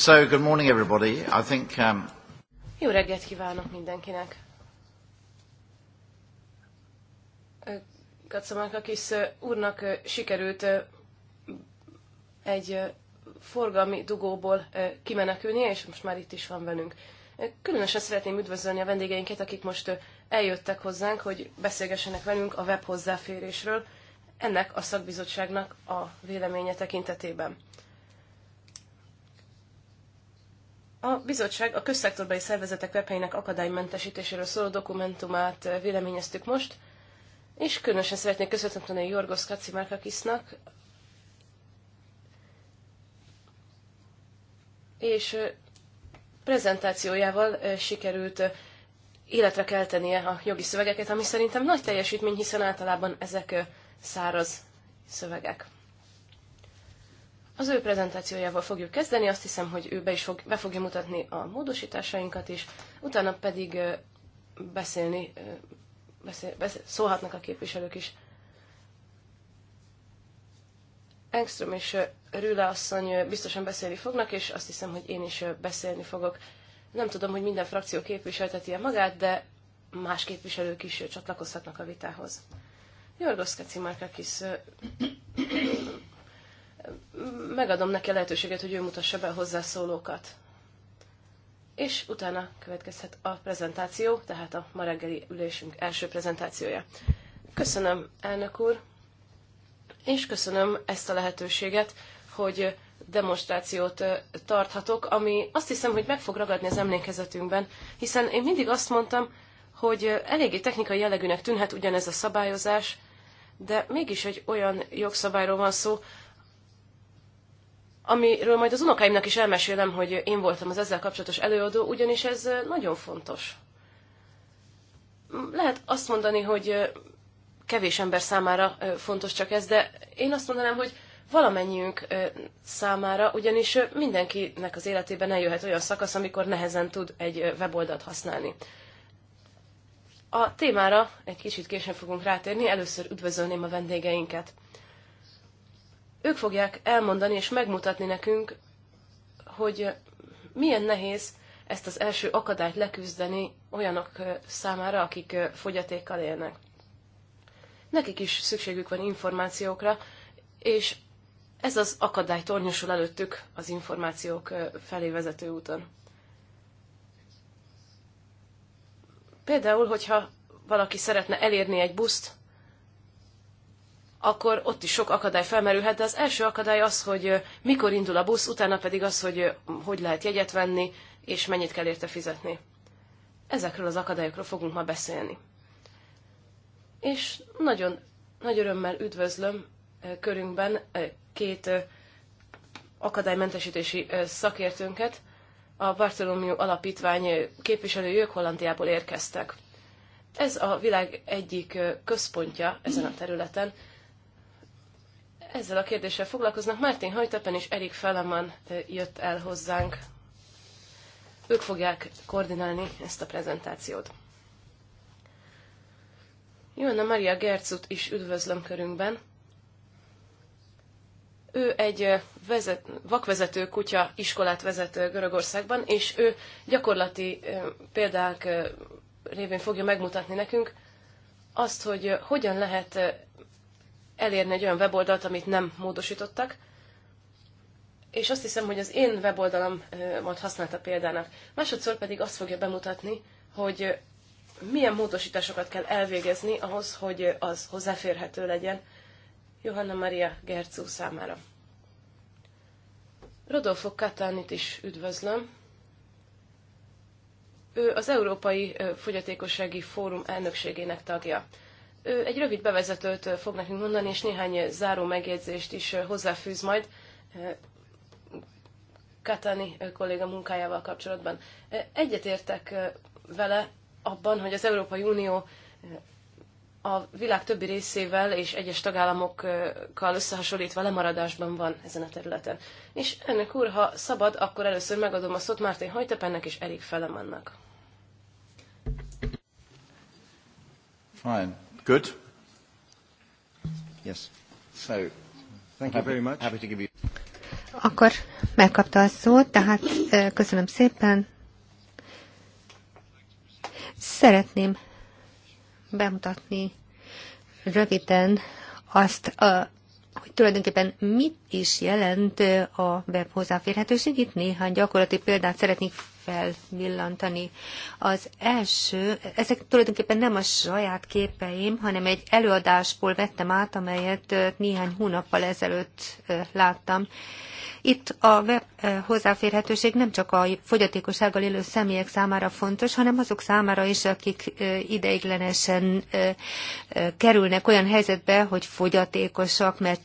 So, good morning everybody. I think, um... Jó reggelt kívánok mindenkinek. a kis úrnak sikerült egy forgalmi dugóból kimenekülnie, és most már itt is van velünk. Különösen szeretném üdvözölni a vendégeinket, akik most eljöttek hozzánk, hogy beszélgessenek velünk a web hozzáférésről, ennek a szakbizottságnak a véleménye tekintetében. A bizottság a közszektorbeli szervezetek webhelyének akadálymentesítéséről szóló dokumentumát eh, véleményeztük most, és különösen szeretnék köszönteni mondani Jorgos márkakisznak, és eh, prezentációjával eh, sikerült életre keltenie a jogi szövegeket, ami szerintem nagy teljesítmény, hiszen általában ezek száraz szövegek. Az ő prezentációjával fogjuk kezdeni, azt hiszem, hogy ő be is fog, be fogja mutatni a módosításainkat is, utána pedig beszélni, beszél, beszél, szólhatnak a képviselők is. Engström és Rüle asszony biztosan beszélni fognak, és azt hiszem, hogy én is beszélni fogok. Nem tudom, hogy minden frakció képviselteti a magát, de más képviselők is csatlakozhatnak a vitához. Jorgoszka Cimarkakis megadom neki a lehetőséget, hogy ő mutassa be a hozzászólókat. És utána következhet a prezentáció, tehát a ma reggeli ülésünk első prezentációja. Köszönöm, elnök úr, és köszönöm ezt a lehetőséget, hogy demonstrációt tarthatok, ami azt hiszem, hogy meg fog ragadni az emlékezetünkben, hiszen én mindig azt mondtam, hogy eléggé technikai jellegűnek tűnhet ugyanez a szabályozás, de mégis egy olyan jogszabályról van szó, amiről majd az unokáimnak is elmesélem, hogy én voltam az ezzel kapcsolatos előadó, ugyanis ez nagyon fontos. Lehet azt mondani, hogy kevés ember számára fontos csak ez, de én azt mondanám, hogy valamennyiünk számára, ugyanis mindenkinek az életében eljöhet olyan szakasz, amikor nehezen tud egy weboldalt használni. A témára egy kicsit később fogunk rátérni, először üdvözölném a vendégeinket ők fogják elmondani és megmutatni nekünk, hogy milyen nehéz ezt az első akadályt leküzdeni olyanok számára, akik fogyatékkal élnek. Nekik is szükségük van információkra, és ez az akadály tornyosul előttük az információk felé vezető úton. Például, hogyha valaki szeretne elérni egy buszt, akkor ott is sok akadály felmerülhet, de az első akadály az, hogy mikor indul a busz, utána pedig az, hogy hogy lehet jegyet venni, és mennyit kell érte fizetni. Ezekről az akadályokról fogunk ma beszélni. És nagyon nagy örömmel üdvözlöm körünkben két akadálymentesítési szakértőnket. A Bartolomeu Alapítvány képviselői ők Hollandiából érkeztek. Ez a világ egyik központja ezen a területen, ezzel a kérdéssel foglalkoznak. Martin Hajtepen és Erik Feleman jött el hozzánk. Ők fogják koordinálni ezt a prezentációt. Jóna Maria Gercut is üdvözlöm körünkben. Ő egy vezet, vakvezető kutya iskolát vezet Görögországban, és ő gyakorlati példák révén fogja megmutatni nekünk azt, hogy hogyan lehet elérni egy olyan weboldalt, amit nem módosítottak, és azt hiszem, hogy az én weboldalamat használta példának. Másodszor pedig azt fogja bemutatni, hogy milyen módosításokat kell elvégezni ahhoz, hogy az hozzáférhető legyen Johanna Maria Gercú számára. Rodolfo Katánit is üdvözlöm. Ő az Európai Fogyatékossági Fórum elnökségének tagja egy rövid bevezetőt fog nekünk mondani, és néhány záró megjegyzést is hozzáfűz majd Katani kolléga munkájával kapcsolatban. Egyetértek vele abban, hogy az Európai Unió a világ többi részével és egyes tagállamokkal összehasonlítva lemaradásban van ezen a területen. És ennek úr, ha szabad, akkor először megadom a szót Mártin Hajtepennek és Erik Felemannak. Fine. Good? Yes. So, thank you very much. Happy to give you... Akkor megkapta a szót, tehát köszönöm szépen. Szeretném bemutatni röviden azt, hogy tulajdonképpen mit is jelent a web hozzáférhetőség. Itt néhány gyakorlati példát szeretnék felvillantani. Az első, ezek tulajdonképpen nem a saját képeim, hanem egy előadásból vettem át, amelyet néhány hónappal ezelőtt láttam. Itt a web hozzáférhetőség nem csak a fogyatékossággal élő személyek számára fontos, hanem azok számára is, akik ideiglenesen kerülnek olyan helyzetbe, hogy fogyatékosak, mert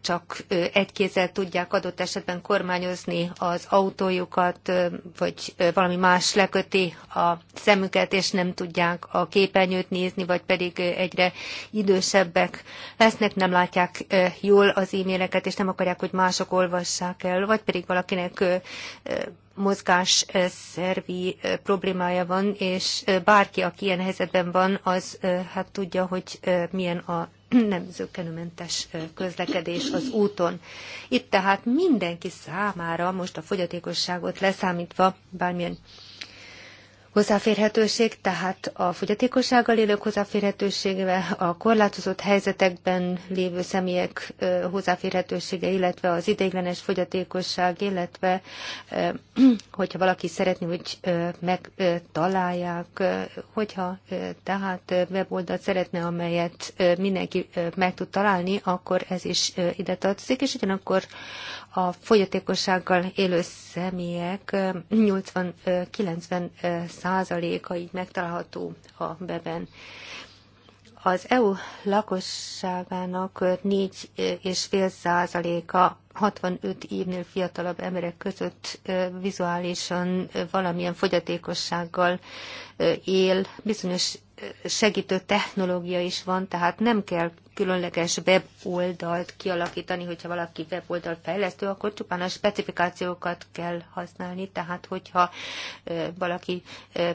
csak egy kézzel tudják adott esetben kormányozni az autójukat, vagy valami más leköti a szemüket, és nem tudják a képernyőt nézni, vagy pedig egyre idősebbek lesznek, nem látják jól az e-maileket, és nem akarják, hogy mások olvassák el, vagy pedig valakinek mozgás szervi problémája van, és bárki, aki ilyen helyzetben van, az hát tudja, hogy milyen a nem zöggenőmentes közlekedés az úton. Itt tehát mindenki számára, most a fogyatékosságot leszámítva, bármilyen Hozzáférhetőség, tehát a fogyatékossággal élők hozzáférhetőségével, a korlátozott helyzetekben lévő személyek hozzáférhetősége, illetve az ideiglenes fogyatékosság, illetve hogyha valaki szeretné, hogy megtalálják, hogyha tehát weboldalt szeretne, amelyet mindenki meg tud találni, akkor ez is ide tartozik, és ugyanakkor a fogyatékossággal élő személyek 80-90 százaléka így megtalálható a beben. Az EU lakosságának 4,5 százaléka 65 évnél fiatalabb emberek között vizuálisan valamilyen fogyatékossággal él. Bizonyos segítő technológia is van, tehát nem kell különleges weboldalt kialakítani, hogyha valaki weboldalt fejlesztő, akkor csupán a specifikációkat kell használni, tehát hogyha valaki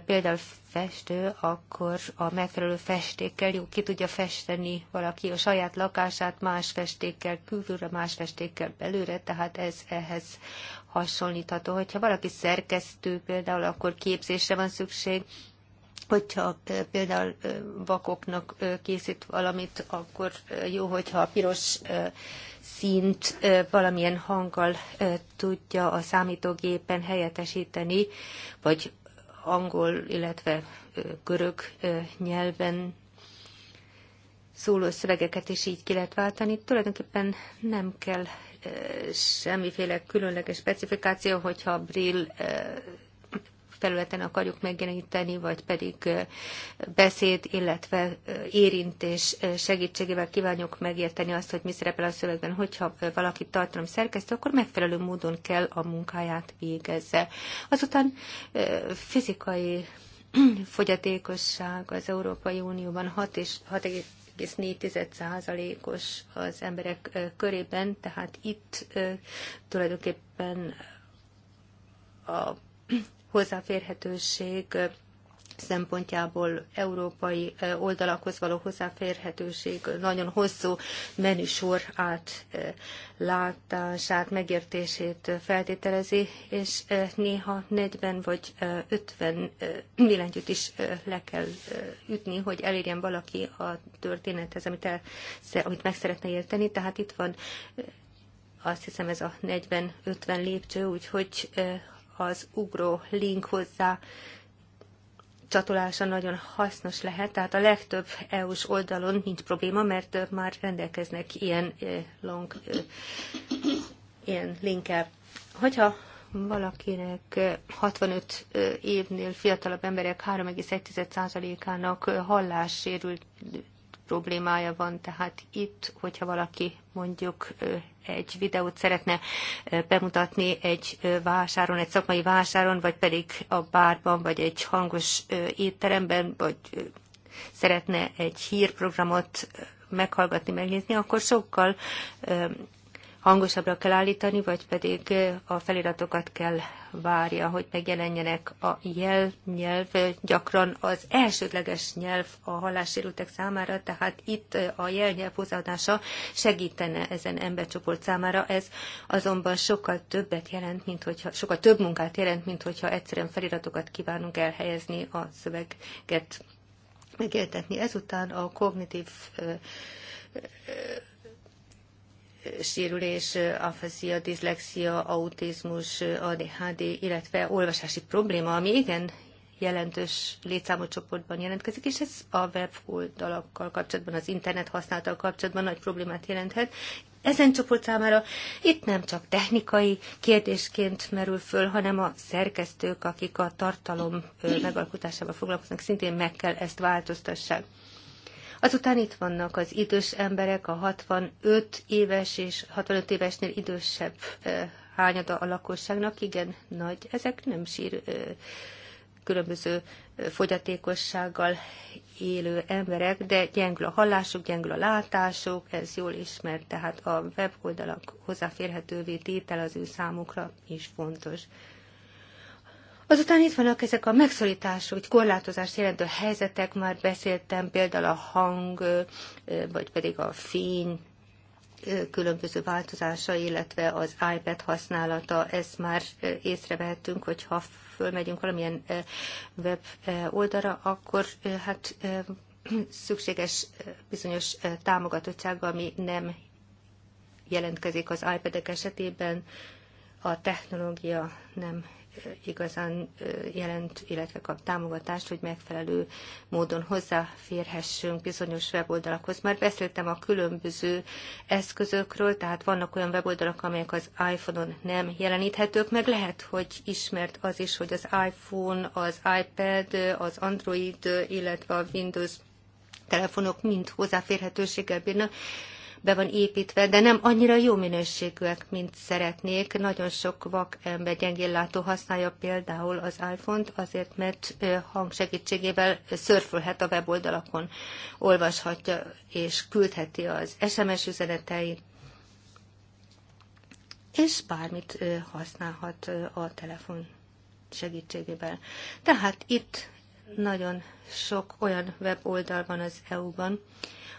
például festő, akkor a megfelelő festékkel jó, ki tudja festeni valaki a saját lakását más festékkel külülre, más festékkel belőre, tehát ez ehhez hasonlítható. Hogyha valaki szerkesztő például, akkor képzésre van szükség, hogyha például vakoknak készít valamit, akkor jó, hogyha a piros szint valamilyen hanggal tudja a számítógépen helyettesíteni, vagy angol, illetve görög nyelven szóló szövegeket is így ki lehet váltani. Tulajdonképpen nem kell semmiféle különleges specifikáció, hogyha Brill felületen akarjuk megjeleníteni, vagy pedig beszéd, illetve érintés segítségével kívánjuk megérteni azt, hogy mi szerepel a szövegben. Hogyha valaki tartalom szerkesztő, akkor megfelelő módon kell a munkáját végezze. Azután fizikai fogyatékosság az Európai Unióban 6 és 6, 0,4%-os az emberek körében, tehát itt tulajdonképpen a hozzáférhetőség szempontjából európai oldalakhoz való hozzáférhetőség nagyon hosszú menüsor átlátását, megértését feltételezi, és néha 40 vagy 50 billentyűt is le kell ütni, hogy elérjen valaki a történethez, amit, el, amit meg szeretne érteni. Tehát itt van azt hiszem ez a 40-50 lépcső, úgyhogy az ugró link hozzá csatolása nagyon hasznos lehet, tehát a legtöbb EU-s oldalon nincs probléma, mert már rendelkeznek ilyen long, ilyen linkkel. Hogyha valakinek 65 évnél fiatalabb emberek 3,1%-ának hallássérült problémája van, tehát itt, hogyha valaki mondjuk egy videót szeretne bemutatni egy vásáron, egy szakmai vásáron, vagy pedig a bárban, vagy egy hangos étteremben, vagy szeretne egy hírprogramot meghallgatni, megnézni, akkor sokkal hangosabbra kell állítani, vagy pedig a feliratokat kell várja, hogy megjelenjenek a jel, nyelv, gyakran az elsődleges nyelv a hallássérültek számára, tehát itt a jelnyelv hozzáadása segítene ezen embercsoport számára, ez azonban sokkal többet jelent, mint hogyha, sokkal több munkát jelent, mint hogyha egyszerűen feliratokat kívánunk elhelyezni a szöveget megértetni. Ezután a kognitív sérülés, afazia, diszlexia, autizmus, ADHD, illetve olvasási probléma, ami igen jelentős létszámú csoportban jelentkezik, és ez a weboldalakkal kapcsolatban, az internet használattal kapcsolatban nagy problémát jelenthet. Ezen csoport számára itt nem csak technikai kérdésként merül föl, hanem a szerkesztők, akik a tartalom megalkotásával foglalkoznak, szintén meg kell ezt változtassák. Azután itt vannak az idős emberek, a 65 éves és 65 évesnél idősebb hányada a lakosságnak, igen, nagy. Ezek nem sír különböző fogyatékossággal élő emberek, de gyengül a hallásuk, gyengül a látásuk, ez jól ismert, tehát a weboldalak hozzáférhetővé tétel az ő számukra is fontos. Azután itt vannak ezek a megszorítás, vagy korlátozást jelentő helyzetek, már beszéltem például a hang, vagy pedig a fény különböző változása, illetve az iPad használata, ezt már észrevehetünk, hogyha fölmegyünk valamilyen web oldalra, akkor hát szükséges bizonyos támogatottság, ami nem jelentkezik az iPad-ek esetében, a technológia nem igazán jelent, illetve kap támogatást, hogy megfelelő módon hozzáférhessünk bizonyos weboldalakhoz. Már beszéltem a különböző eszközökről, tehát vannak olyan weboldalak, amelyek az iPhone-on nem jeleníthetők, meg lehet, hogy ismert az is, hogy az iPhone, az iPad, az Android, illetve a Windows telefonok mind hozzáférhetőséggel bírnak, be van építve, de nem annyira jó minőségűek, mint szeretnék. Nagyon sok vak ember gyengéllátó használja például az iPhone-t, azért mert hang segítségével szörfölhet a weboldalakon, olvashatja és küldheti az SMS üzeneteit, és bármit használhat a telefon segítségével. Tehát itt nagyon sok olyan weboldal van az EU-ban,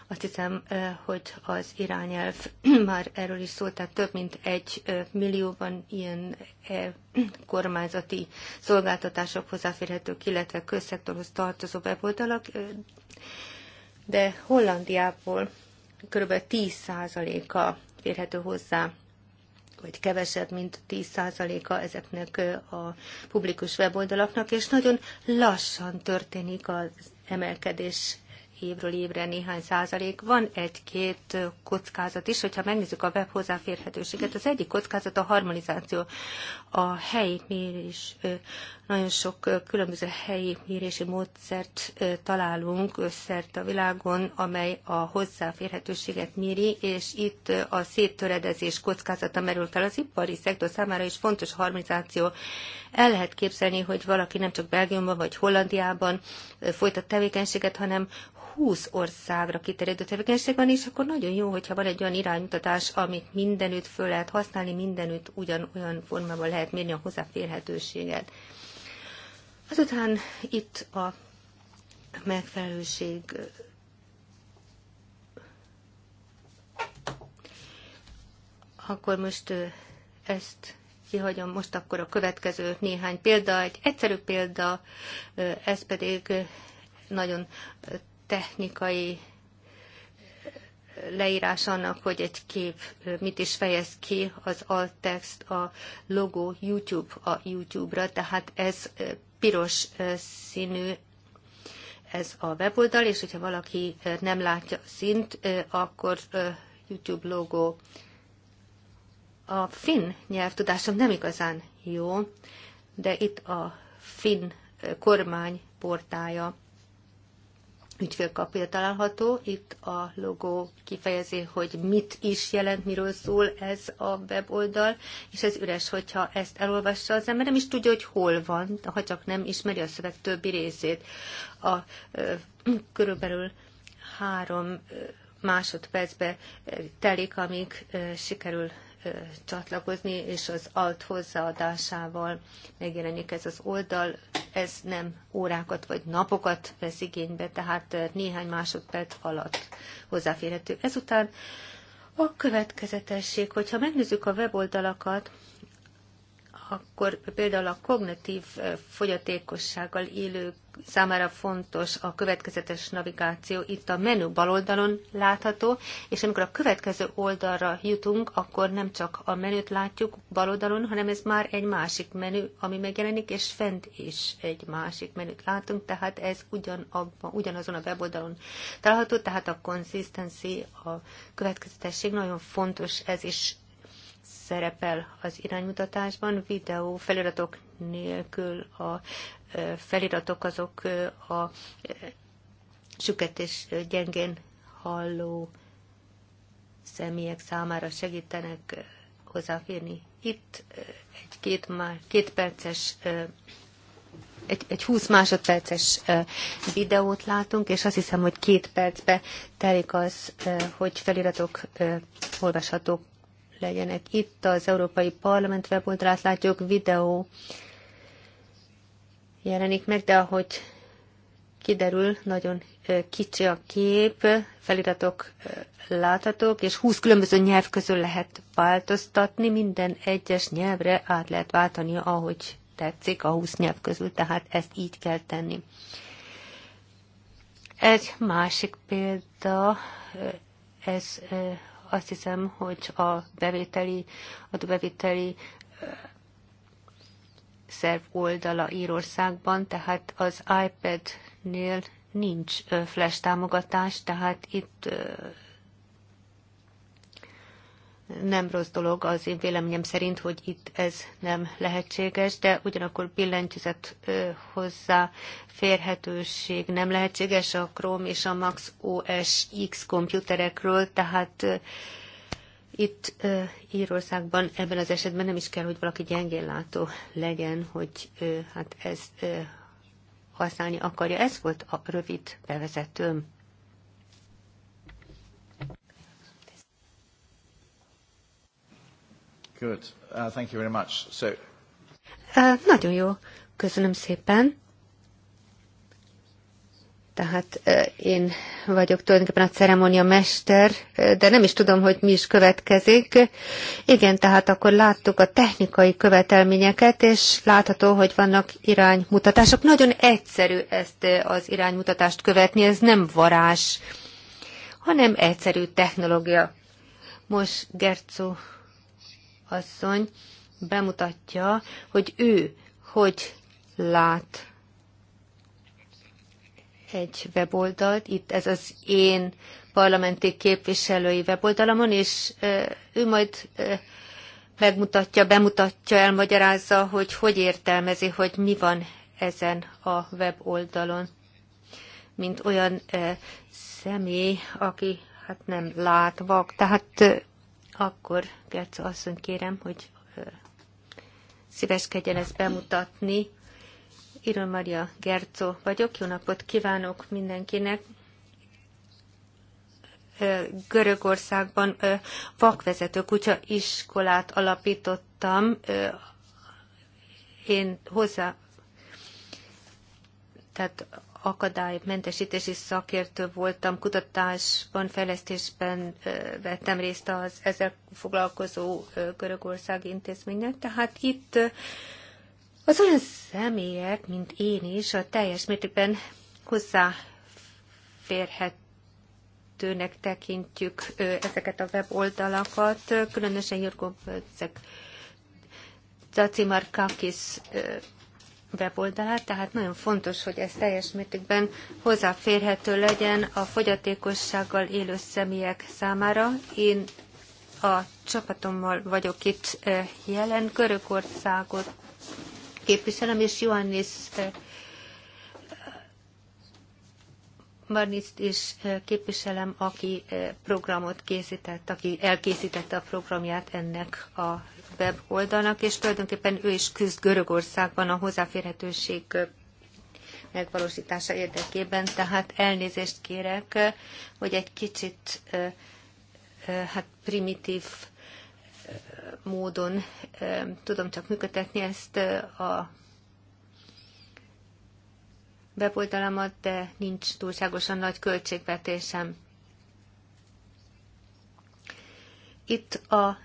azt hiszem, eh, hogy az irányelv már erről is szólt, tehát több mint egy eh, millióban ilyen eh, kormányzati szolgáltatások hozzáférhetők, illetve közszektorhoz tartozó weboldalak, de Hollandiából kb. 10%-a férhető hozzá vagy kevesebb, mint 10%-a ezeknek a publikus weboldalaknak, és nagyon lassan történik az emelkedés évről évre néhány százalék. Van egy-két kockázat is, hogyha megnézzük a web hozzáférhetőséget. Az egyik kockázat a harmonizáció. A helyi mérés, nagyon sok különböző helyi mérési módszert találunk összert a világon, amely a hozzáférhetőséget méri, és itt a széttöredezés kockázata merül fel az ipari szektor számára is fontos harmonizáció. El lehet képzelni, hogy valaki nem csak Belgiumban vagy Hollandiában folytat tevékenységet, hanem 20 országra kiterjedő tevékenység van, és akkor nagyon jó, hogyha van egy olyan iránymutatás, amit mindenütt föl lehet használni, mindenütt ugyanolyan formában lehet mérni a hozzáférhetőséget. Azután itt a megfelelőség akkor most ezt kihagyom most akkor a következő néhány példa. Egy egyszerű példa, ez pedig nagyon technikai leírás annak, hogy egy kép mit is fejez ki, az text, a logó YouTube a YouTube-ra, tehát ez piros színű ez a weboldal, és hogyha valaki nem látja a szint, akkor YouTube logó. A finn nyelvtudásom nem igazán jó, de itt a finn kormány portája ügyfélkapja található. Itt a logó kifejezi, hogy mit is jelent, miről szól ez a weboldal, és ez üres, hogyha ezt elolvassa az ember, nem is tudja, hogy hol van, ha csak nem ismeri a szöveg többi részét. A körülbelül három másodpercbe telik, amíg sikerül csatlakozni, és az alt hozzáadásával megjelenik ez az oldal. Ez nem órákat vagy napokat vesz igénybe, tehát néhány másodperc alatt hozzáférhető. Ezután a következetesség, hogyha megnézzük a weboldalakat, akkor például a kognitív fogyatékossággal élők számára fontos a következetes navigáció. Itt a menü bal oldalon látható, és amikor a következő oldalra jutunk, akkor nem csak a menüt látjuk bal oldalon, hanem ez már egy másik menü, ami megjelenik, és fent is egy másik menüt látunk, tehát ez ugyanabba, ugyanazon a weboldalon található, tehát a consistency, a következetesség nagyon fontos, ez is szerepel az iránymutatásban, videó feliratok nélkül a feliratok azok a süket és gyengén halló személyek számára segítenek hozzáférni. Itt egy két, már, két perces egy, egy 20 másodperces videót látunk, és azt hiszem, hogy két percbe telik az, hogy feliratok olvashatók legyenek. Itt az Európai Parlament weboldalát Látjuk videó jelenik meg, de ahogy kiderül, nagyon kicsi a kép, feliratok láthatók, és 20 különböző nyelv közül lehet változtatni, minden egyes nyelvre át lehet váltani, ahogy tetszik a 20 nyelv közül, tehát ezt így kell tenni. Egy másik példa, ez azt hiszem, hogy a bevételi, a bevételi szerv oldala Írországban, tehát az iPad-nél nincs flash támogatás, tehát itt nem rossz dolog az én véleményem szerint, hogy itt ez nem lehetséges, de ugyanakkor billentyűzet hozzá férhetőség nem lehetséges a Chrome és a Max OS X komputerekről, tehát itt Írországban ebben az esetben nem is kell, hogy valaki gyengén látó legyen, hogy hát ez használni akarja. Ez volt a rövid bevezetőm. Good. Uh, thank you very much. So... Uh, nagyon jó. Köszönöm szépen. Tehát én vagyok tulajdonképpen a ceremónia mester, de nem is tudom, hogy mi is következik. Igen, tehát akkor láttuk a technikai követelményeket, és látható, hogy vannak iránymutatások. Nagyon egyszerű ezt az iránymutatást követni, ez nem varázs, hanem egyszerű technológia. Most Gercu asszony bemutatja, hogy ő hogy lát egy weboldalt, itt ez az én parlamenti képviselői weboldalamon, és ő majd megmutatja, bemutatja, elmagyarázza, hogy hogy értelmezi, hogy mi van ezen a weboldalon, mint olyan személy, aki hát nem lát, vak. Tehát akkor, Gerca asszony, kérem, hogy szíveskedjen ezt bemutatni. Iron Maria Gerco vagyok, jó napot kívánok mindenkinek. Görögországban vakvezető kutya iskolát alapítottam. Én hozzá, tehát akadálymentesítési szakértő voltam, kutatásban, fejlesztésben vettem részt az ezzel foglalkozó Görögország intézménynek. Tehát itt az olyan személyek, mint én is, a teljes mértékben hozzáférhet tekintjük ezeket a weboldalakat, különösen Jurgó Böcek Tacimarkakis weboldalát, tehát nagyon fontos, hogy ez teljes mértékben hozzáférhető legyen a fogyatékossággal élő személyek számára. Én a csapatommal vagyok itt eh, jelen, Görögországot képviselem, és Johannes eh, Barnitzt is képviselem, aki programot készített, aki elkészítette a programját ennek a weboldalnak, és tulajdonképpen ő is küzd Görögországban a hozzáférhetőség megvalósítása érdekében, tehát elnézést kérek, hogy egy kicsit hát primitív módon tudom csak működtetni ezt a bepoltalamat, de nincs túlságosan nagy költségvetésem. Itt a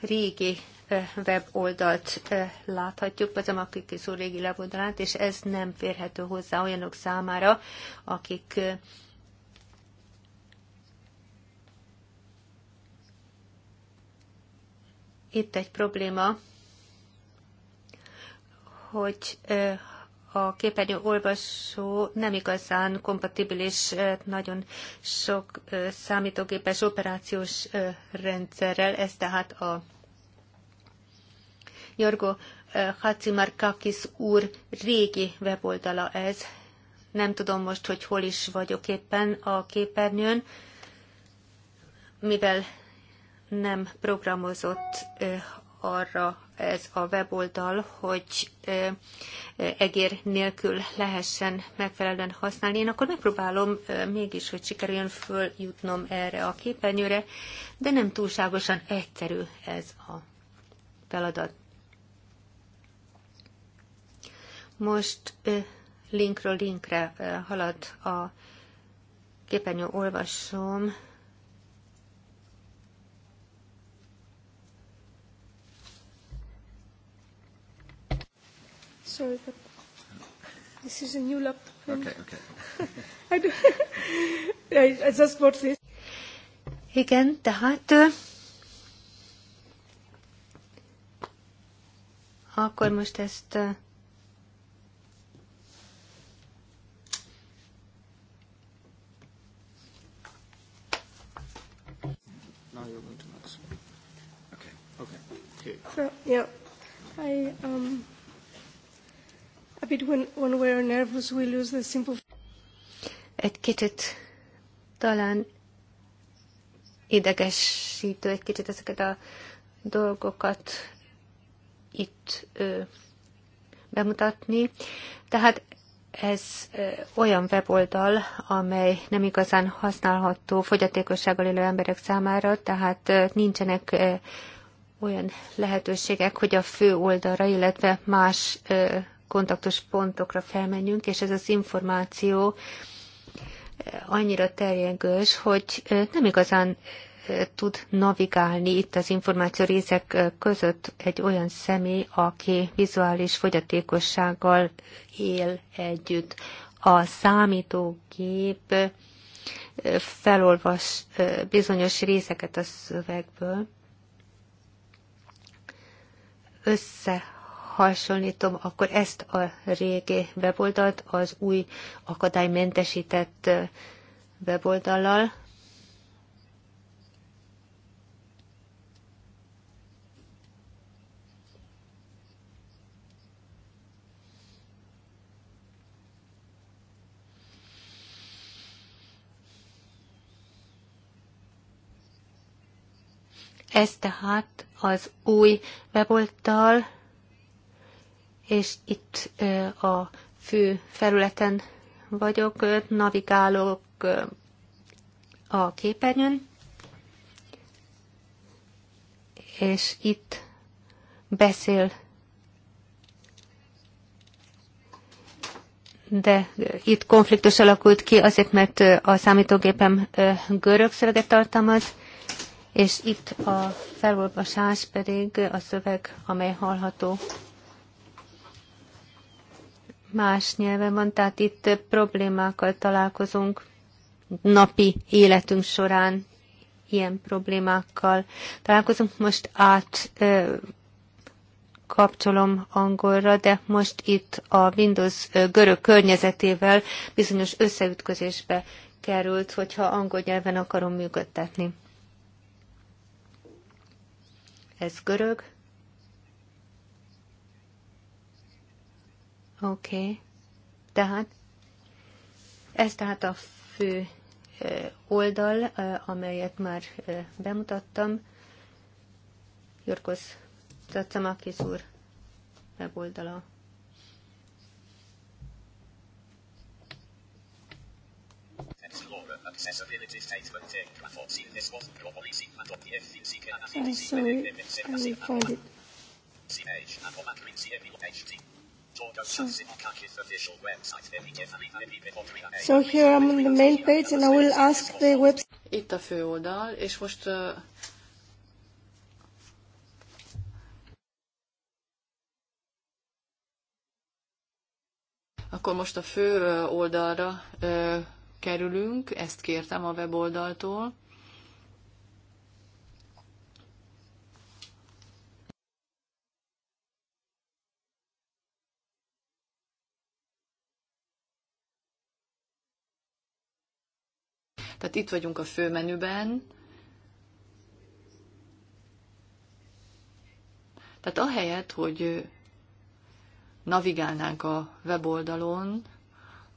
régi weboldalt láthatjuk, az a Makikizó régi weboldalát, és ez nem férhető hozzá olyanok számára, akik itt egy probléma, hogy a képernyő olvasó nem igazán kompatibilis nagyon sok számítógépes operációs rendszerrel, ez tehát a Jorgo Hacimarkakis úr régi weboldala ez. Nem tudom most, hogy hol is vagyok éppen a képernyőn, mivel nem programozott arra ez a weboldal, hogy egér nélkül lehessen megfelelően használni. Én akkor megpróbálom mégis, hogy sikerüljön följutnom erre a képernyőre, de nem túlságosan egyszerű ez a feladat. Most linkről linkre halad a képernyő, olvasom sorry, but this is a new laptop. okay, okay. I, do, I, I just bought this. Igen, tehát akkor most ezt Okay. Okay. Okay. So, yeah, I um. Egy kicsit talán idegesítő egy kicsit ezeket a dolgokat itt ö, bemutatni. Tehát ez ö, olyan weboldal, amely nem igazán használható fogyatékossággal élő emberek számára, tehát ö, nincsenek ö, olyan lehetőségek, hogy a fő oldalra, illetve más ö, kontaktus pontokra felmenjünk, és ez az információ eh, annyira terjengős, hogy eh, nem igazán eh, tud navigálni itt az információ részek között egy olyan személy, aki vizuális fogyatékossággal él együtt. A számítógép felolvas bizonyos részeket a szövegből, össze hasonlítom, akkor ezt a régi weboldalt az új akadálymentesített weboldallal, Ez tehát az új weboldal és itt a fő felületen vagyok, navigálok a képernyőn, és itt beszél, de itt konfliktus alakult ki azért, mert a számítógépem görög szöveget tartalmaz, és itt a felolvasás pedig a szöveg, amely hallható más nyelven van, tehát itt problémákkal találkozunk napi életünk során, ilyen problémákkal találkozunk. Most át kapcsolom angolra, de most itt a Windows görög környezetével bizonyos összeütközésbe került, hogyha angol nyelven akarom működtetni. Ez görög. Oké. Okay. Tehát ez tehát a fő oldal, amelyet már bemutattam. Jurkosz Cacamakis úr weboldala. sorry, I it. So here I'm on the main page and I will ask the website. Itt a főoldal, és most Akkor most a fő oldalra uh, kerülünk, ezt kértem a weboldaltól. itt vagyunk a főmenüben. Tehát ahelyett, hogy navigálnánk a weboldalon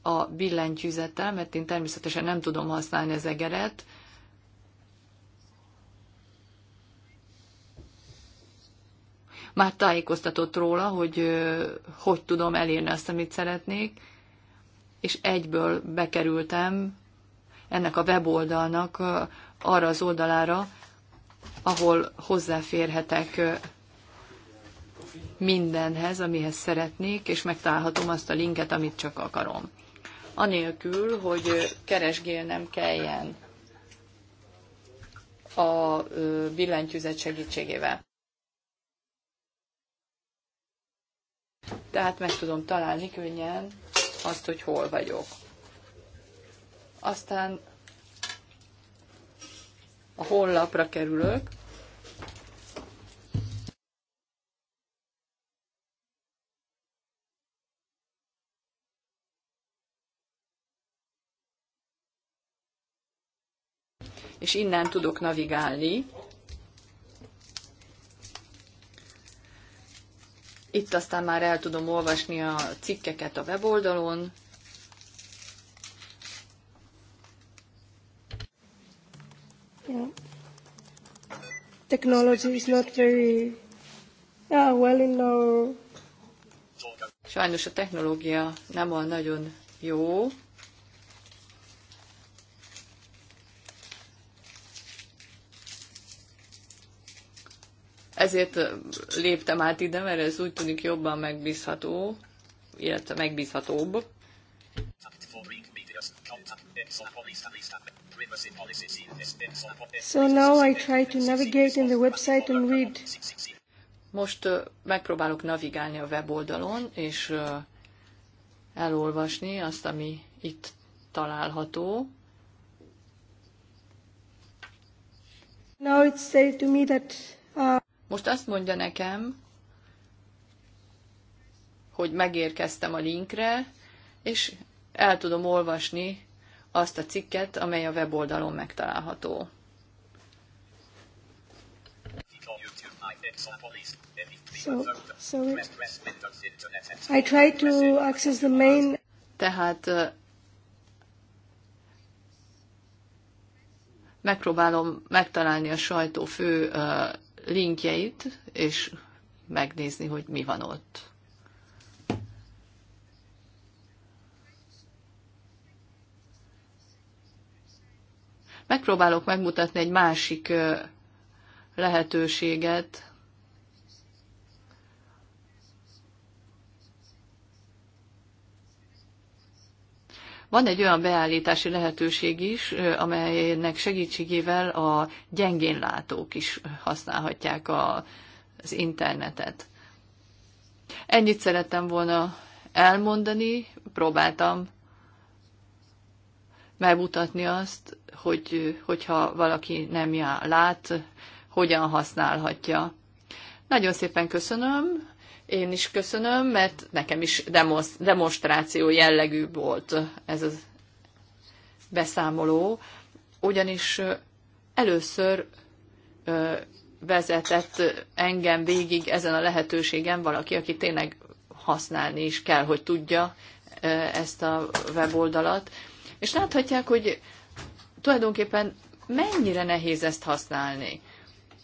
a billentyűzettel, mert én természetesen nem tudom használni az egeret, már tájékoztatott róla, hogy hogy tudom elérni azt, amit szeretnék, és egyből bekerültem ennek a weboldalnak arra az oldalára, ahol hozzáférhetek mindenhez, amihez szeretnék, és megtalálhatom azt a linket, amit csak akarom. Anélkül, hogy keresgélnem kelljen a billentyűzet segítségével. Tehát meg tudom találni könnyen azt, hogy hol vagyok aztán a honlapra kerülök, és innen tudok navigálni. Itt aztán már el tudom olvasni a cikkeket a weboldalon, Yeah. technology is not very uh, well in our... Sajnos a technológia nem olyan nagyon jó. Ezért léptem át ide, mert ez úgy tűnik jobban megbízható, illetve megbízhatóbb. So now I try to navigate in the website and read. Most megpróbálok navigálni a weboldalon, és elolvasni azt, ami itt található. Now it's said to me that, uh... Most azt mondja nekem, hogy megérkeztem a linkre, és el tudom olvasni azt a cikket, amely a weboldalon megtalálható. Tehát megpróbálom megtalálni a sajtó fő linkjeit, és megnézni, hogy mi van ott. Megpróbálok megmutatni egy másik lehetőséget. Van egy olyan beállítási lehetőség is, amelynek segítségével a gyengénlátók is használhatják a, az internetet. Ennyit szerettem volna elmondani, próbáltam megmutatni azt, hogy, hogyha valaki nem jár, lát, hogyan használhatja. Nagyon szépen köszönöm, én is köszönöm, mert nekem is demonstráció jellegű volt ez a beszámoló, ugyanis először vezetett engem végig ezen a lehetőségen valaki, aki tényleg használni is kell, hogy tudja ezt a weboldalat és láthatják, hogy tulajdonképpen mennyire nehéz ezt használni.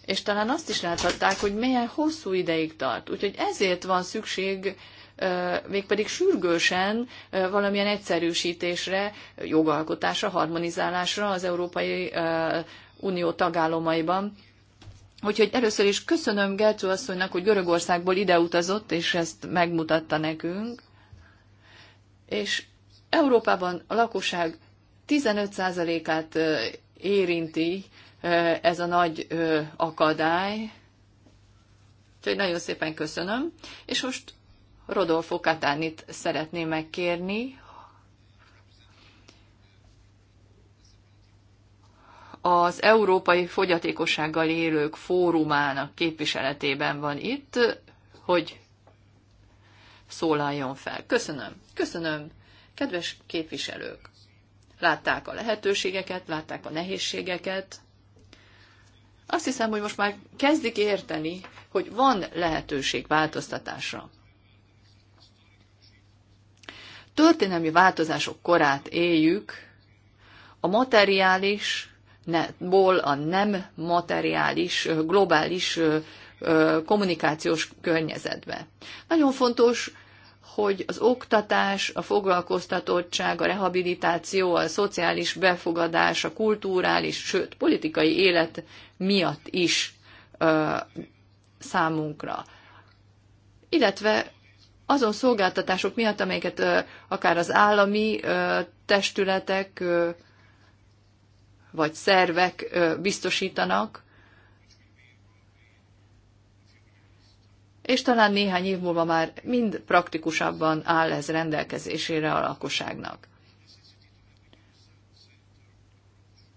És talán azt is láthatták, hogy milyen hosszú ideig tart. Úgyhogy ezért van szükség mégpedig sürgősen valamilyen egyszerűsítésre, jogalkotásra, harmonizálásra az Európai Unió tagállomaiban. Úgyhogy először is köszönöm Gertő asszonynak, hogy Görögországból ide utazott, és ezt megmutatta nekünk. És Európában a lakosság 15%-át érinti ez a nagy akadály. Úgyhogy nagyon szépen köszönöm. És most Rodolfo Katánit szeretném megkérni, az Európai Fogyatékossággal Élők Fórumának képviseletében van itt, hogy szólaljon fel. Köszönöm. Köszönöm, Kedves képviselők, látták a lehetőségeket, látták a nehézségeket. Azt hiszem, hogy most már kezdik érteni, hogy van lehetőség változtatásra. Történelmi változások korát éljük, a materiális, ne, ból a nem materiális, globális kommunikációs környezetbe. Nagyon fontos hogy az oktatás, a foglalkoztatottság, a rehabilitáció, a szociális befogadás, a kulturális, sőt, politikai élet miatt is ö, számunkra. Illetve azon szolgáltatások miatt, amelyeket ö, akár az állami ö, testületek ö, vagy szervek ö, biztosítanak, és talán néhány év múlva már mind praktikusabban áll ez rendelkezésére a lakosságnak.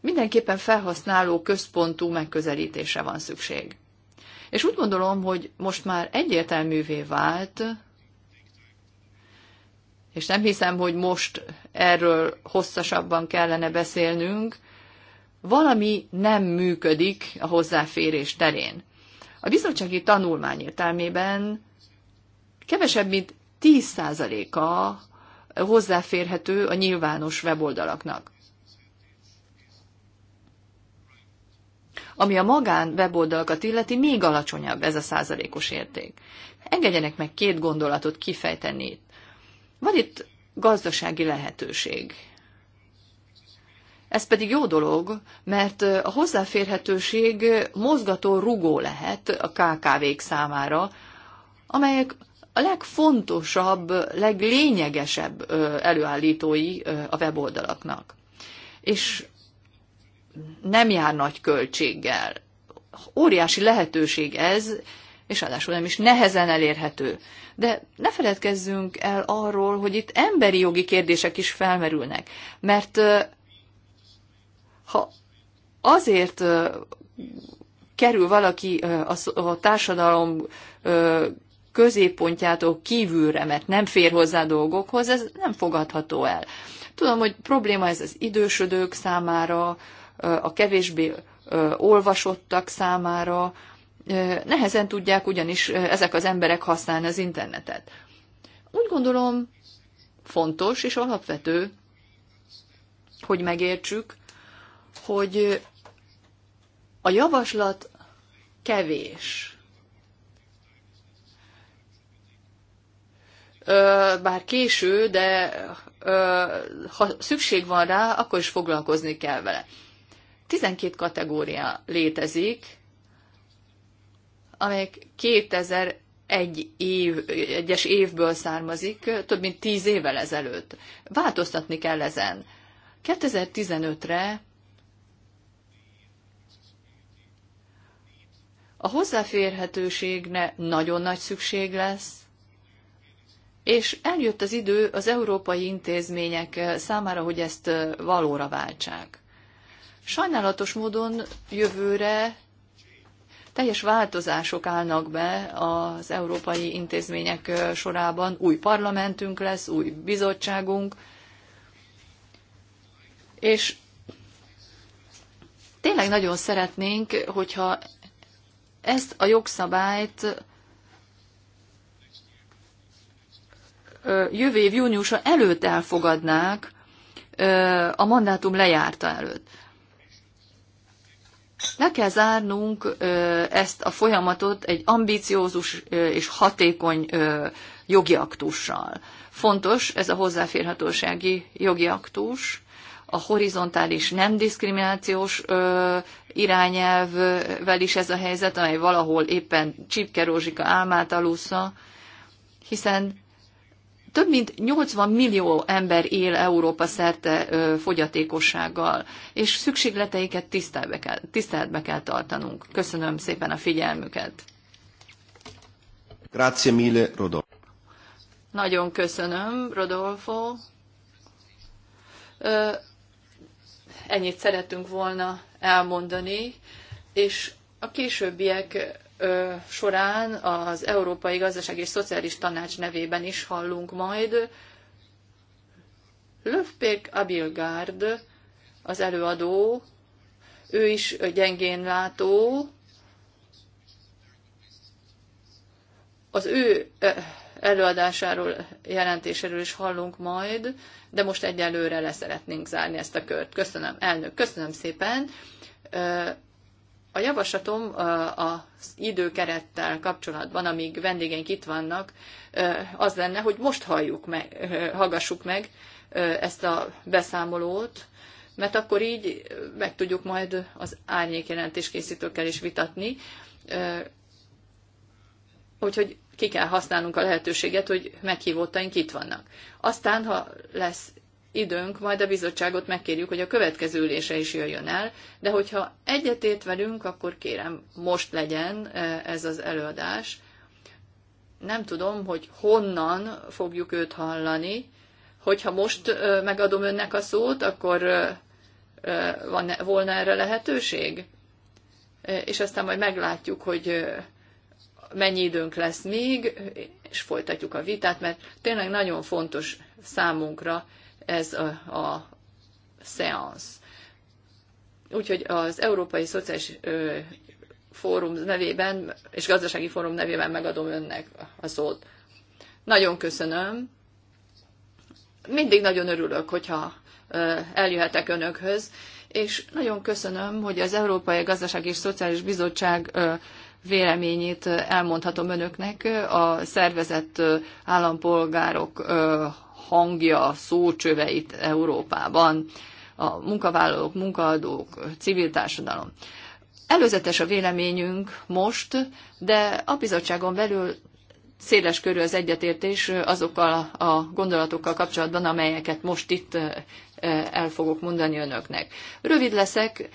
Mindenképpen felhasználó központú megközelítése van szükség. És úgy gondolom, hogy most már egyértelművé vált, és nem hiszem, hogy most erről hosszasabban kellene beszélnünk, valami nem működik a hozzáférés terén. A bizottsági tanulmány értelmében kevesebb, mint 10%-a hozzáférhető a nyilvános weboldalaknak. Ami a magán weboldalakat illeti, még alacsonyabb ez a százalékos érték. Engedjenek meg két gondolatot kifejteni itt. Van itt gazdasági lehetőség ez pedig jó dolog, mert a hozzáférhetőség mozgató rugó lehet a KKV-k számára, amelyek a legfontosabb, leglényegesebb előállítói a weboldalaknak. És nem jár nagy költséggel. Óriási lehetőség ez, és ráadásul nem is nehezen elérhető. De ne feledkezzünk el arról, hogy itt emberi jogi kérdések is felmerülnek, mert ha azért kerül valaki a társadalom középpontjától kívülre, mert nem fér hozzá dolgokhoz, ez nem fogadható el. Tudom, hogy probléma ez az idősödők számára, a kevésbé olvasottak számára, nehezen tudják ugyanis ezek az emberek használni az internetet. Úgy gondolom fontos és alapvető, hogy megértsük, hogy a javaslat kevés. bár késő, de ha szükség van rá, akkor is foglalkozni kell vele. 12 kategória létezik, amelyek 2001 év, egyes évből származik, több mint tíz évvel ezelőtt. Változtatni kell ezen. 2015-re A hozzáférhetőségne nagyon nagy szükség lesz, és eljött az idő az európai intézmények számára, hogy ezt valóra váltsák. Sajnálatos módon jövőre teljes változások állnak be az európai intézmények sorában. Új parlamentünk lesz, új bizottságunk, és tényleg nagyon szeretnénk, hogyha ezt a jogszabályt jövő év júniusa előtt elfogadnák a mandátum lejárta előtt. Le kell zárnunk ezt a folyamatot egy ambiciózus és hatékony jogi aktussal. Fontos ez a hozzáférhatósági jogi aktus, a horizontális nem diszkriminációs irányelvvel is ez a helyzet, amely valahol éppen Csipke Rózsika álmát alusza, hiszen több mint 80 millió ember él Európa szerte fogyatékossággal, és szükségleteiket tiszteletbe kell, tiszteletbe kell tartanunk. Köszönöm szépen a figyelmüket. Grazie mille, Rodolfo. Nagyon köszönöm, Rodolfo. Ö, ennyit szerettünk volna elmondani, és a későbbiek során az Európai Gazdaság és Szociális Tanács nevében is hallunk majd. Löfpék Abilgárd, az előadó, ő is gyengén látó, az ő előadásáról, jelentéséről is hallunk majd, de most egyelőre leszeretnénk zárni ezt a kört. Köszönöm, elnök, köszönöm szépen. A javaslatom az időkerettel kapcsolatban, amíg vendégeink itt vannak, az lenne, hogy most halljuk meg, hallgassuk meg ezt a beszámolót, mert akkor így meg tudjuk majd az jelentés készítőkkel is vitatni. Úgyhogy ki kell használnunk a lehetőséget, hogy meghívottaink itt vannak. Aztán, ha lesz időnk, majd a bizottságot megkérjük, hogy a következő ülése is jöjjön el, de hogyha egyetért velünk, akkor kérem, most legyen e, ez az előadás. Nem tudom, hogy honnan fogjuk őt hallani, hogyha most e, megadom önnek a szót, akkor e, van, volna erre lehetőség? És aztán majd meglátjuk, hogy mennyi időnk lesz még, és folytatjuk a vitát, mert tényleg nagyon fontos számunkra ez a, a szeansz. Úgyhogy az Európai Szociális ö, Fórum nevében és Gazdasági Fórum nevében megadom önnek a szót. Nagyon köszönöm. Mindig nagyon örülök, hogyha eljöhetek önökhöz, és nagyon köszönöm, hogy az Európai Gazdasági és Szociális Bizottság véleményét elmondhatom önöknek. A szervezett állampolgárok hangja, szócsöveit Európában, a munkavállalók, munkaadók, civil társadalom. Előzetes a véleményünk most, de a bizottságon belül széles körül az egyetértés azokkal a gondolatokkal kapcsolatban, amelyeket most itt el fogok mondani önöknek. Rövid leszek,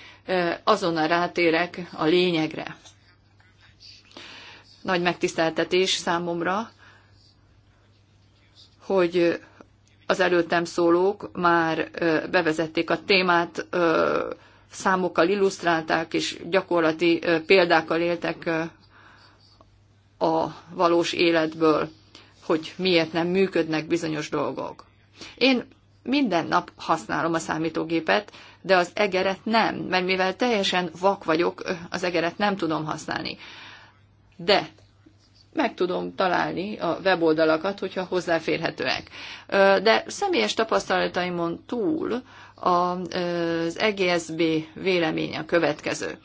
azonnal rátérek a lényegre nagy megtiszteltetés számomra, hogy az előttem szólók már bevezették a témát, számokkal illusztrálták, és gyakorlati példákkal éltek a valós életből, hogy miért nem működnek bizonyos dolgok. Én minden nap használom a számítógépet, de az egeret nem, mert mivel teljesen vak vagyok, az egeret nem tudom használni de meg tudom találni a weboldalakat, hogyha hozzáférhetőek. De személyes tapasztalataimon túl az EGSB véleménye a következő.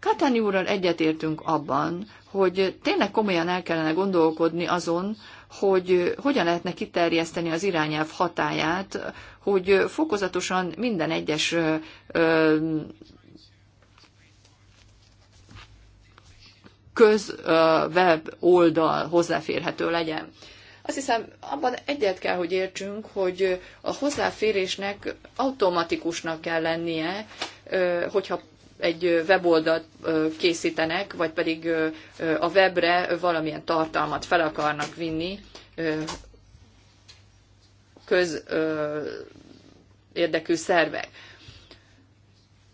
Katani úrral egyetértünk abban, hogy tényleg komolyan el kellene gondolkodni azon, hogy hogyan lehetne kiterjeszteni az irányelv hatáját, hogy fokozatosan minden egyes köz web oldal hozzáférhető legyen. Azt hiszem, abban egyet kell, hogy értsünk, hogy a hozzáférésnek automatikusnak kell lennie, hogyha egy weboldalt készítenek, vagy pedig a webre valamilyen tartalmat fel akarnak vinni köz érdekű szervek.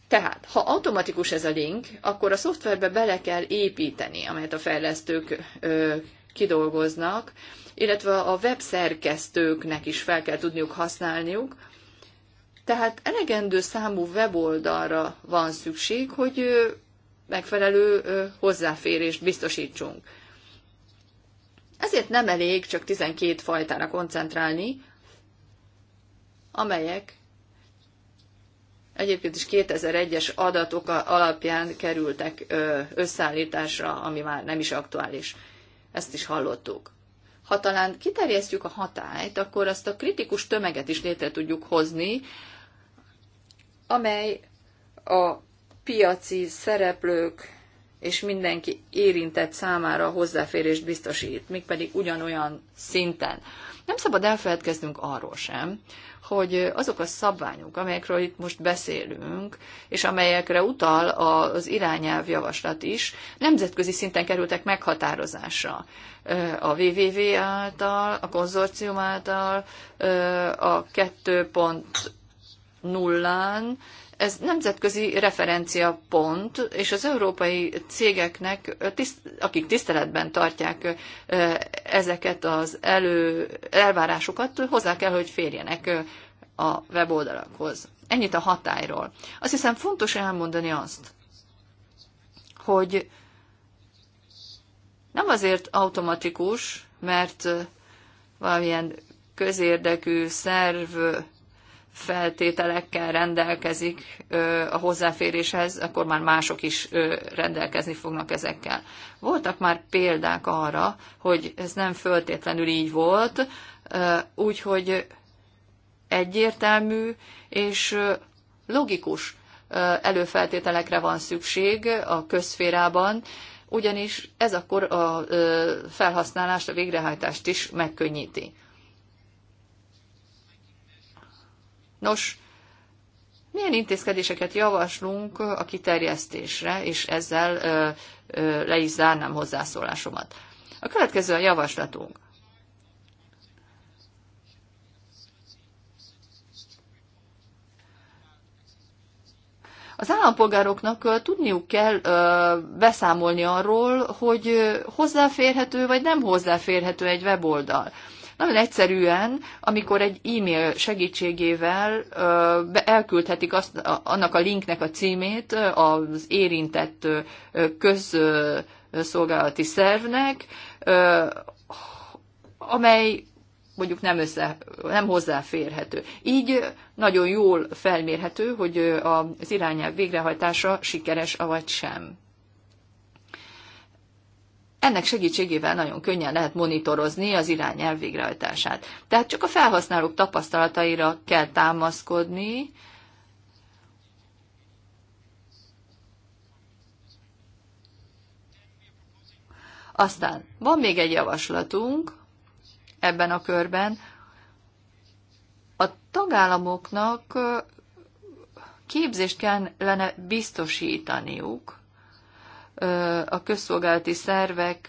Tehát, ha automatikus ez a link, akkor a szoftverbe bele kell építeni, amelyet a fejlesztők ö, kidolgoznak, illetve a webszerkesztőknek is fel kell tudniuk használniuk. Tehát elegendő számú weboldalra van szükség, hogy ö, megfelelő ö, hozzáférést biztosítsunk. Ezért nem elég csak 12 fajtára koncentrálni, amelyek egyébként is 2001-es adatok alapján kerültek összeállításra, ami már nem is aktuális. Ezt is hallottuk. Ha talán kiterjesztjük a hatályt, akkor azt a kritikus tömeget is létre tudjuk hozni, amely a piaci szereplők és mindenki érintett számára hozzáférést biztosít, mégpedig ugyanolyan szinten. Nem szabad elfeledkeznünk arról sem, hogy azok a szabványok, amelyekről itt most beszélünk, és amelyekre utal az irányelv javaslat is, nemzetközi szinten kerültek meghatározásra. A WWW által, a konzorcium által, a 2.0-án, ez nemzetközi referenciapont, és az európai cégeknek, akik tiszteletben tartják ezeket az elő, elvárásokat, hozzá kell, hogy férjenek a weboldalakhoz. Ennyit a hatályról. Azt hiszem fontos elmondani azt, hogy nem azért automatikus, mert valamilyen közérdekű szerv feltételekkel rendelkezik a hozzáféréshez, akkor már mások is rendelkezni fognak ezekkel. Voltak már példák arra, hogy ez nem föltétlenül így volt, úgyhogy egyértelmű és logikus előfeltételekre van szükség a közférában, ugyanis ez akkor a felhasználást, a végrehajtást is megkönnyíti. Nos, milyen intézkedéseket javaslunk a kiterjesztésre, és ezzel ö, ö, le is zárnám hozzászólásomat. A következő a javaslatunk. Az állampolgároknak tudniuk kell beszámolni arról, hogy hozzáférhető vagy nem hozzáférhető egy weboldal. Nagyon egyszerűen, amikor egy e-mail segítségével elküldhetik azt, annak a linknek a címét az érintett közszolgálati szervnek, amely mondjuk nem, össze, nem hozzáférhető. Így nagyon jól felmérhető, hogy az irányelv végrehajtása sikeres, avagy sem. Ennek segítségével nagyon könnyen lehet monitorozni az irányelv végrehajtását. Tehát csak a felhasználók tapasztalataira kell támaszkodni, Aztán van még egy javaslatunk ebben a körben. A tagállamoknak képzést kellene biztosítaniuk a közszolgálati szervek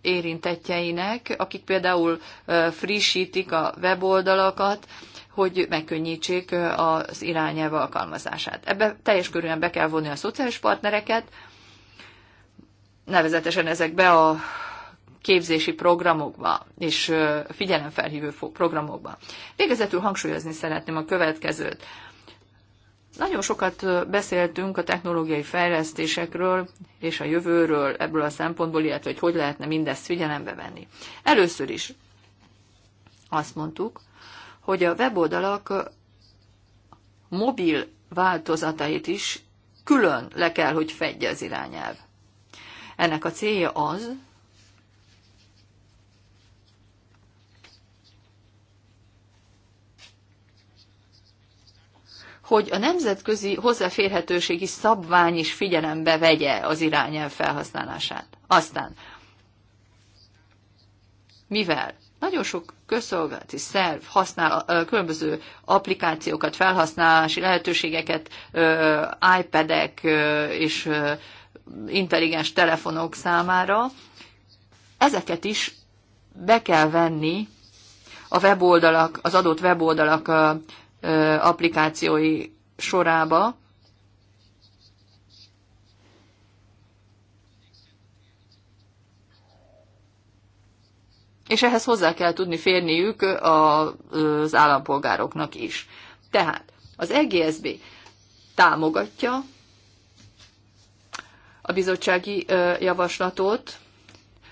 érintetjeinek, akik például frissítik a weboldalakat, hogy megkönnyítsék az irányelv alkalmazását. Ebbe teljes körülön be kell vonni a szociális partnereket, nevezetesen ezekbe a képzési programokba és figyelemfelhívő programokba. Végezetül hangsúlyozni szeretném a következőt. Nagyon sokat beszéltünk a technológiai fejlesztésekről és a jövőről ebből a szempontból, illetve hogy hogy lehetne mindezt figyelembe venni. Először is azt mondtuk, hogy a weboldalak mobil változatait is külön le kell, hogy fedje az irányelv. Ennek a célja az, hogy a nemzetközi hozzáférhetőségi szabvány is figyelembe vegye az irányelv felhasználását. Aztán, mivel nagyon sok közszolgálati szerv használ különböző applikációkat, felhasználási lehetőségeket, iPad-ek és intelligens telefonok számára, ezeket is be kell venni a weboldalak, az adott weboldalak applikációi sorába. És ehhez hozzá kell tudni férniük az állampolgároknak is. Tehát az EGSB támogatja a bizottsági javaslatot,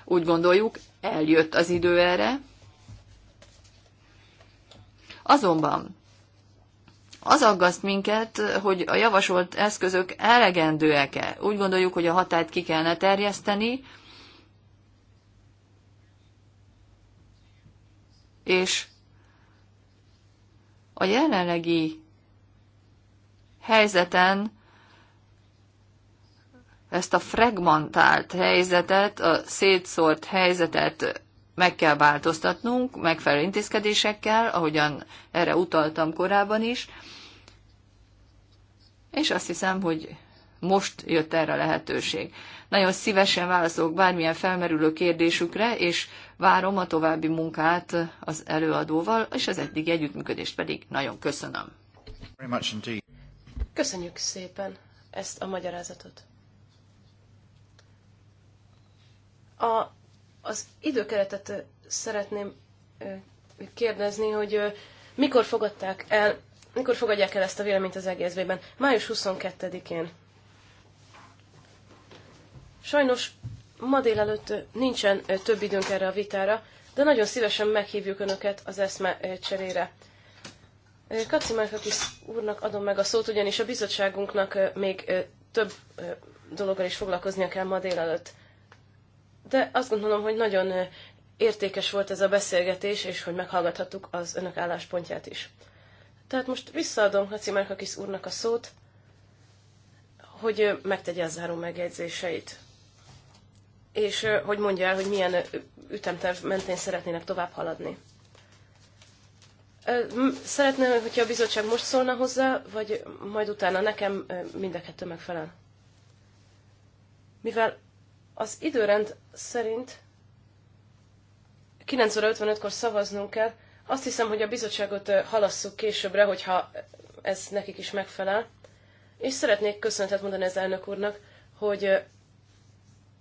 úgy gondoljuk, eljött az idő erre. Azonban az aggaszt minket, hogy a javasolt eszközök elegendőek-e. Úgy gondoljuk, hogy a hatályt ki kellene terjeszteni, és a jelenlegi helyzeten ezt a fragmentált helyzetet, a szétszórt helyzetet meg kell változtatnunk megfelelő intézkedésekkel, ahogyan erre utaltam korábban is, és azt hiszem, hogy most jött erre a lehetőség. Nagyon szívesen válaszolok bármilyen felmerülő kérdésükre, és várom a további munkát az előadóval, és az eddig együttműködést pedig nagyon köszönöm. Köszönjük szépen ezt a magyarázatot. A az időkeretet szeretném kérdezni, hogy mikor fogadták el, mikor fogadják el ezt a véleményt az egészben? Május 22-én. Sajnos ma délelőtt nincsen több időnk erre a vitára, de nagyon szívesen meghívjuk Önöket az eszme cserére. Márkakis úrnak adom meg a szót, ugyanis a bizottságunknak még több dologgal is foglalkoznia kell ma délelőtt de azt gondolom, hogy nagyon értékes volt ez a beszélgetés, és hogy meghallgathattuk az önök álláspontját is. Tehát most visszaadom Haci Márkakis úrnak a szót, hogy megtegye a záró megjegyzéseit. És hogy mondja el, hogy milyen ütemterv mentén szeretnének tovább haladni. Szeretném, hogyha a bizottság most szólna hozzá, vagy majd utána nekem mind a kettő megfelel. Mivel az időrend szerint 9 óra 55-kor szavaznunk kell. Azt hiszem, hogy a bizottságot halasszuk későbbre, hogyha ez nekik is megfelel. És szeretnék köszönetet mondani az elnök úrnak, hogy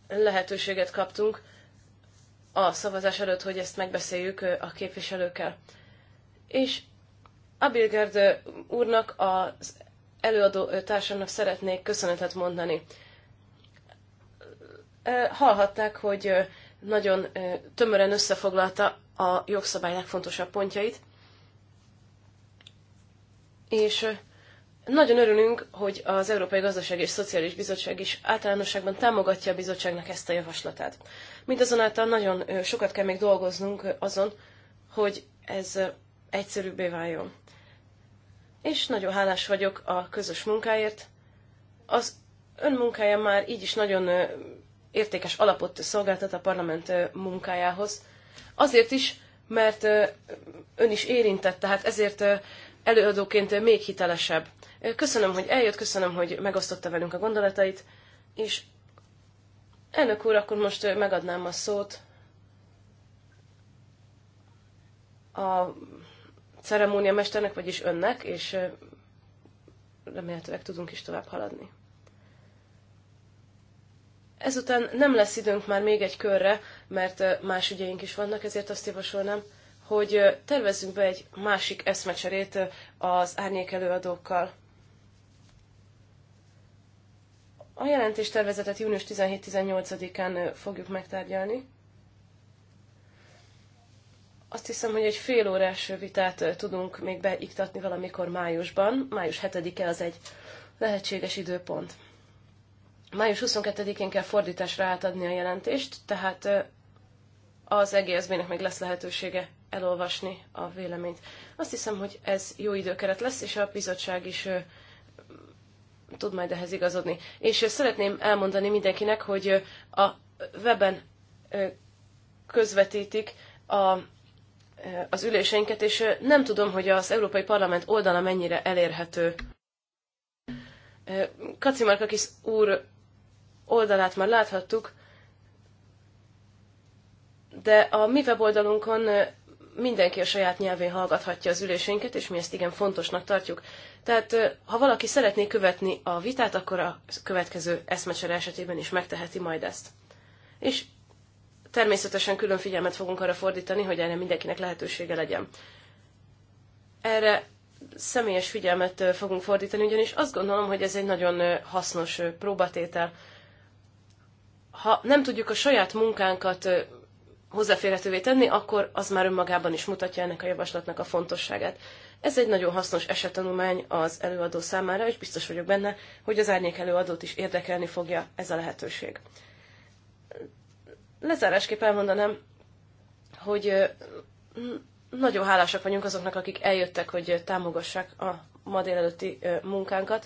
lehetőséget kaptunk a szavazás előtt, hogy ezt megbeszéljük a képviselőkkel. És Abilgard úrnak, az előadó társamnak szeretnék köszönetet mondani hallhatták, hogy nagyon tömören összefoglalta a jogszabály legfontosabb pontjait, és nagyon örülünk, hogy az Európai Gazdaság és Szociális Bizottság is általánosságban támogatja a bizottságnak ezt a javaslatát. Mindazonáltal nagyon sokat kell még dolgoznunk azon, hogy ez egyszerűbbé váljon. És nagyon hálás vagyok a közös munkáért. Az ön munkája már így is nagyon értékes alapot szolgáltat a parlament munkájához. Azért is, mert ön is érintett, tehát ezért előadóként még hitelesebb. Köszönöm, hogy eljött, köszönöm, hogy megosztotta velünk a gondolatait, és elnök úr, akkor most megadnám a szót a ceremónia mesternek, vagyis önnek, és remélhetőleg tudunk is tovább haladni. Ezután nem lesz időnk már még egy körre, mert más ügyeink is vannak, ezért azt javasolnám, hogy tervezzünk be egy másik eszmecserét az árnyék előadókkal. A jelentéstervezetet június 17-18-án fogjuk megtárgyalni. Azt hiszem, hogy egy fél órás vitát tudunk még beiktatni valamikor májusban. Május 7-e az egy lehetséges időpont. Május 22-én kell fordításra átadni a jelentést, tehát az EGSZB-nek még lesz lehetősége elolvasni a véleményt. Azt hiszem, hogy ez jó időkeret lesz, és a bizottság is tud majd ehhez igazodni. És szeretném elmondani mindenkinek, hogy a weben közvetítik a, az üléseinket, és nem tudom, hogy az Európai Parlament oldala mennyire elérhető. Kacimarkakis úr oldalát már láthattuk, de a mi weboldalunkon mindenki a saját nyelvén hallgathatja az ülésénket, és mi ezt igen fontosnak tartjuk. Tehát ha valaki szeretné követni a vitát, akkor a következő eszmecsere esetében is megteheti majd ezt. És természetesen külön figyelmet fogunk arra fordítani, hogy erre mindenkinek lehetősége legyen. Erre személyes figyelmet fogunk fordítani, ugyanis azt gondolom, hogy ez egy nagyon hasznos próbatétel ha nem tudjuk a saját munkánkat hozzáférhetővé tenni, akkor az már önmagában is mutatja ennek a javaslatnak a fontosságát. Ez egy nagyon hasznos esetanulmány az előadó számára, és biztos vagyok benne, hogy az árnyék előadót is érdekelni fogja ez a lehetőség. Lezárásképp elmondanám, hogy nagyon hálásak vagyunk azoknak, akik eljöttek, hogy támogassák a ma délelőtti munkánkat.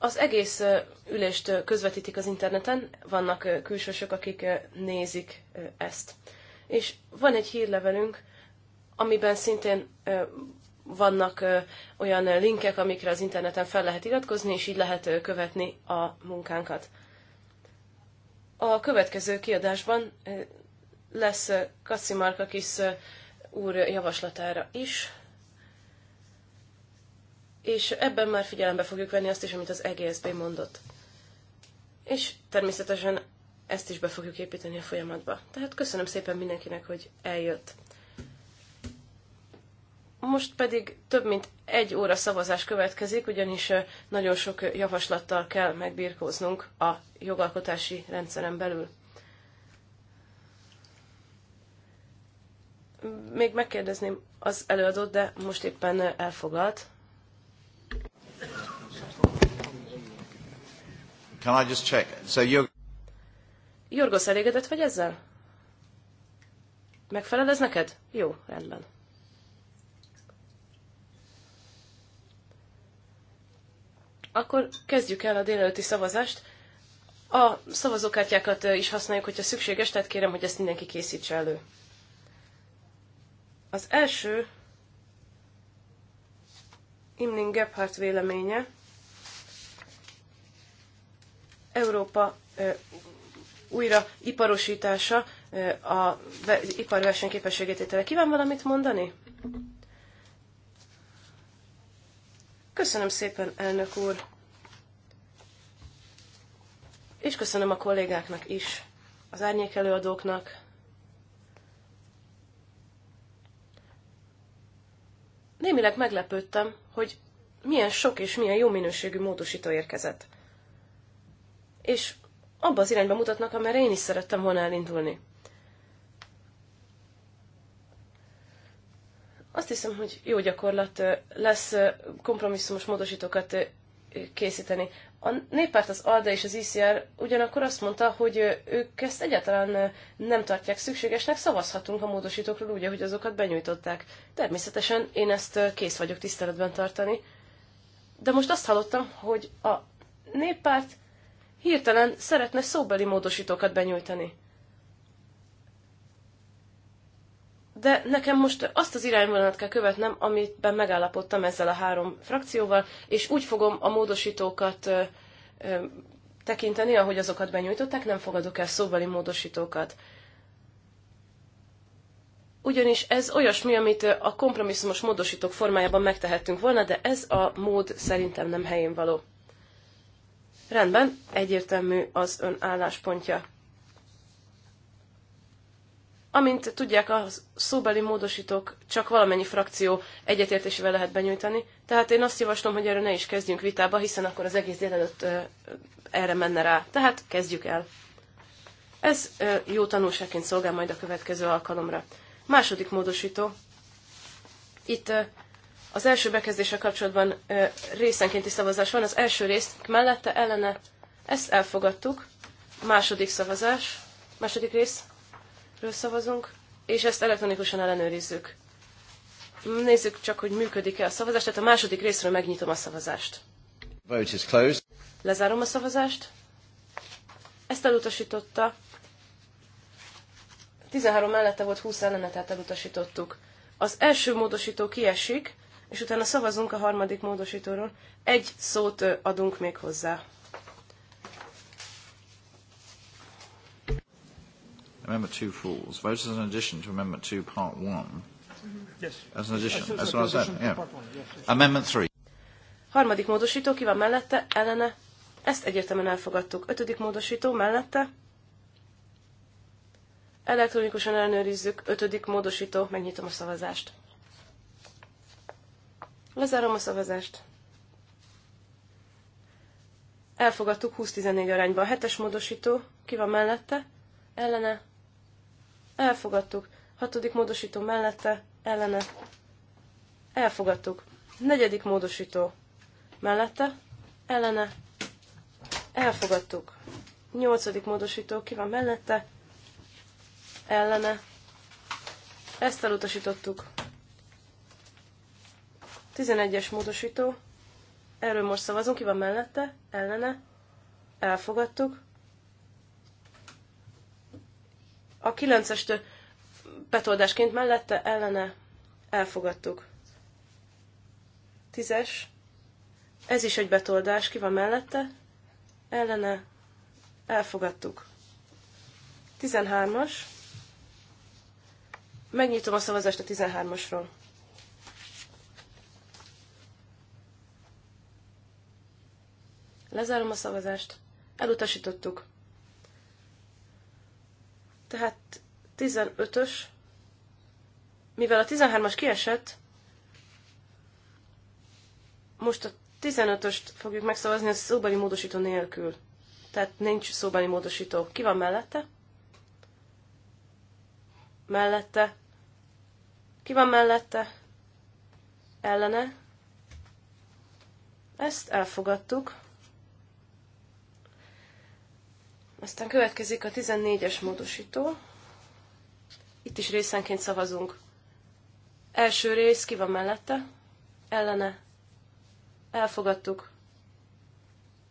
Az egész ülést közvetítik az interneten, vannak külsősök, akik nézik ezt. És van egy hírlevelünk, amiben szintén vannak olyan linkek, amikre az interneten fel lehet iratkozni, és így lehet követni a munkánkat. A következő kiadásban lesz kis úr javaslatára is és ebben már figyelembe fogjuk venni azt is, amit az EGSB mondott. És természetesen ezt is be fogjuk építeni a folyamatba. Tehát köszönöm szépen mindenkinek, hogy eljött. Most pedig több mint egy óra szavazás következik, ugyanis nagyon sok javaslattal kell megbirkóznunk a jogalkotási rendszeren belül. Még megkérdezném az előadót, de most éppen elfoglalt. Can I just check? So you're... Jorgos, elégedett vagy ezzel? Megfelel ez neked? Jó, rendben. Akkor kezdjük el a délelőtti szavazást. A szavazókártyákat is használjuk, hogyha szükséges, tehát kérem, hogy ezt mindenki készítse elő. Az első Imling Gebhardt véleménye Európa újra iparosítása, a ipar versenyképességét Kíván valamit mondani? Köszönöm szépen, elnök úr! És köszönöm a kollégáknak is, az árnyék előadóknak. Némileg meglepődtem, hogy milyen sok és milyen jó minőségű módosító érkezett és abba az irányba mutatnak, amerre én is szerettem volna elindulni. Azt hiszem, hogy jó gyakorlat lesz kompromisszumos módosítókat készíteni. A néppárt, az ALDE és az ICR ugyanakkor azt mondta, hogy ők ezt egyáltalán nem tartják szükségesnek, szavazhatunk a módosítókról úgy, ahogy azokat benyújtották. Természetesen én ezt kész vagyok tiszteletben tartani. De most azt hallottam, hogy a néppárt hirtelen szeretne szóbeli módosítókat benyújtani. de nekem most azt az irányvonalat kell követnem, amiben megállapodtam ezzel a három frakcióval, és úgy fogom a módosítókat ö, ö, tekinteni, ahogy azokat benyújtották, nem fogadok el szóbeli módosítókat. Ugyanis ez olyasmi, amit a kompromisszumos módosítók formájában megtehettünk volna, de ez a mód szerintem nem helyén való. Rendben, egyértelmű az ön álláspontja. Amint tudják, a szóbeli módosítók csak valamennyi frakció egyetértésével lehet benyújtani, tehát én azt javaslom, hogy erről ne is kezdjünk vitába, hiszen akkor az egész délelőtt erre menne rá. Tehát kezdjük el. Ez jó tanulságként szolgál majd a következő alkalomra. Második módosító. Itt az első bekezdése kapcsolatban részenkénti szavazás van. Az első rész mellette ellene ezt elfogadtuk. Második szavazás, második részről szavazunk, és ezt elektronikusan ellenőrizzük. Nézzük csak, hogy működik-e a szavazás. Tehát a második részről megnyitom a szavazást. Vote is closed. Lezárom a szavazást. Ezt elutasította. 13 mellette volt 20 ellene, tehát elutasítottuk. Az első módosító kiesik, és utána szavazunk a harmadik módosítóról. Egy szót adunk még hozzá. Amendment 2 falls. Votes as an addition to Amendment 2, Part 1. Yes. As an addition. As well as that. Yeah. Amendment 3. Harmadik módosító, ki van mellette, ellene. Ezt egyértelműen elfogadtuk. Ötödik módosító, mellette. Elektronikusan ellenőrizzük. Ötödik módosító, megnyitom a szavazást. Lezárom a szavazást. Elfogadtuk 20-14 arányban. Hetes módosító. Ki van mellette? Ellene. Elfogadtuk. Hatodik módosító mellette. Ellene. Elfogadtuk. Negyedik módosító. Mellette. Ellene. Elfogadtuk. Nyolcadik módosító. Ki van mellette? Ellene. Ezt elutasítottuk. 11-es módosító. Erről most szavazunk, ki van mellette, ellene. Elfogadtuk. A 9-estől betoldásként mellette, ellene. Elfogadtuk. 10-es. Ez is egy betoldás, ki van mellette, ellene. Elfogadtuk. 13-as. Megnyitom a szavazást a 13-asról. Lezárom a szavazást. Elutasítottuk. Tehát 15-ös, mivel a 13-as kiesett, most a 15-öst fogjuk megszavazni a szóbeli módosító nélkül. Tehát nincs szóbeli módosító. Ki van mellette? Mellette. Ki van mellette? Ellene. Ezt elfogadtuk. Aztán következik a 14-es módosító. Itt is részenként szavazunk. Első rész ki van mellette? Ellene. Elfogadtuk.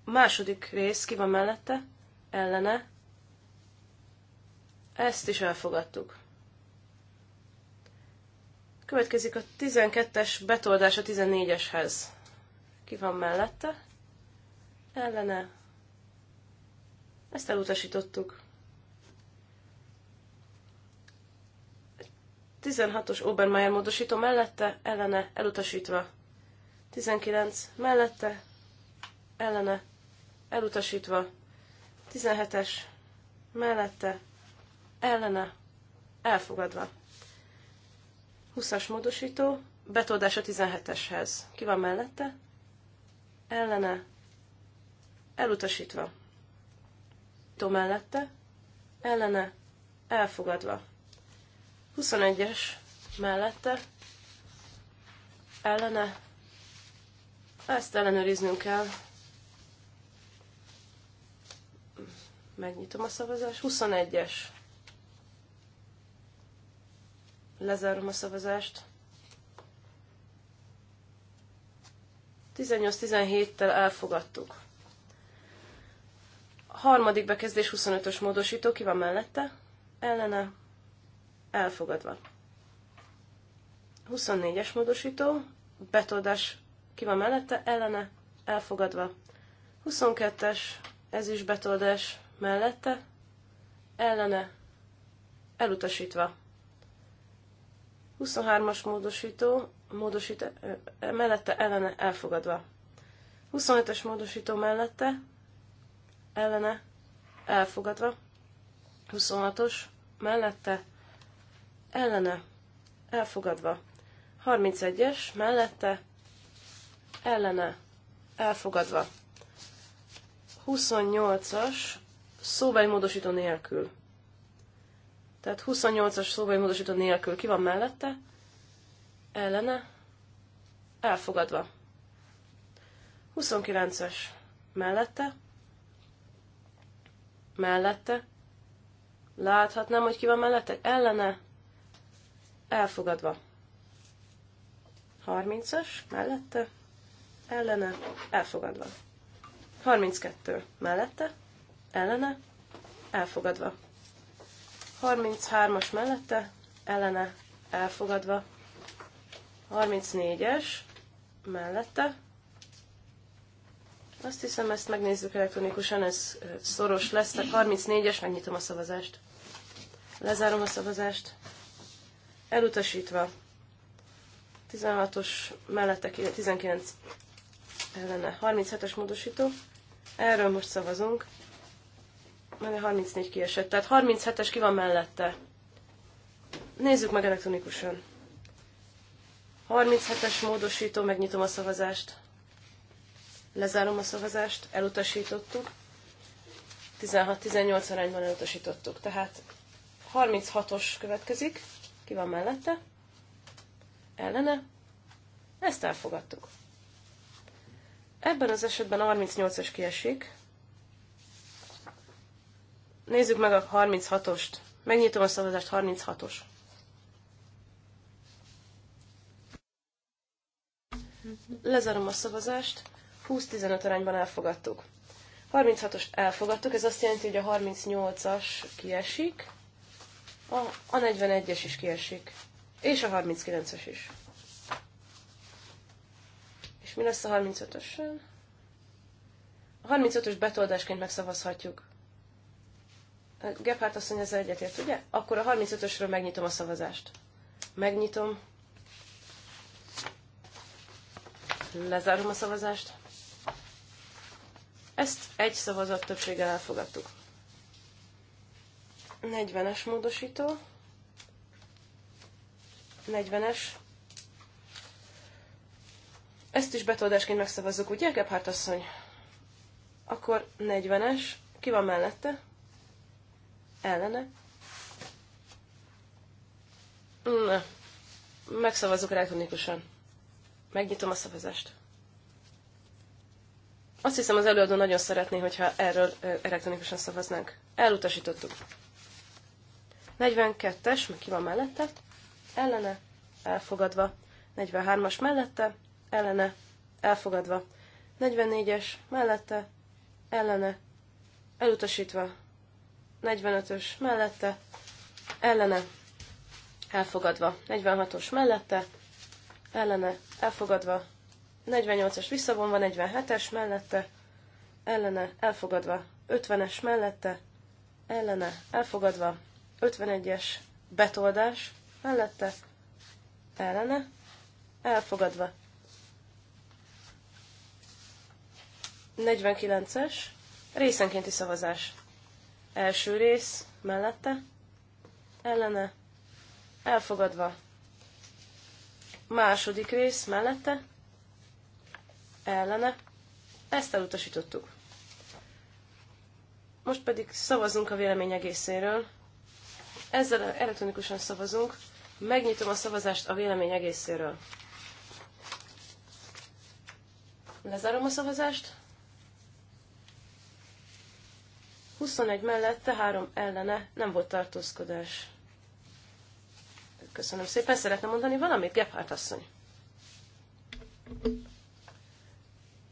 Második rész ki van mellette? Ellene. Ezt is elfogadtuk. Következik a 12-es betoldás a 14-eshez. Ki van mellette? Ellene. Ezt elutasítottuk. 16-os Obermeier módosító mellette, ellene, elutasítva. 19 mellette, ellene, elutasítva. 17-es mellette, ellene, elfogadva. 20-as módosító, betoldás a 17-eshez. Ki van mellette? Ellene, elutasítva. Tom mellette, ellene, elfogadva. 21-es mellette, ellene, ezt ellenőriznünk kell. Megnyitom a szavazást. 21-es. Lezárom a szavazást. 18-17-tel elfogadtuk. Harmadik bekezdés 25-ös módosító, ki van mellette? Ellene. Elfogadva. 24-es módosító, betoldás, ki van mellette? Ellene. Elfogadva. 22-es, ez is betoldás, mellette? Ellene. Elutasítva. 23-as módosító, módosít, mellette ellene elfogadva. 25 es módosító mellette ellene elfogadva, 26-os mellette ellene elfogadva, 31-es mellette ellene elfogadva, 28-as szóbeli módosító nélkül. Tehát 28-as szóbeli módosító nélkül ki van mellette, ellene elfogadva. 29-es mellette, mellette. Láthatnám, hogy ki van mellette? Ellene. Elfogadva. 30-as mellette. Ellene. Elfogadva. 32 mellette. Ellene. Elfogadva. 33-as mellette. Ellene. Elfogadva. 34-es mellette azt hiszem, ezt megnézzük elektronikusan, ez szoros lesz. A 34-es, megnyitom a szavazást. Lezárom a szavazást. Elutasítva. 16-os mellette 19 ellene. 37-es módosító. Erről most szavazunk. Mert 34 kiesett. Tehát 37-es ki van mellette. Nézzük meg elektronikusan. 37-es módosító, megnyitom a szavazást. Lezárom a szavazást, elutasítottuk. 16-18 arányban elutasítottuk. Tehát 36-os következik. Ki van mellette? Ellene? Ezt elfogadtuk. Ebben az esetben 38-as kiesik. Nézzük meg a 36-ost. Megnyitom a szavazást 36-os. Lezárom a szavazást. 20-15 arányban elfogadtuk. 36-os elfogadtuk, ez azt jelenti, hogy a 38-as kiesik, a, a 41-es is kiesik, és a 39-es is. És mi lesz a 35 ös A 35-ös betoldásként megszavazhatjuk. Gephardt azt mondja, ezzel egyetért, ugye? Akkor a 35-ösről megnyitom a szavazást. Megnyitom. Lezárom a szavazást. Ezt egy szavazat többséggel elfogadtuk. 40-es módosító. 40-es. Ezt is betoldásként megszavazzuk, ugye, Gebhardt asszony? Akkor 40-es. Ki van mellette? Ellene? Ne. megszavazzuk elektronikusan. Megnyitom a szavazást. Azt hiszem az előadó nagyon szeretné, hogyha erről elektronikusan szavaznánk. Elutasítottuk. 42-es, meg ki van mellette? Ellene, elfogadva. 43-as mellette, ellene, elfogadva. 44-es, mellette, ellene, elutasítva. 45-ös, mellette, ellene, elfogadva. 46-os mellette, ellene, elfogadva. 48-as visszavonva, 47-es mellette, ellene elfogadva, 50-es mellette, ellene elfogadva, 51-es betoldás mellette, ellene elfogadva. 49-es részenkénti szavazás. Első rész mellette, ellene elfogadva. Második rész mellette, ellene. Ezt elutasítottuk. Most pedig szavazunk a vélemény egészéről. Ezzel elektronikusan szavazunk. Megnyitom a szavazást a vélemény egészéről. Lezárom a szavazást. 21 mellette, 3 ellene, nem volt tartózkodás. Köszönöm szépen, szeretne mondani valamit, Gephardt asszony?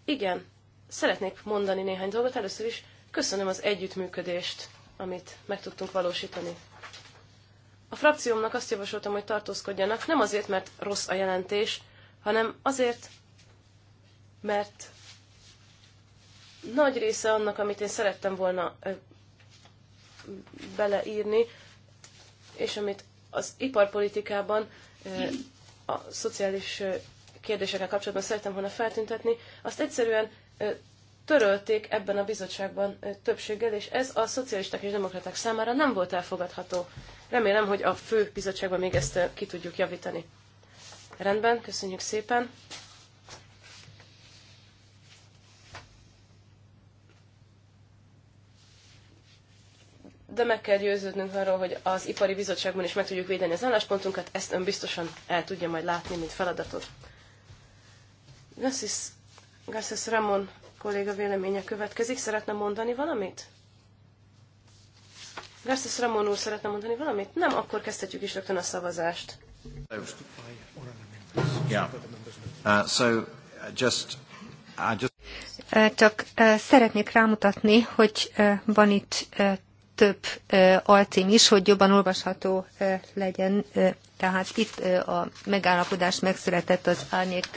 Igen, szeretnék mondani néhány dolgot. Először is köszönöm az együttműködést, amit meg tudtunk valósítani. A frakciómnak azt javasoltam, hogy tartózkodjanak, nem azért, mert rossz a jelentés, hanem azért, mert nagy része annak, amit én szerettem volna beleírni, és amit az iparpolitikában a szociális kérdésekkel kapcsolatban szerettem volna feltüntetni, azt egyszerűen törölték ebben a bizottságban többséggel, és ez a szocialisták és demokraták számára nem volt elfogadható. Remélem, hogy a fő bizottságban még ezt ki tudjuk javítani. Rendben, köszönjük szépen. De meg kell győződnünk arról, hogy az ipari bizottságban is meg tudjuk védeni az álláspontunkat, ezt ön biztosan el tudja majd látni, mint feladatot. Gassis, Gassis Ramon kolléga véleménye következik. Szeretne mondani valamit? Gassis Ramon úr szeretne mondani valamit? Nem, akkor kezdhetjük is rögtön a szavazást. Yeah. Uh, so, uh, just, I just... Uh, csak uh, szeretnék rámutatni, hogy van itt több alcím is, hogy jobban olvasható legyen. Tehát itt a megállapodás megszületett az árnyék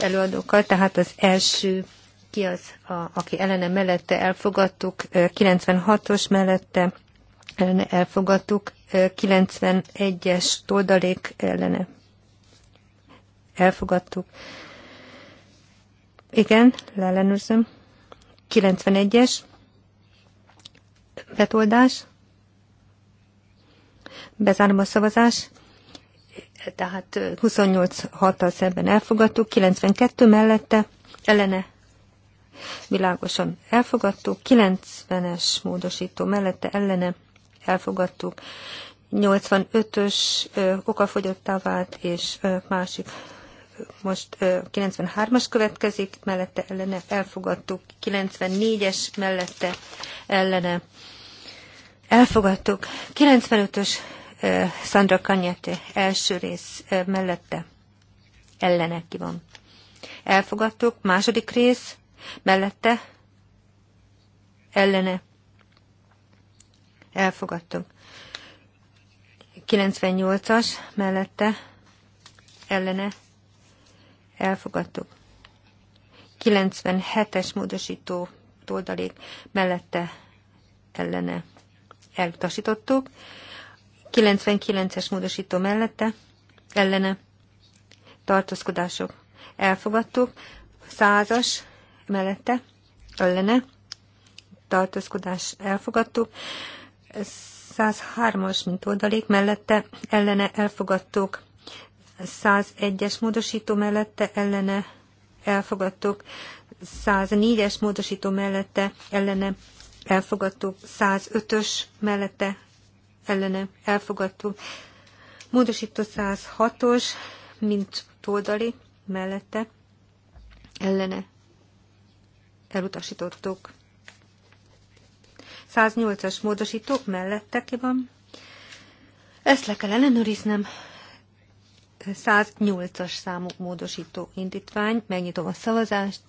előadókkal, tehát az első ki az, a, aki ellene mellette elfogadtuk, 96-os mellette ellene elfogadtuk, 91-es toldalék ellene elfogadtuk. Igen, leellenőrzöm. 91-es betoldás. Bezárom a szavazás tehát 28-6-tal szemben elfogadtuk, 92 mellette ellene világosan elfogadtuk, 90-es módosító mellette ellene elfogadtuk, 85-ös okafogyottá vált, és ö, másik most 93-as következik, mellette ellene elfogadtuk, 94-es mellette ellene elfogadtuk, 95-ös Sandra Kanyete első rész mellette ellene ki van. Elfogadtuk, második rész mellette ellene elfogadtuk. 98-as mellette ellene elfogadtuk. 97-es módosító oldalék mellette ellene elutasítottuk. 99-es módosító mellette, ellene tartózkodások elfogadtuk, 100-as mellette, ellene tartózkodás elfogadtuk, 103-as mint oldalék mellette, ellene elfogadtuk, 101-es módosító mellette, ellene elfogadtuk, 104-es módosító mellette, ellene elfogadtuk, 105-ös mellette, ellene elfogadtuk. Módosító 106-os, mint toldali mellette ellene elutasítottuk. 108-as módosítók mellette ki van. Ezt le kell ellenőriznem. 108-as számú módosító indítvány. Megnyitom a szavazást,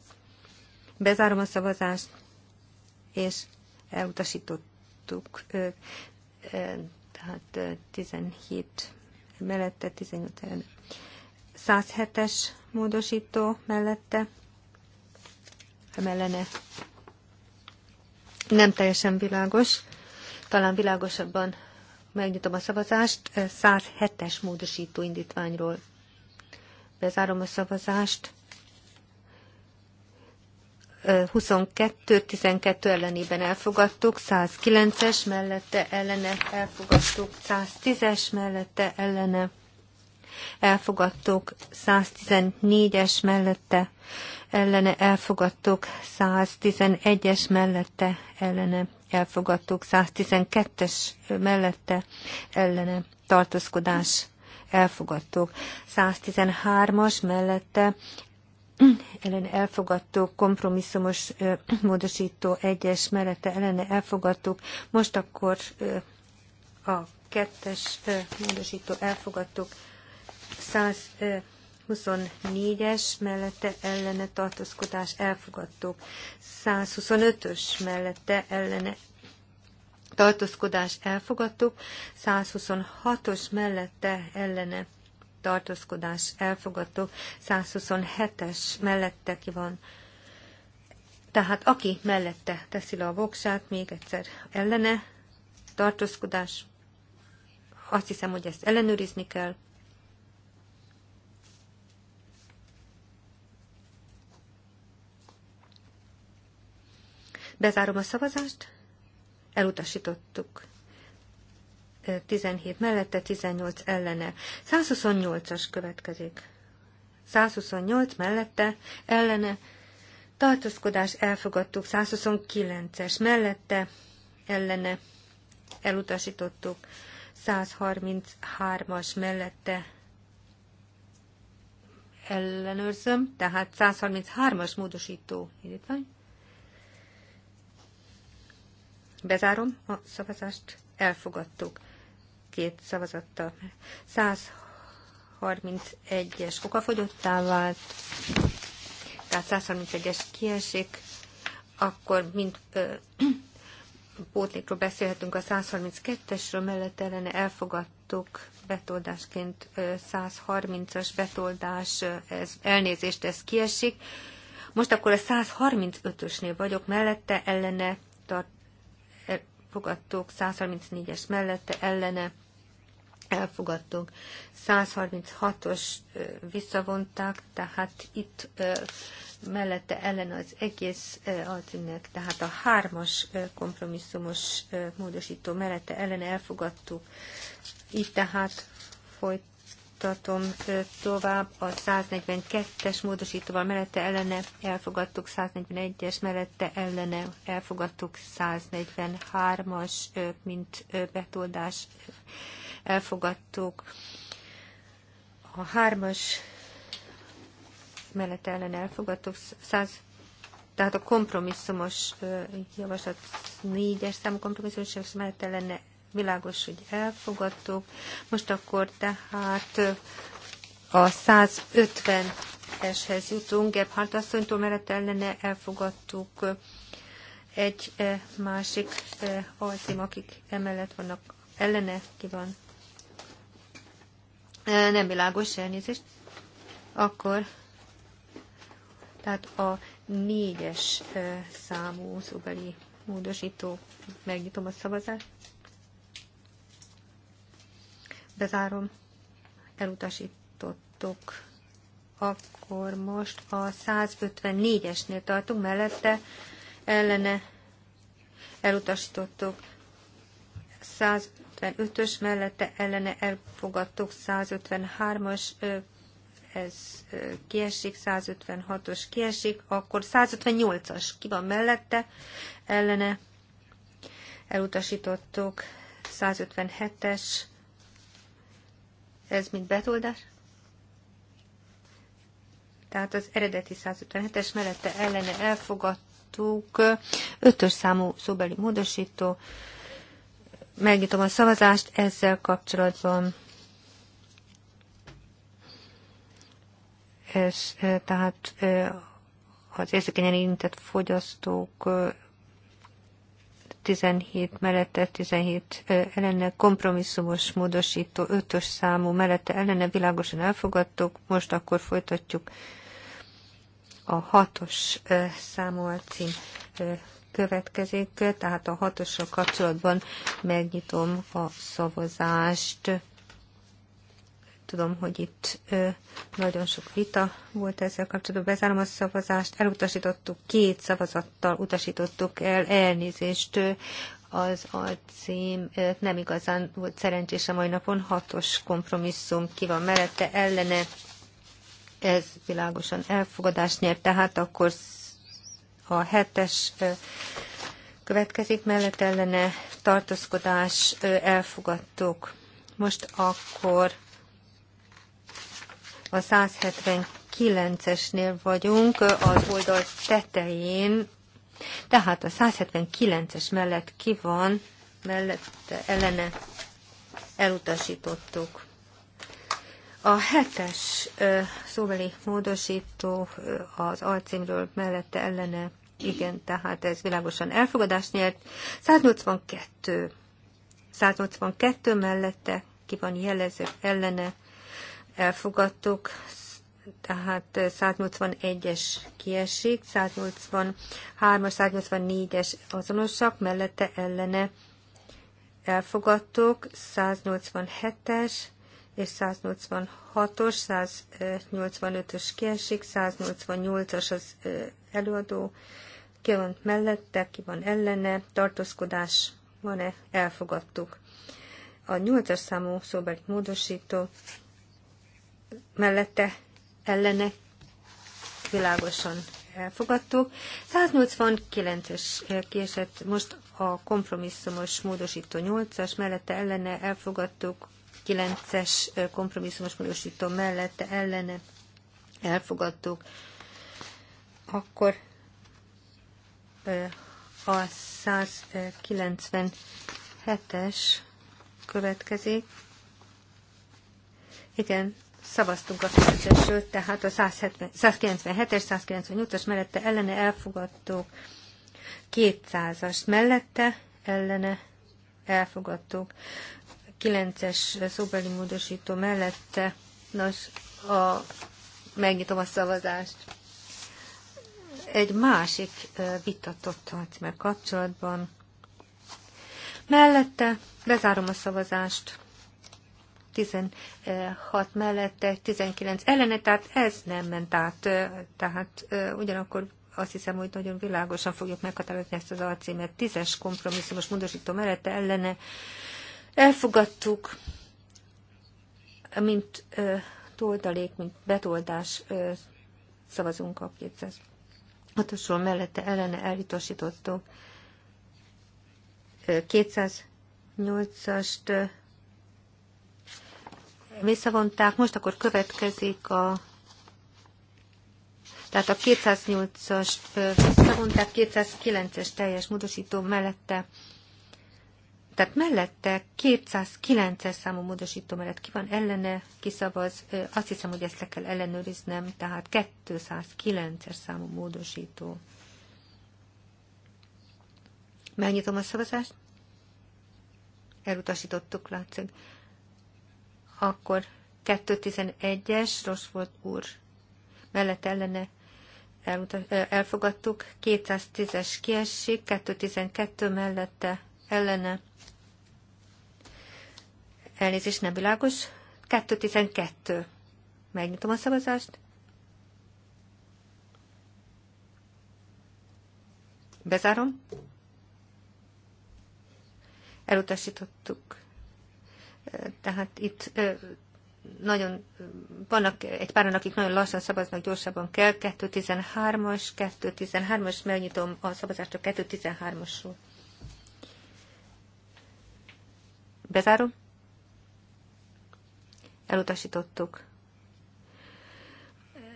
bezárom a szavazást, és elutasítottuk tehát 17 mellette, 18 ellen. 107-es módosító mellette, emellene nem teljesen világos, talán világosabban megnyitom a szavazást, 107-es módosító indítványról. Bezárom a szavazást, 22-12 ellenében elfogadtuk, 109-es mellette ellene elfogadtuk, 110-es mellette ellene elfogadtuk, 114-es mellette ellene elfogadtuk, 111-es mellette ellene elfogadtuk, 112-es mellette ellene tartózkodás elfogadtuk. 113-as mellette ellen elfogadtuk, kompromisszumos módosító egyes mellette ellene elfogadtuk. Most akkor a kettes módosító elfogadtuk. 124-es mellette ellene tartózkodás elfogadtuk. 125-ös mellette ellene tartózkodás elfogadtuk. 126-os mellette ellene tartózkodás elfogadó 127-es mellette ki van. Tehát aki mellette teszi le a voksát, még egyszer ellene tartózkodás, azt hiszem, hogy ezt ellenőrizni kell. Bezárom a szavazást, elutasítottuk 17 mellette, 18 ellene. 128-as következik. 128 mellette, ellene. Tartózkodás elfogadtuk. 129-es mellette, ellene. Elutasítottuk. 133-as mellette, ellenőrzöm, tehát 133-as módosító itt van. Bezárom a szavazást, elfogadtuk két szavazatta 131-es okafogyottá vált, tehát 131-es kiesik, akkor mint pótlékról beszélhetünk a 132-esről, mellett ellene elfogadtuk betoldásként 130-as betoldás, ez, elnézést, ez kiesik. Most akkor a 135-ösnél vagyok, mellette ellene tart, fogadtuk, 134-es mellette ellene elfogadtunk. 136-os visszavonták, tehát itt mellette ellen az egész altinnek, tehát a hármas kompromisszumos módosító mellette ellen elfogadtuk. Itt tehát folytatom tovább a 142-es módosítóval mellette ellene elfogadtuk, 141-es mellette ellene elfogadtuk, 143-as mint betoldás elfogadtuk. A hármas mellett ellen elfogadtuk, 100, tehát a kompromisszumos javaslat négyes számú kompromisszumos javaslat mellett ellen világos, hogy elfogadtuk. Most akkor tehát a 150-eshez jutunk, Gebhardt asszonytól mellett ellene elfogadtuk egy másik alcím, akik emellett vannak ellene, ki van nem világos, elnézést. Akkor, tehát a négyes számú szóbeli módosító, megnyitom a szavazást. Bezárom, elutasítottok. Akkor most a 154-esnél tartunk, mellette ellene elutasítottok. 155-ös mellette ellene elfogadtuk, 153-as ez kiesik, 156-os kiesik, akkor 158-as ki van mellette, ellene elutasítottuk, 157-es, ez mint betoldás? Tehát az eredeti 157-es mellette ellene elfogadtuk, 5-ös számú szóbeli módosító, Megnyitom a szavazást ezzel kapcsolatban. és tehát az érzékenyen érintett fogyasztók 17 mellette, 17 ellene, kompromisszumos módosító 5-ös számú mellette ellene világosan elfogadtuk. Most akkor folytatjuk a 6-os számú cím következik, tehát a hatossal kapcsolatban megnyitom a szavazást. Tudom, hogy itt nagyon sok vita volt ezzel kapcsolatban. Bezárom a szavazást, elutasítottuk, két szavazattal utasítottuk el elnézést az a cím nem igazán volt szerencsés a mai napon, hatos kompromisszum ki van mellette, ellene, ez világosan elfogadás nyert, tehát akkor a hetes következik mellett ellene tartózkodás elfogadtuk. Most akkor a 179-esnél vagyunk, az oldal tetején, tehát a 179-es mellett ki van, mellette ellene elutasítottuk. A hetes szóbeli módosító az alcímről mellette ellene igen, tehát ez világosan elfogadás nyert. 182. 182 mellette ki van jelező ellene. Elfogadtuk. Tehát 181-es kiesik, 183-as, 184-es azonosak, mellette ellene elfogadtuk, 187-es, és 186-os, 185-ös kiesik, 188-as az előadó ki van mellette, ki van ellene, tartózkodás van-e, elfogadtuk. A nyolcas számú szóbeli módosító mellette, ellene, világosan elfogadtuk. 189-es kiesett most a kompromisszumos módosító 8-as, mellette ellene elfogadtuk, 9-es kompromisszumos módosító mellette ellene elfogadtuk. Akkor a 197-es következik. Igen, szavaztunk a fizetésről, tehát a 197-es, 198-as mellette ellene elfogadtuk, 200-as mellette ellene elfogadtuk, 9-es szóbeli módosító mellette, nos, a, megnyitom a szavazást egy másik vitatott mert kapcsolatban. Mellette bezárom a szavazást. 16 mellette, 19 ellene, tehát ez nem ment át. Tehát ugyanakkor azt hiszem, hogy nagyon világosan fogjuk meghatározni ezt az alcímet. Tízes kompromisszumos módosító mellette ellene elfogadtuk, mint toldalék, mint betoldás szavazunk a 200 Hatosról mellette ellene elutasítottuk. 208-ast visszavonták, most akkor következik a tehát a 208 ast visszavonták, 209-es teljes módosító mellette tehát mellette 209-es számú módosító mellett ki van ellene, kiszavaz, azt hiszem, hogy ezt le kell ellenőriznem, tehát 209-es számú módosító. Megnyitom a szavazást. Elutasítottuk, látszik. Akkor 211-es volt úr mellett ellene elfogadtuk, 210-es kiesik, 212 mellette ellene Elnézést, nem világos. 2.12. Megnyitom a szavazást. Bezárom. Elutasítottuk. Tehát itt nagyon, vannak egy páran, akik nagyon lassan szavaznak, gyorsabban kell. 2.13-as, 2.13-as, megnyitom a szavazást a 2.13-asról. Bezárom elutasítottuk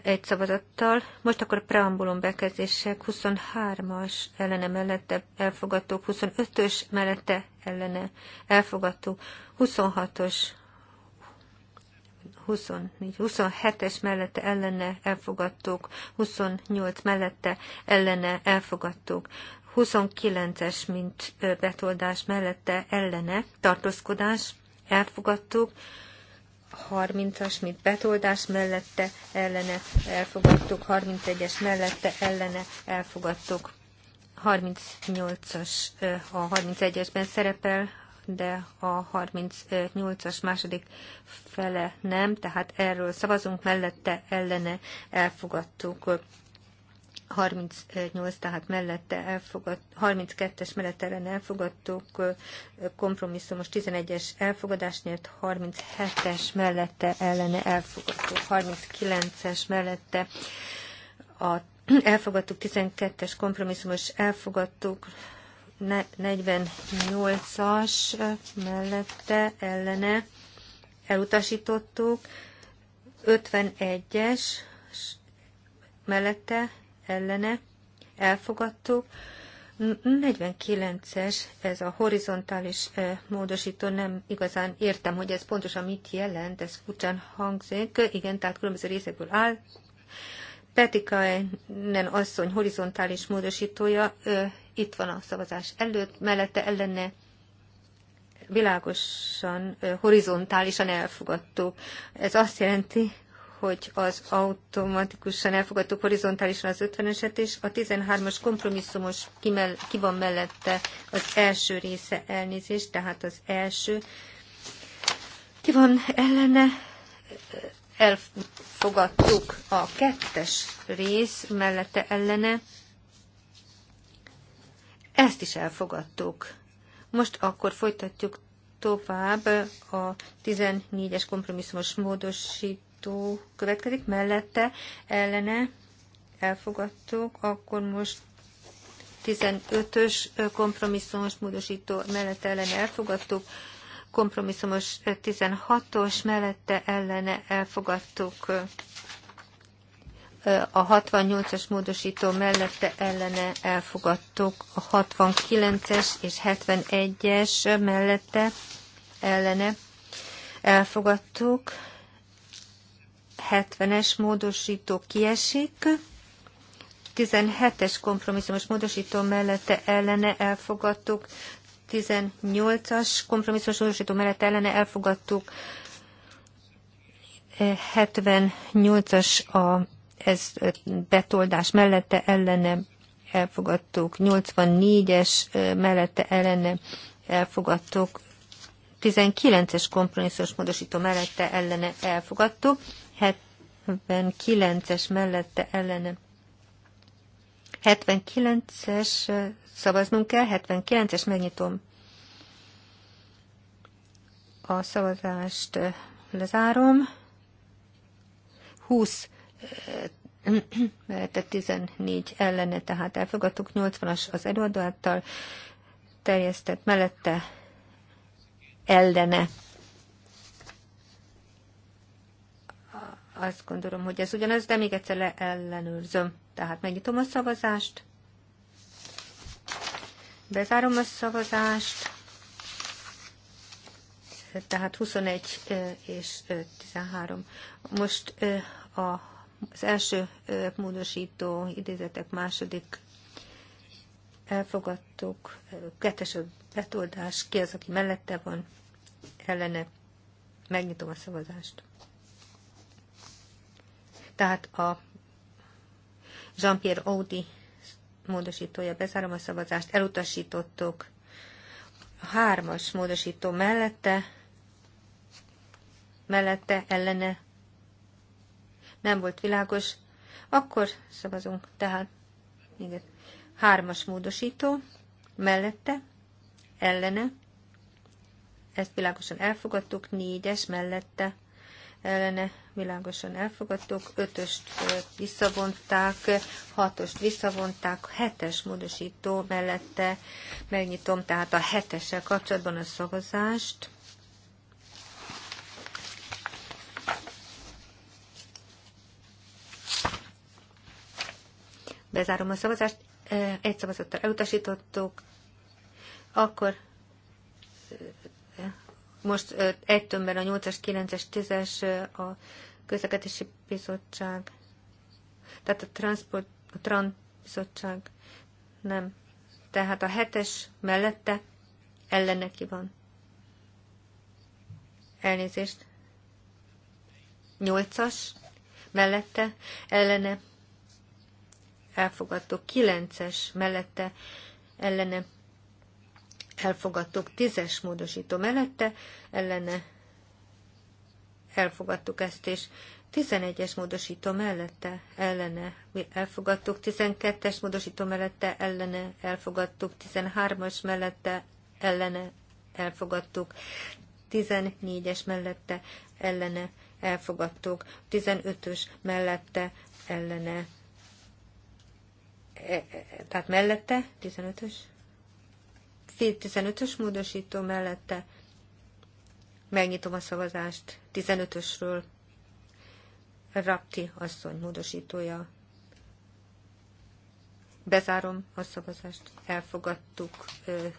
egy szavazattal. Most akkor a preambulum bekezdések 23-as ellene mellette elfogadtuk, 25-ös mellette ellene elfogadtuk, 26-os 24, 27-es mellette ellene elfogadtuk, 28 mellette ellene elfogadtuk, 29-es, mint betoldás mellette ellene tartózkodás elfogadtuk, 30-as, mint betoldás mellette ellene elfogadtuk, 31-es mellette ellene elfogadtuk. 38-as, a 31-esben szerepel, de a 38-as második fele nem, tehát erről szavazunk, mellette ellene elfogadtuk. 38, tehát mellette elfogad, 32-es mellette ellen elfogadtuk, kompromisszumos 11-es elfogadás nyert, 37-es mellette ellene elfogadtuk, 39-es mellette a, elfogadtuk, 12-es kompromisszumos elfogadtuk, 48-as mellette ellene elutasítottuk, 51-es mellette ellene elfogadtuk. 49-es, ez a horizontális módosító, nem igazán értem, hogy ez pontosan mit jelent, ez furcsán hangzik. Igen, tehát különböző részekből áll. nem asszony horizontális módosítója, itt van a szavazás előtt, mellette ellene világosan, horizontálisan elfogadtuk. Ez azt jelenti, hogy az automatikusan elfogadtuk horizontálisan az 50-eset, és a 13-as kompromisszumos ki van mellette az első része elnézést, tehát az első. Ki van ellene? Elfogadtuk a kettes rész mellette ellene. Ezt is elfogadtuk. Most akkor folytatjuk tovább a 14-es kompromisszumos módosítást elfogadtó következik, mellette ellene elfogadtuk, akkor most 15-ös kompromisszumos módosító mellette ellene elfogadtuk, kompromisszumos 16-os mellette ellene elfogadtuk, a 68-as módosító mellette ellene elfogadtuk, a 69-es és 71-es mellette ellene elfogadtuk, 70-es módosító kiesik, 17-es kompromisszumos módosító mellette ellene elfogadtuk, 18-as kompromisszumos módosító mellette ellene elfogadtuk, 78-as eh, a ez eh, betoldás mellette ellene elfogadtuk, 84-es eh, mellette ellene elfogadtuk, 19-es kompromisszumos módosító mellette ellene elfogadtuk, 79-es mellette ellene. 79-es szavaznunk kell, 79-es megnyitom. A szavazást lezárom. 20 mellette 14 ellene, tehát elfogadtuk 80-as az előadó által terjesztett mellette ellene azt gondolom, hogy ez ugyanaz, de még egyszer leellenőrzöm. Tehát megnyitom a szavazást, bezárom a szavazást, tehát 21 és 13. Most az első módosító idézetek második elfogadtuk, kettes betoldás, ki az, aki mellette van, ellene, megnyitom a szavazást. Tehát a Jean-Pierre Audi módosítója bezárom a szavazást, elutasítottuk a hármas módosító mellette, mellette, ellene nem volt világos, akkor szavazunk. Tehát, igen, hármas módosító, mellette, ellene, ezt világosan elfogadtuk, négyes mellette, ellene világosan elfogadtuk, ötöst visszavonták, hatost visszavonták, hetes módosító mellette megnyitom, tehát a hetessel kapcsolatban a szavazást. Bezárom a szavazást, egy szavazattal elutasítottuk, akkor most egy tömbben a 8-as, 9-es, 10-es a közlekedési bizottság, tehát a transport, a TRAN bizottság nem. Tehát a hetes mellette ellene ki van. Elnézést. Nyolcas mellette ellene 9 Kilences mellette ellene elfogadtuk tízes módosító mellette, ellene elfogadtuk ezt is. 11-es módosító mellette ellene elfogadtuk, 12-es módosító mellette ellene elfogadtuk, 13-as mellette ellene elfogadtuk, 14-es mellette ellene elfogadtuk, 15-ös mellette ellene, e, e, e tehát mellette, 15-ös, 15-ös módosító mellette megnyitom a szavazást 15-ösről. Rapti asszony módosítója. Bezárom a szavazást. Elfogadtuk.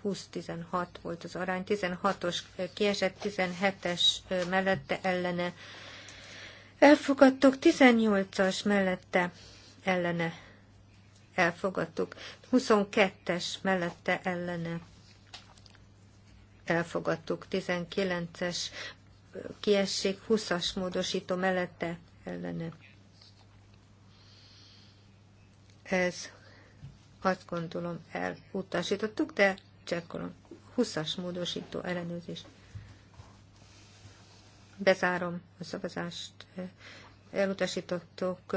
20-16 volt az arány. 16-os kiesett, 17-es mellette ellene. Elfogadtuk. 18-as mellette ellene. Elfogadtuk. 22-es mellette ellene elfogadtuk. 19-es kiesség, 20-as módosító mellette ellene. Ez azt gondolom elutasítottuk, de csekkolom. 20-as módosító ellenőrzés. Bezárom a szavazást. Elutasítottuk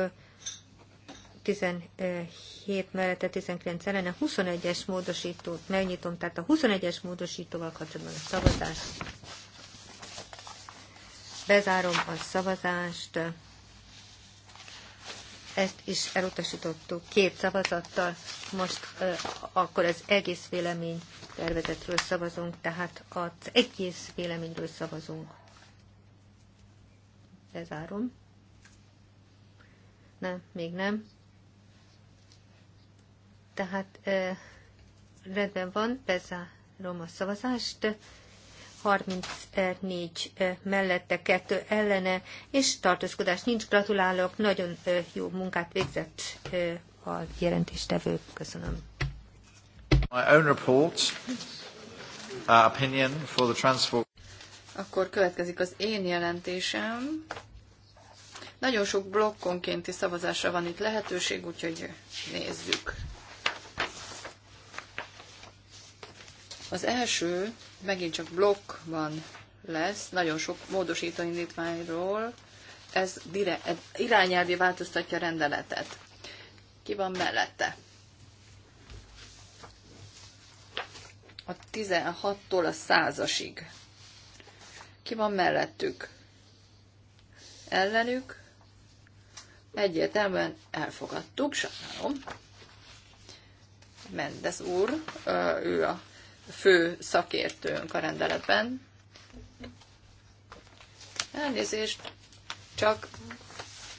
17 a 19 ellen a 21-es módosítót megnyitom, tehát a 21-es módosítóval kapcsolatban a szavazást. Bezárom a szavazást. Ezt is elutasítottuk két szavazattal. Most e, akkor az egész vélemény tervezetről szavazunk, tehát az egész véleményről szavazunk. Bezárom. Nem, még nem. Tehát rendben van, bezárom a szavazást. 34 mellette, 2 ellene, és tartózkodás nincs. Gratulálok, nagyon jó munkát végzett a jelentéstevő. Köszönöm. My own report, uh, opinion for the transport. Akkor következik az én jelentésem. Nagyon sok blokkonkénti szavazásra van itt lehetőség, úgyhogy nézzük. Az első megint csak blokkban lesz, nagyon sok módosító indítványról, ez dire, irányelvi változtatja a rendeletet. Ki van mellette? A 16-tól a százasig. Ki van mellettük? Ellenük? Egyértelműen elfogadtuk, sajnálom. Mendez úr, ő a fő szakértőnk a rendeletben. Elnézést, csak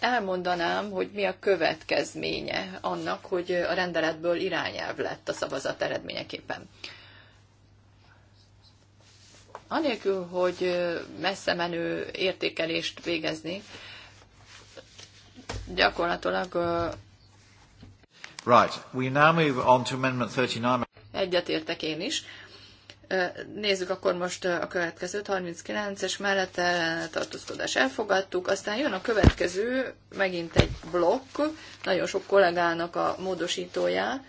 elmondanám, hogy mi a következménye annak, hogy a rendeletből irányelv lett a szavazat eredményeképpen. Anélkül, hogy messze menő értékelést végezni, gyakorlatilag Right. We now move on to amendment 39. Egyetértek én is. Nézzük akkor most a következőt, 39-es mellette tartózkodás elfogadtuk, aztán jön a következő, megint egy blokk, nagyon sok kollégának a módosítójá.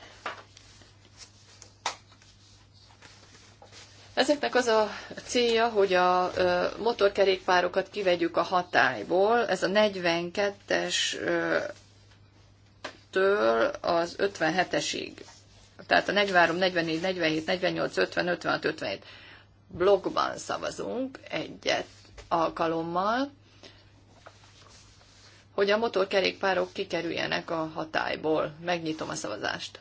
Ezeknek az a célja, hogy a motorkerékpárokat kivegyük a hatályból, ez a 42-es től az 57-esig tehát a 43, 44, 47, 48, 50, 56, 57 blogban szavazunk egyet alkalommal, hogy a motorkerékpárok kikerüljenek a hatályból. Megnyitom a szavazást.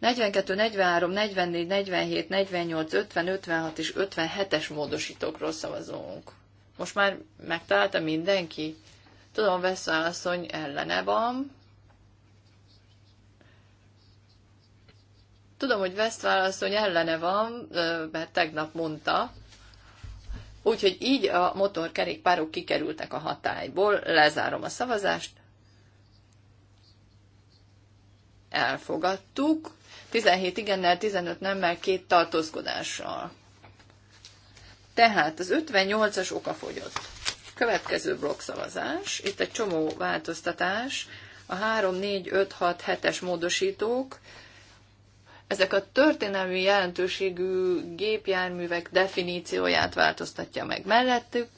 42, 43, 44, 47, 48, 50, 56 és 57-es módosítókról szavazunk. Most már megtalálta mindenki? Tudom, Veszán asszony ellene van. Tudom, hogy Westphal asszony ellene van, mert tegnap mondta. Úgyhogy így a motorkerékpárok kikerültek a hatályból. Lezárom a szavazást. Elfogadtuk. 17 igennel, 15 nemmel, két tartózkodással. Tehát az 58-as fogyott. Következő blokkszavazás. Itt egy csomó változtatás. A 3, 4, 5, 6, 7-es módosítók. Ezek a történelmi jelentőségű gépjárművek definícióját változtatja meg mellettük.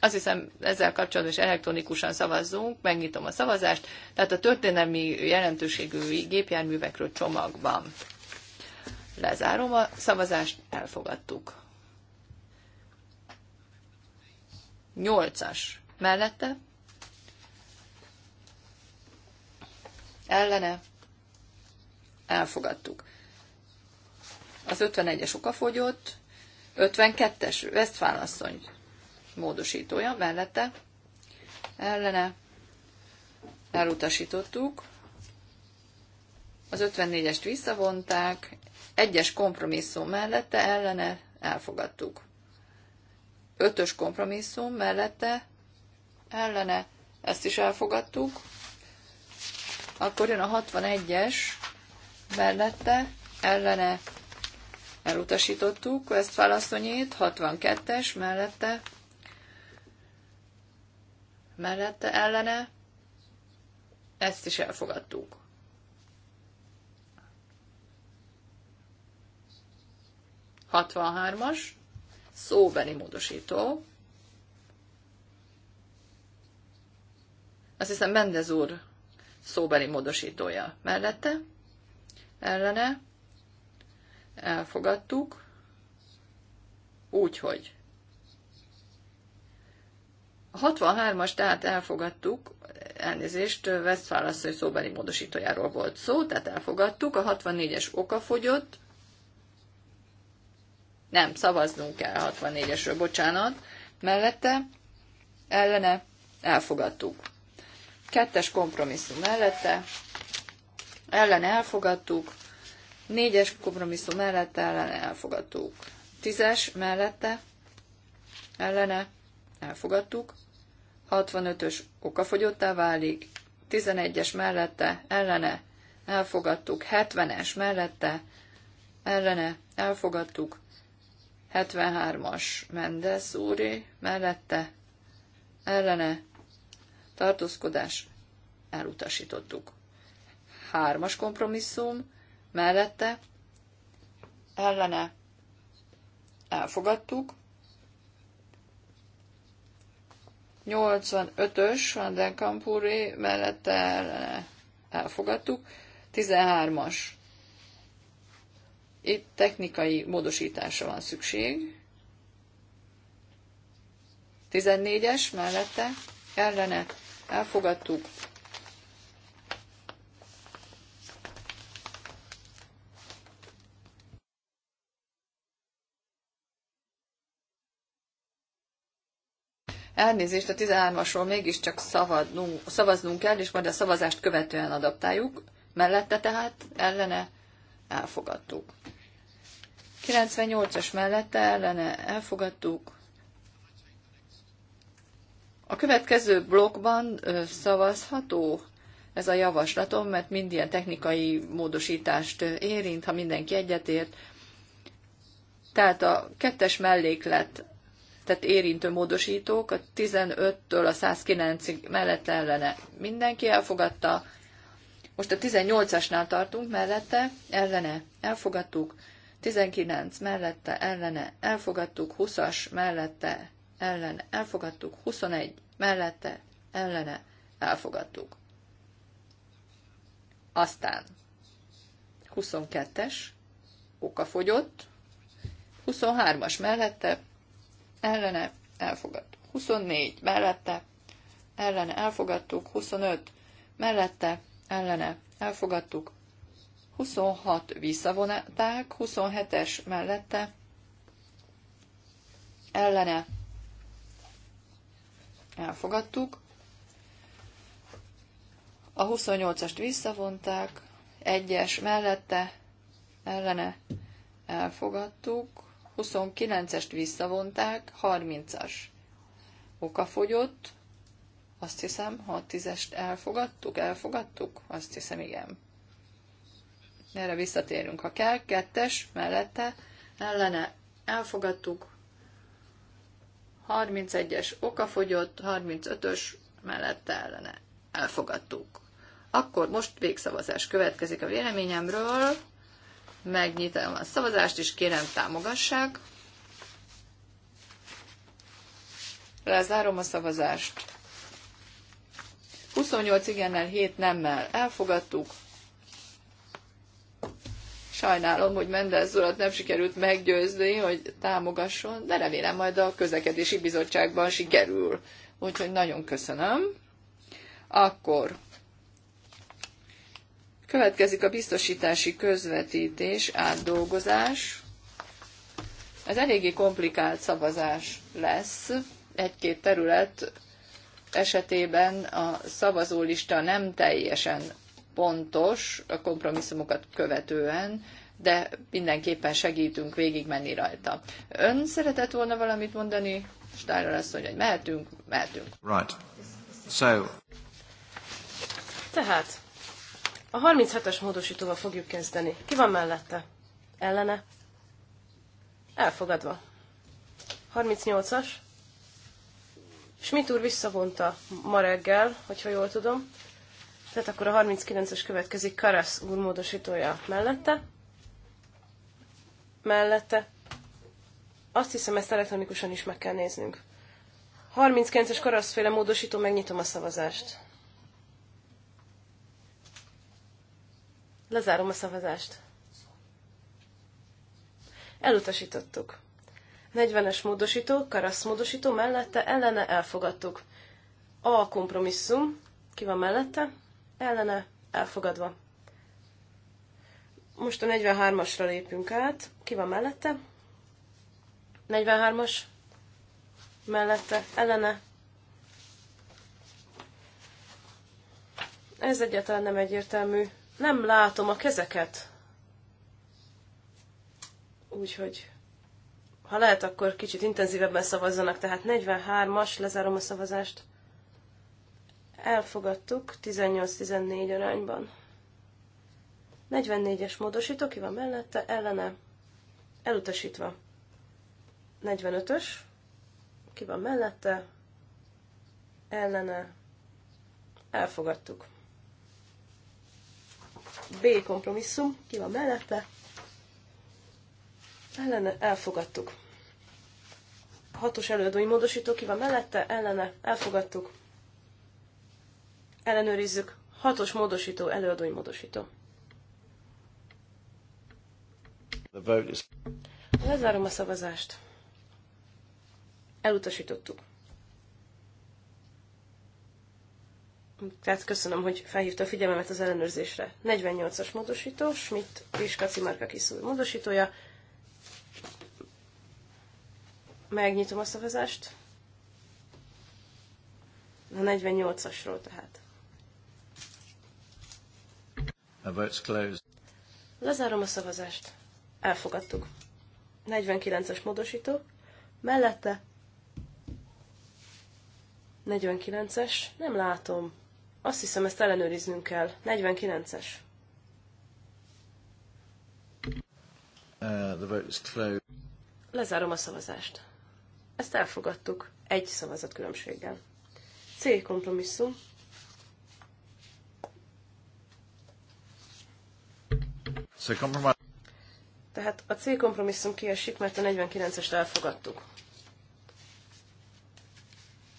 Azt hiszem, ezzel kapcsolatban is elektronikusan szavazzunk, megnyitom a szavazást, tehát a történelmi jelentőségű gépjárművekről csomagban. Lezárom a szavazást, elfogadtuk. Nyolcas. Mellette. Ellene. Elfogadtuk. Az 51-es okafogyott. 52-es Westfálasszony módosítója mellette. Ellene. Elutasítottuk. Az 54-est visszavonták, egyes kompromisszum mellette ellene elfogadtuk. Ötös kompromisszum mellette ellene, ezt is elfogadtuk. Akkor jön a 61-es mellette ellene, elutasítottuk ezt válaszonyét, 62-es mellette mellette ellene, ezt is elfogadtuk. Hatvanhármas, szóbeli módosító. Azt hiszem Mendez úr szóbeli módosítója mellette, ellene, elfogadtuk, úgyhogy a 63-as tehát elfogadtuk, elnézést, Westfál asszony szóbeli módosítójáról volt szó, tehát elfogadtuk, a 64-es okafogyott, nem, szavaznunk kell 64-esről, bocsánat. Mellette, ellene, elfogadtuk. Kettes kompromisszum mellette, ellene elfogadtuk. Négyes kompromisszum mellette, ellene elfogadtuk. Tízes mellette, ellene elfogadtuk. 65-ös okafogyottá válik. 11-es mellette, ellene elfogadtuk. 70-es mellette, ellene elfogadtuk. 73-as Mendes úré, mellette ellene tartózkodás elutasítottuk. Hármas kompromisszum, mellette ellene elfogadtuk. 85-ös Van den mellette ellene elfogadtuk. 13-as itt technikai módosításra van szükség. 14-es mellette ellene elfogadtuk. Elnézést, a 13-asról mégiscsak szavaznunk, szavaznunk kell, és majd a szavazást követően adaptáljuk. Mellette tehát ellene elfogadtuk. 98-as mellette ellene elfogadtuk. A következő blokkban szavazható ez a javaslatom, mert mind ilyen technikai módosítást érint, ha mindenki egyetért. Tehát a kettes melléklet, tehát érintő módosítók, a 15-től a 109-ig mellett ellene mindenki elfogadta, most a 18-asnál tartunk, mellette, ellene, elfogadtuk. 19 mellette, ellene, elfogadtuk. 20-as mellette, ellene, elfogadtuk. 21 mellette, ellene, elfogadtuk. Aztán 22-es, okafogyott, 23-as mellette, ellene, elfogadtuk. 24 mellette, ellene, elfogadtuk. 25 mellette, ellene elfogadtuk, 26 visszavonták, 27-es mellette ellene elfogadtuk, a 28-ast visszavonták, 1-es mellette ellene elfogadtuk, 29-est visszavonták, 30-as okafogyott, azt hiszem, ha a tízest elfogadtuk, elfogadtuk, azt hiszem, igen. Erre visszatérünk, ha kell. Kettes, mellette, ellene, elfogadtuk. 31-es okafogyott, 35-ös, mellette, ellene, elfogadtuk. Akkor most végszavazás következik a véleményemről. Megnyitom a szavazást, és kérem támogassák. Lezárom a szavazást. 28 igennel, 7 nemmel elfogadtuk. Sajnálom, hogy Mendez urat nem sikerült meggyőzni, hogy támogasson, de remélem majd a közlekedési bizottságban sikerül. Úgyhogy nagyon köszönöm. Akkor következik a biztosítási közvetítés, átdolgozás. Ez eléggé komplikált szavazás lesz. Egy-két terület esetében a szavazólista nem teljesen pontos a kompromisszumokat követően, de mindenképpen segítünk végigmenni rajta. Ön szeretett volna valamit mondani? Stárral azt mondja, hogy mehetünk, mehetünk. Right. So. Tehát, a 37-es módosítóval fogjuk kezdeni. Ki van mellette? Ellene? Elfogadva. 38-as? Schmidt úr visszavonta ma reggel, hogyha jól tudom. Tehát akkor a 39-es következik Karasz úr módosítója mellette. Mellette. Azt hiszem, ezt elektronikusan is meg kell néznünk. 39-es karaszféle módosító, megnyitom a szavazást. Lezárom a szavazást. Elutasítottuk. 40-es módosító, karasz módosító mellette, ellene elfogadtuk. A kompromisszum, ki van mellette, ellene elfogadva. Most a 43-asra lépünk át, ki van mellette? 43-as, mellette, ellene. Ez egyáltalán nem egyértelmű. Nem látom a kezeket. Úgyhogy ha lehet, akkor kicsit intenzívebben szavazzanak, tehát 43-as, lezárom a szavazást. Elfogadtuk 18-14 arányban. 44-es módosító, ki van mellette, ellene, elutasítva. 45-ös, ki van mellette, ellene, elfogadtuk. B kompromisszum, ki van mellette, ellene elfogadtuk. Hatos előadói módosító ki van mellette, ellene elfogadtuk. Ellenőrizzük. Hatos módosító, előadói módosító. Lezárom a szavazást. Elutasítottuk. Tehát köszönöm, hogy felhívta a figyelmemet az ellenőrzésre. 48-as módosító, Schmidt és Márka kiszúr módosítója, Megnyitom a szavazást. A 48-asról tehát. The vote's closed. Lezárom a szavazást. Elfogadtuk. 49-es módosító. Mellette 49-es. Nem látom. Azt hiszem, ezt ellenőriznünk kell. 49-es. Uh, the closed. Lezárom a szavazást. Ezt elfogadtuk egy szavazat különbséggel. C kompromisszum. Tehát a C kompromisszum kiesik, mert a 49-est elfogadtuk.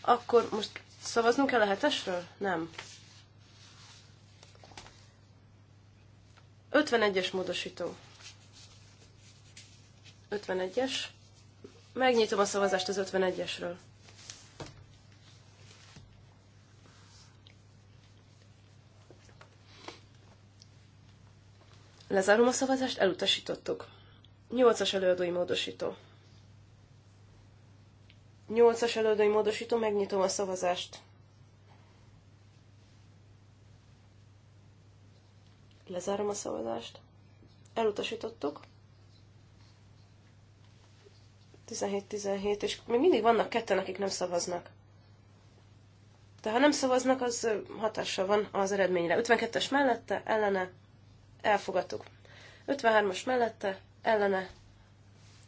Akkor most szavaznunk kell a hetesről? Nem. 51-es módosító. 51-es. Megnyitom a szavazást az 51-esről. Lezárom a szavazást, elutasítottuk. 8-as előadói módosító. 8-as előadói módosító, megnyitom a szavazást. Lezárom a szavazást. Elutasítottuk. 17-17, és még mindig vannak ketten, akik nem szavaznak. De ha nem szavaznak, az hatással van az eredményre. 52-es mellette, ellene, elfogadtuk. 53-as mellette, ellene,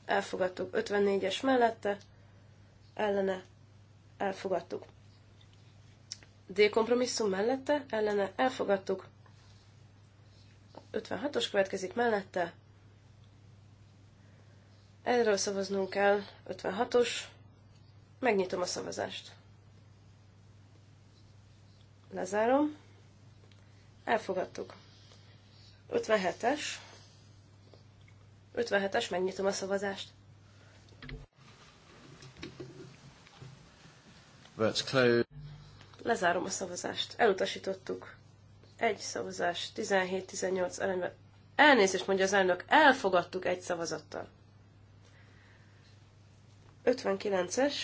elfogadtuk. 54-es mellette, ellene, elfogadtuk. D kompromisszum mellette, ellene, elfogadtuk. 56-os következik mellette, Erről szavaznunk kell, 56-os. Megnyitom a szavazást. Lezárom. Elfogadtuk. 57-es. 57-es, megnyitom a szavazást. That's closed. Lezárom a szavazást. Elutasítottuk. Egy szavazás, 17-18 arányban. Elnézést mondja az elnök, elfogadtuk egy szavazattal. 59-es,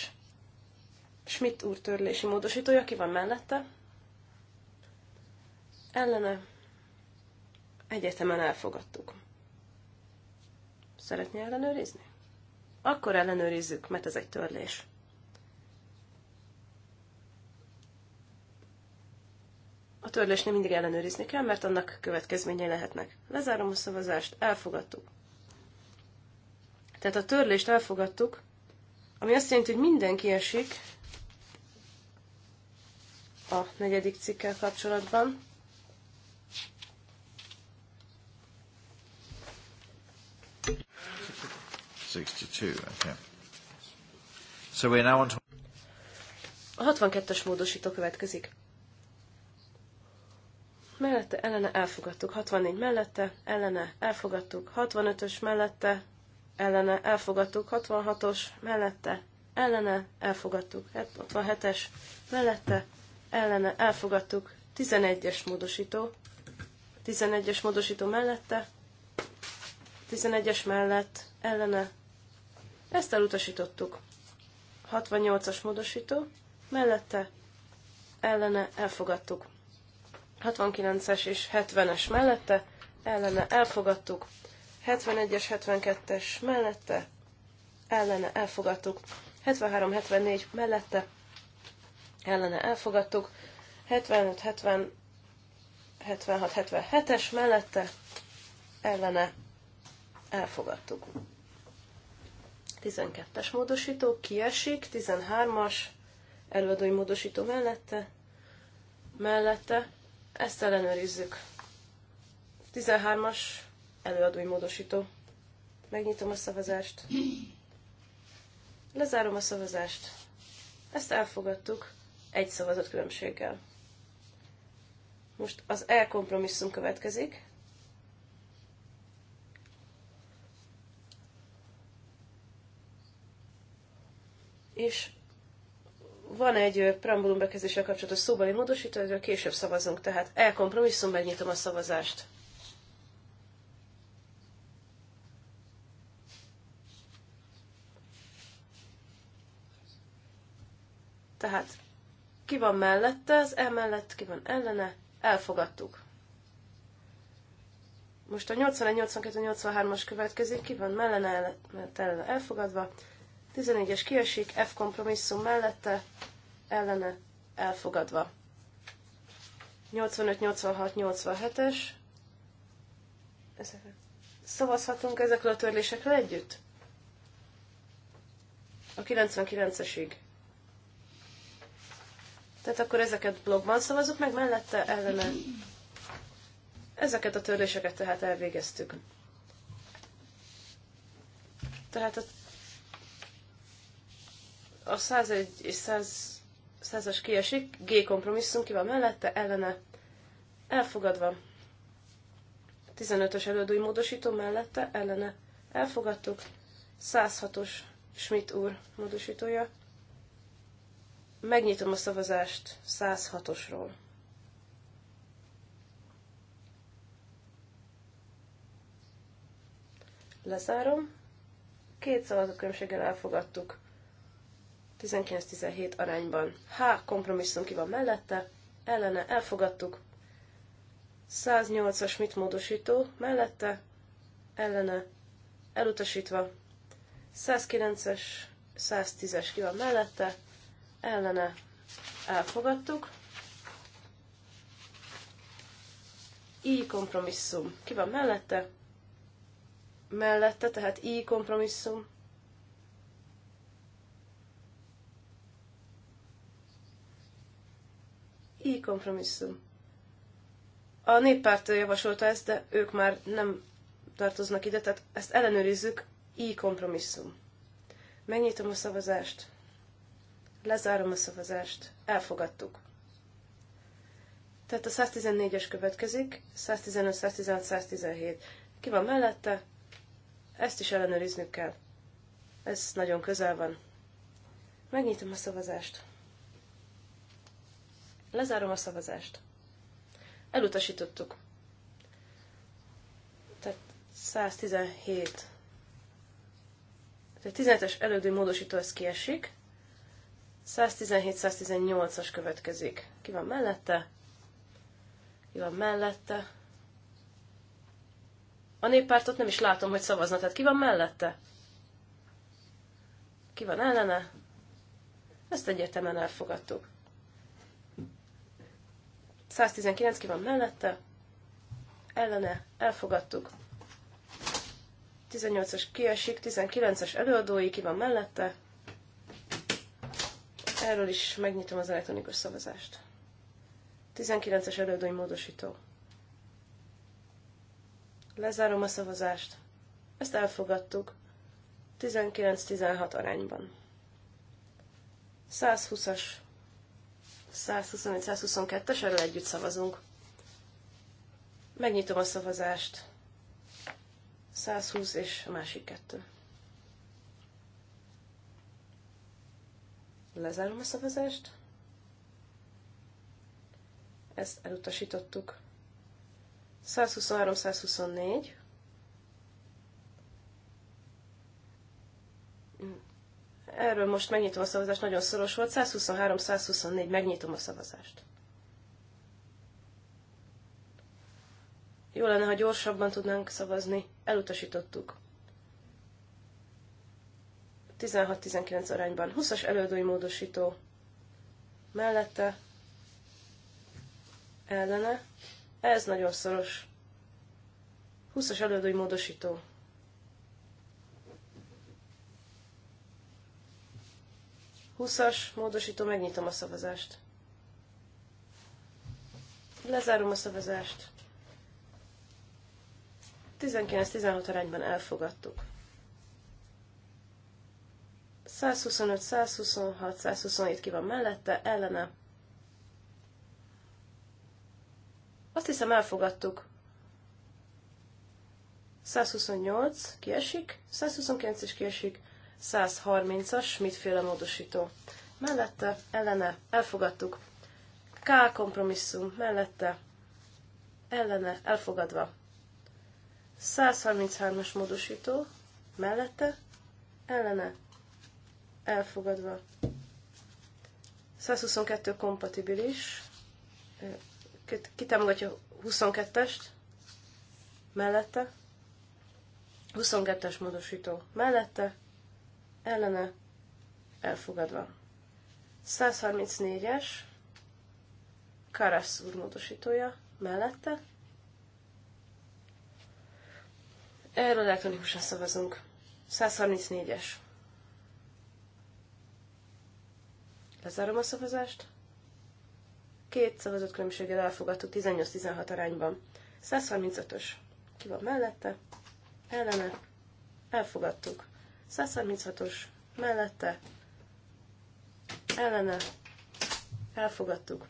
Schmidt úr törlési módosítója, ki van mellette? Ellene egyetemen elfogadtuk. Szeretné ellenőrizni? Akkor ellenőrizzük, mert ez egy törlés. A nem mindig ellenőrizni kell, mert annak következményei lehetnek. Lezárom a szavazást, elfogadtuk. Tehát a törlést elfogadtuk, ami azt jelenti, hogy mindenki esik a negyedik cikkel kapcsolatban. Sixty-two. So now A 62-es módosító következik. Mellette, ellene elfogadtuk. 64 mellette, ellene elfogadtuk. 65-ös mellette, ellene elfogadtuk, 66-os mellette ellene elfogadtuk, 67-es mellette ellene elfogadtuk, 11-es módosító, 11-es módosító mellette, 11-es mellett ellene, ezt elutasítottuk. 68-as módosító, mellette ellene elfogadtuk. 69-es és 70-es mellette ellene elfogadtuk. 71-es, 72-es mellette, ellene elfogadtuk. 73-74 mellette, ellene elfogadtuk. 75 76 76-77-es mellette, ellene elfogadtuk. 12-es módosító kiesik, 13-as előadói módosító mellette, mellette, ezt ellenőrizzük. 13-as előadói módosító. Megnyitom a szavazást. Lezárom a szavazást. Ezt elfogadtuk egy szavazat különbséggel. Most az elkompromisszum következik. És van egy preambulum bekezdéssel kapcsolatos szóbeli módosító, erről később szavazunk, tehát elkompromisszum, megnyitom a szavazást. Tehát ki van mellette, az E mellett, ki van ellene, elfogadtuk. Most a 81, 82, 83-as következik, ki van mellene, mellett ellene elfogadva. 14-es kiesik, F kompromisszum mellette, ellene elfogadva. 85, 86, 87-es. Szavazhatunk ezekről a törlésekről együtt? A 99-esig. Tehát akkor ezeket blogban szavazunk meg, mellette ellene. Ezeket a törléseket tehát elvégeztük. Tehát a, a 101 és 100, 100-as kiesik, G kompromisszum ki van mellette, ellene elfogadva. 15-ös előadói módosító mellette, ellene elfogadtuk. 106-os Schmidt úr módosítója Megnyitom a szavazást 106-osról. Lezárom. Két szavazat különbséggel elfogadtuk. 19-17 arányban. H kompromisszum ki van mellette, ellene elfogadtuk. 108-as mit módosító mellette, ellene elutasítva. 109-es, 110-es ki van mellette, ellene elfogadtuk. I kompromisszum. Ki van mellette? Mellette, tehát I kompromisszum. I kompromisszum. A néppárt javasolta ezt, de ők már nem tartoznak ide, tehát ezt ellenőrizzük, I kompromisszum. Megnyitom a szavazást. Lezárom a szavazást. Elfogadtuk. Tehát a 114-es következik, 115, 116, 117. Ki van mellette? Ezt is ellenőriznünk kell. Ez nagyon közel van. Megnyitom a szavazást. Lezárom a szavazást. Elutasítottuk. Tehát 117. Tehát 17-es elődő módosító ez kiesik. 117-118-as következik. Ki van mellette? Ki van mellette? A néppártot nem is látom, hogy szavazna, tehát ki van mellette? Ki van ellene? Ezt egyértelműen elfogadtuk. 119 ki van mellette, ellene, elfogadtuk. 18-as kiesik, 19-es előadói ki van mellette, Erről is megnyitom az elektronikus szavazást. 19-es előadói módosító. Lezárom a szavazást. Ezt elfogadtuk. 19-16 arányban. 120-as, 121-122-es, erről együtt szavazunk. Megnyitom a szavazást. 120 és a másik kettő. Lezárom a szavazást. Ezt elutasítottuk. 123-124. Erről most megnyitom a szavazást, nagyon szoros volt. 123-124, megnyitom a szavazást. Jó lenne, ha gyorsabban tudnánk szavazni. Elutasítottuk. 16-19 arányban. 20-as előadói módosító mellette, ellene. Ez nagyon szoros. 20-as előadói módosító. Húszas módosító, megnyitom a szavazást. Lezárom a szavazást. 19-16 arányban elfogadtuk. 125, 126, 127 ki van mellette, ellene. Azt hiszem elfogadtuk. 128 kiesik, 129 is kiesik, 130-as, mitféle módosító. Mellette, ellene, elfogadtuk. K kompromisszum, mellette, ellene, elfogadva. 133-as módosító, mellette, ellene, elfogadva. 122 kompatibilis, kitámogatja 22-est, mellette, 22-es módosító mellette, ellene, elfogadva. 134-es, Karasz úr módosítója mellette. Erről elektronikusan szavazunk. 134-es. Lezárom a szavazást. Két szavazott különbséggel elfogadtuk 18-16 arányban. 135-ös. Ki van mellette? Ellene. Elfogadtuk. 136-os. Mellette. Ellene. Elfogadtuk.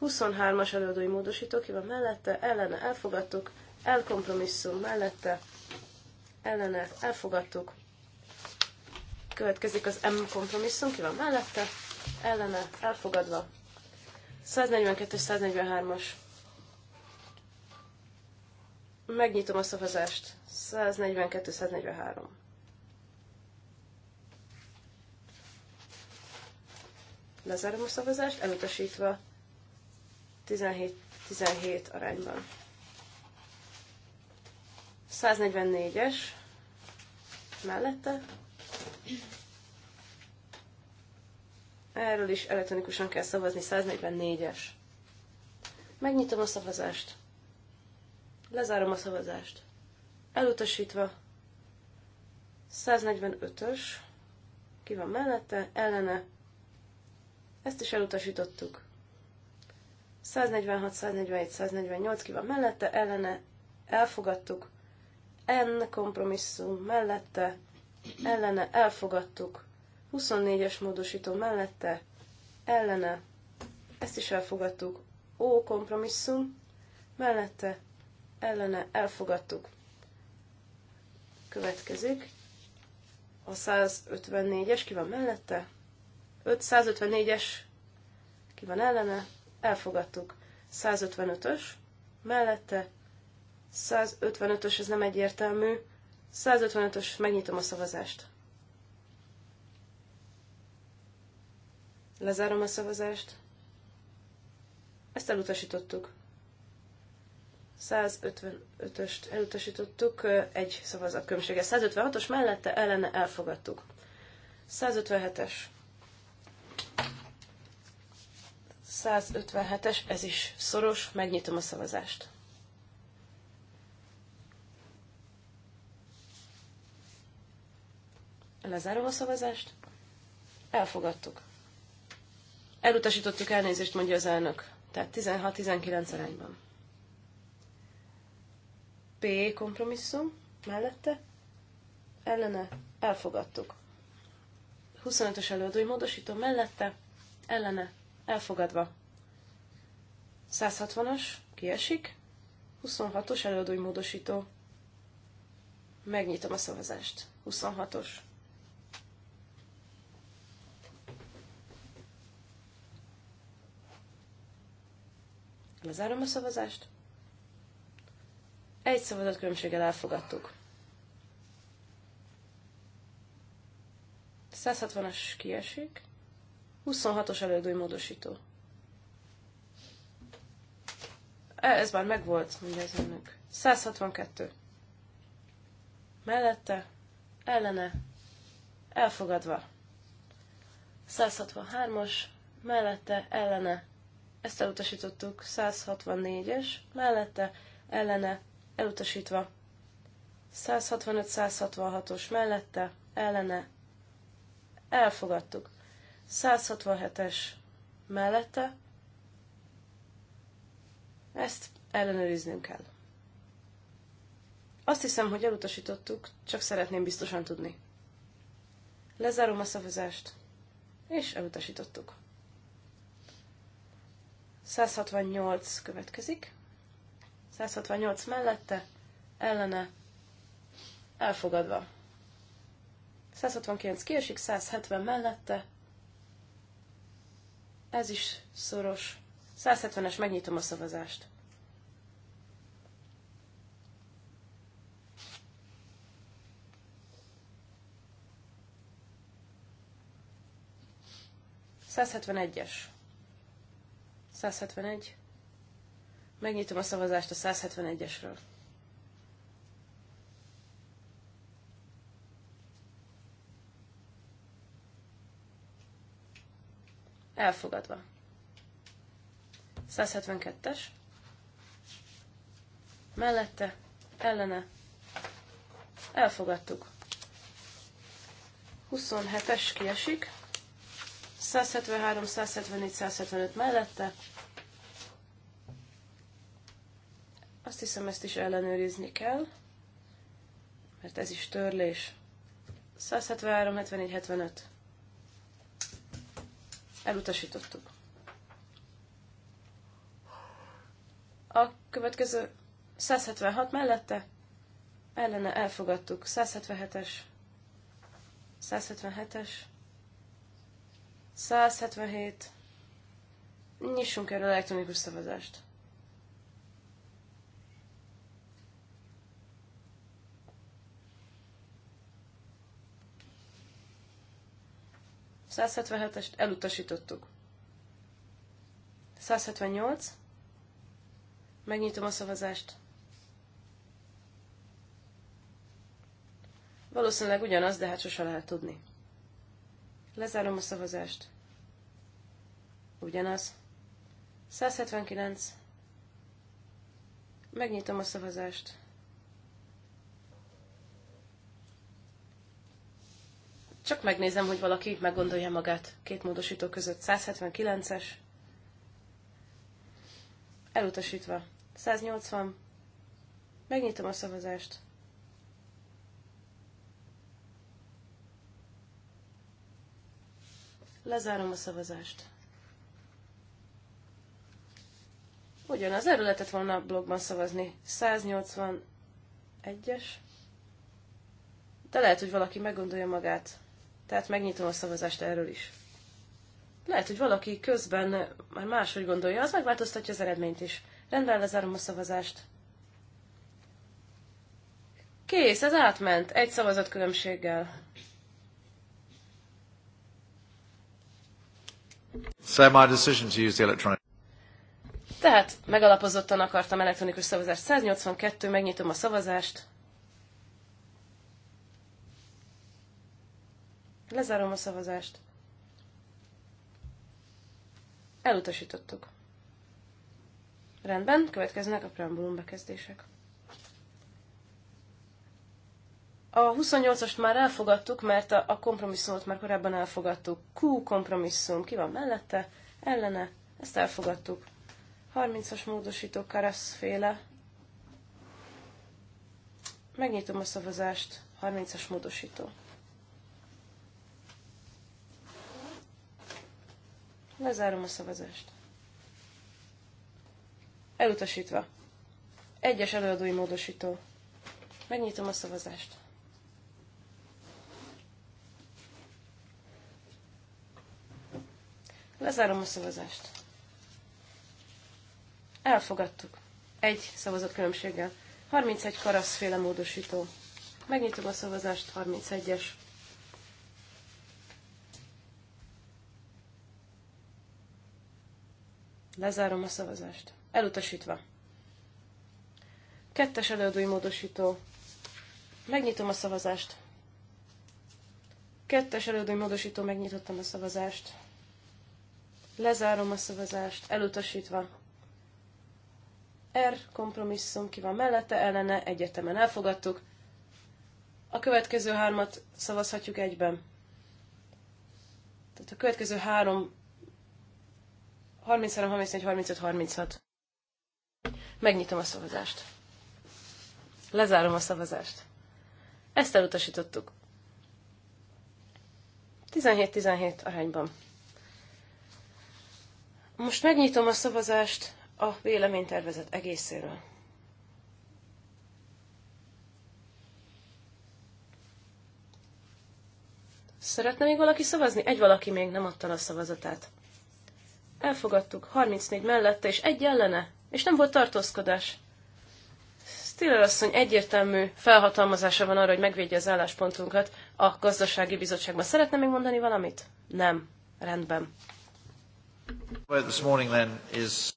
23-as előadói módosító, ki van mellette, ellene elfogadtuk, elkompromisszum mellette, ellene elfogadtuk, Következik az M kompromisszum, ki van mellette, ellene, elfogadva. 142-143-as. Megnyitom a szavazást. 142-143. Lezárom a szavazást, elutasítva 17-17 arányban. 144-es mellette, Erről is elektronikusan kell szavazni, 144-es. Megnyitom a szavazást. Lezárom a szavazást. Elutasítva. 145-ös. Ki van mellette? Ellene. Ezt is elutasítottuk. 146, 141, 148 ki van mellette, ellene, elfogadtuk. N kompromisszum mellette, ellene elfogadtuk. 24-es módosító mellette, ellene, ezt is elfogadtuk. Ó kompromisszum, mellette, ellene, elfogadtuk. Következik a 154-es, ki van mellette? 554-es, ki van ellene? Elfogadtuk. 155-ös, mellette, 155-ös, ez nem egyértelmű, 155-ös, megnyitom a szavazást. Lezárom a szavazást. Ezt elutasítottuk. 155-öst elutasítottuk, egy szavazat különbsége. 156-os mellette ellene elfogadtuk. 157-es. 157-es, ez is szoros, megnyitom a szavazást. Lezárom a szavazást. Elfogadtuk. Elutasítottuk elnézést, mondja az elnök. Tehát 16-19 arányban. P kompromisszum mellette. Ellene elfogadtuk. 25-ös előadói módosító mellette. Ellene elfogadva. 160-as kiesik. 26-os előadói módosító. Megnyitom a szavazást. 26-os. Lezárom a szavazást. Egy szavazat különbséggel elfogadtuk. 160-as kiesik. 26-os elődői módosító. E, ez már megvolt, mondja az önök. 162. Mellette, ellene, elfogadva. 163-as, mellette, ellene, ezt elutasítottuk 164-es, mellette ellene elutasítva 165-166-os mellette ellene elfogadtuk 167-es mellette ezt ellenőriznünk kell. Azt hiszem, hogy elutasítottuk, csak szeretném biztosan tudni. Lezárom a szavazást, és elutasítottuk. 168 következik. 168 mellette, ellene, elfogadva. 169 kiesik, 170 mellette. Ez is szoros. 170-es, megnyitom a szavazást. 171-es. 171. Megnyitom a szavazást a 171-esről. Elfogadva. 172-es. Mellette, ellene. Elfogadtuk. 27-es kiesik. 173, 174, 175 mellette. Azt hiszem, ezt is ellenőrizni kell, mert ez is törlés. 173, 74, 75. Elutasítottuk. A következő 176 mellette ellene elfogadtuk. 177-es, 177-es, 177. Nyissunk erről elektronikus szavazást. est elutasítottuk. 178. Megnyitom a szavazást. Valószínűleg ugyanaz, de hát sose lehet tudni. Lezárom a szavazást. Ugyanaz. 179. Megnyitom a szavazást. Csak megnézem, hogy valaki meggondolja magát két módosító között. 179-es. Elutasítva. 180. Megnyitom a szavazást. Lezárom a szavazást. Ugyanaz, erről lehetett volna a blogban szavazni. 181-es. De lehet, hogy valaki meggondolja magát. Tehát megnyitom a szavazást erről is. Lehet, hogy valaki közben már máshogy gondolja, az megváltoztatja az eredményt is. Rendben, lezárom a szavazást. Kész, ez átment, egy szavazat különbséggel. Tehát megalapozottan akartam elektronikus szavazást. 182, megnyitom a szavazást. Lezárom a szavazást. Elutasítottuk. Rendben, következnek a preambulum bekezdések. A 28-ast már elfogadtuk, mert a, a kompromisszumot már korábban elfogadtuk. Q kompromisszum, ki van mellette, ellene, ezt elfogadtuk. 30-as módosító karaszféle. Megnyitom a szavazást, 30-as módosító. Lezárom a szavazást. Elutasítva. Egyes előadói módosító. Megnyitom a szavazást. Lezárom a szavazást. Elfogadtuk. Egy szavazott különbséggel. 31 karaszféle módosító. Megnyitom a szavazást, 31-es. Lezárom a szavazást. Elutasítva. Kettes előadói módosító. Megnyitom a szavazást. Kettes előadói módosító, megnyitottam a szavazást. Lezárom a szavazást, elutasítva. R kompromisszum ki van mellette, ellene egyetemen elfogadtuk. A következő hármat szavazhatjuk egyben. Tehát a következő három 33, 34, 35, 36. Megnyitom a szavazást. Lezárom a szavazást. Ezt elutasítottuk. 17-17 arányban. Most megnyitom a szavazást a véleménytervezet egészéről. Szeretne még valaki szavazni? Egy valaki még nem adta a szavazatát. Elfogadtuk, 34 mellette és egy ellene, és nem volt tartózkodás. Stiller asszony egyértelmű felhatalmazása van arra, hogy megvédje az álláspontunkat a gazdasági bizottságban. Szeretne még mondani valamit? Nem. Rendben.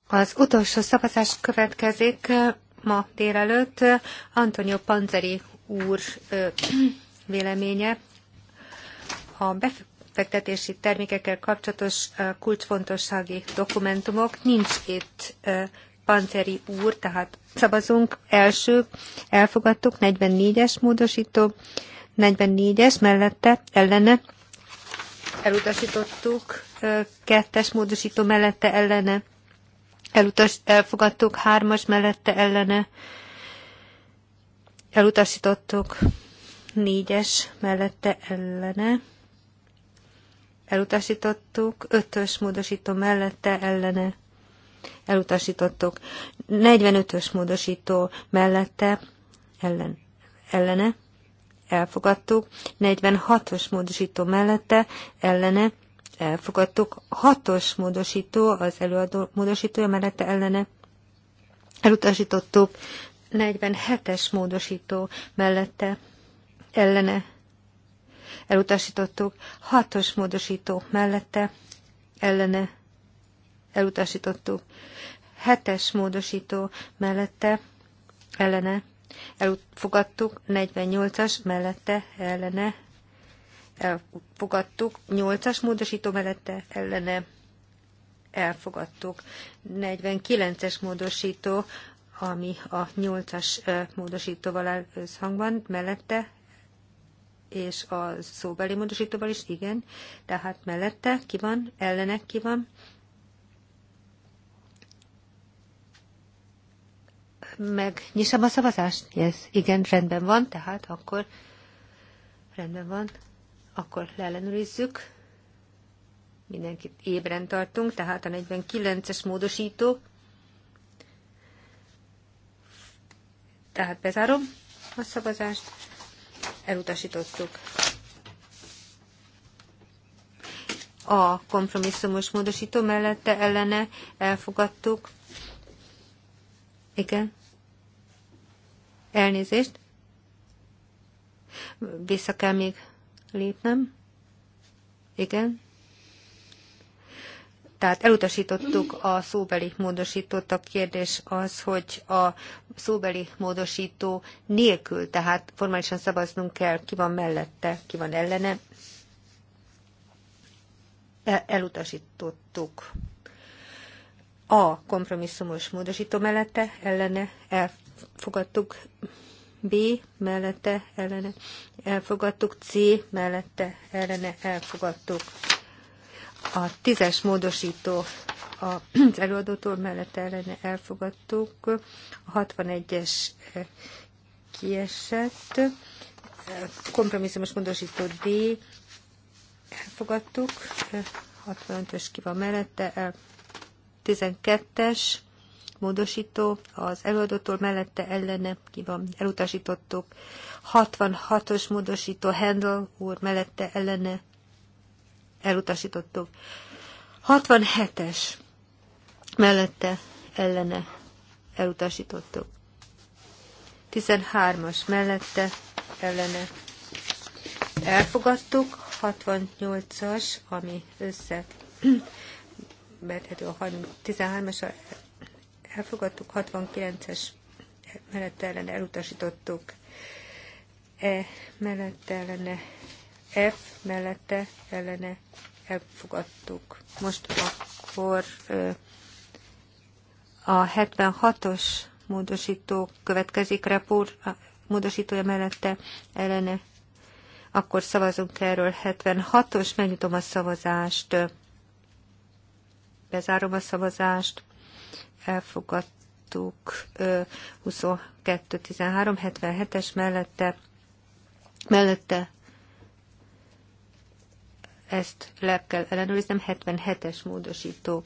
Az utolsó szavazás következik ma délelőtt. Antonio Panzeri úr ö, véleménye a befektetési termékekkel kapcsolatos kulcsfontossági dokumentumok. Nincs itt ö, Panzeri úr, tehát szavazunk. Első, elfogadtuk, 44-es módosító, 44-es mellette, ellene elutasítottuk, kettes módosító mellette ellene, elutas, elfogadtuk hármas mellette ellene, elutasítottuk négyes mellette ellene, elutasítottuk ötös módosító mellette ellene, elutasítottuk 45-ös módosító mellette ellen, ellene, elfogadtuk, 46-os módosító mellette ellene, elfogadtuk. Hatos módosító, az előadó módosítója mellette ellene elutasítottuk. 47-es módosító mellette ellene elutasítottuk. Hatos módosító mellette ellene elutasítottuk. Hetes módosító mellette ellene elfogadtuk. 48-as mellette ellene elfogadtuk, 8-as módosító mellette ellene elfogadtuk, 49-es módosító, ami a 8-as módosítóval áll összhangban, mellette és a szóbeli módosítóval is, igen. Tehát mellette ki van, ellene ki van. Megnyissam a szavazást? Yes, igen, rendben van, tehát akkor rendben van. Akkor leellenőrizzük. Mindenkit ébren tartunk, tehát a 49-es módosító. Tehát bezárom a szavazást. Elutasítottuk. A kompromisszumos módosító mellette ellene elfogadtuk. Igen. Elnézést. Vissza kell még lépnem. Igen. Tehát elutasítottuk a szóbeli módosítót. A kérdés az, hogy a szóbeli módosító nélkül, tehát formálisan szavaznunk kell, ki van mellette, ki van ellene. E, elutasítottuk a kompromisszumos módosító mellette, ellene elfogadtuk B mellette ellene elfogadtuk, C mellette ellene elfogadtuk. A tízes módosító az előadótól mellette ellene elfogadtuk, a 61-es eh, kiesett, kompromisszumos módosító D elfogadtuk, 65-ös eh, ki van mellette, 12-es módosító az előadótól mellette ellene, ki van, elutasítottuk. 66-os módosító Handel úr mellette ellene, elutasítottuk. 67-es mellette ellene, elutasítottuk. 13-as mellette ellene, elfogadtuk. 68-as, ami össze mert hát a 13-as elfogadtuk, 69-es mellette ellene elutasítottuk, E mellette ellene, F mellette ellene elfogadtuk. Most akkor a 76-os módosító következik, repúr módosítója mellette ellene. Akkor szavazunk erről 76-os, megnyitom a szavazást. Bezárom a szavazást elfogadtuk 22-13, 77-es mellette, mellette ezt le kell ellenőriznem, 77-es módosító.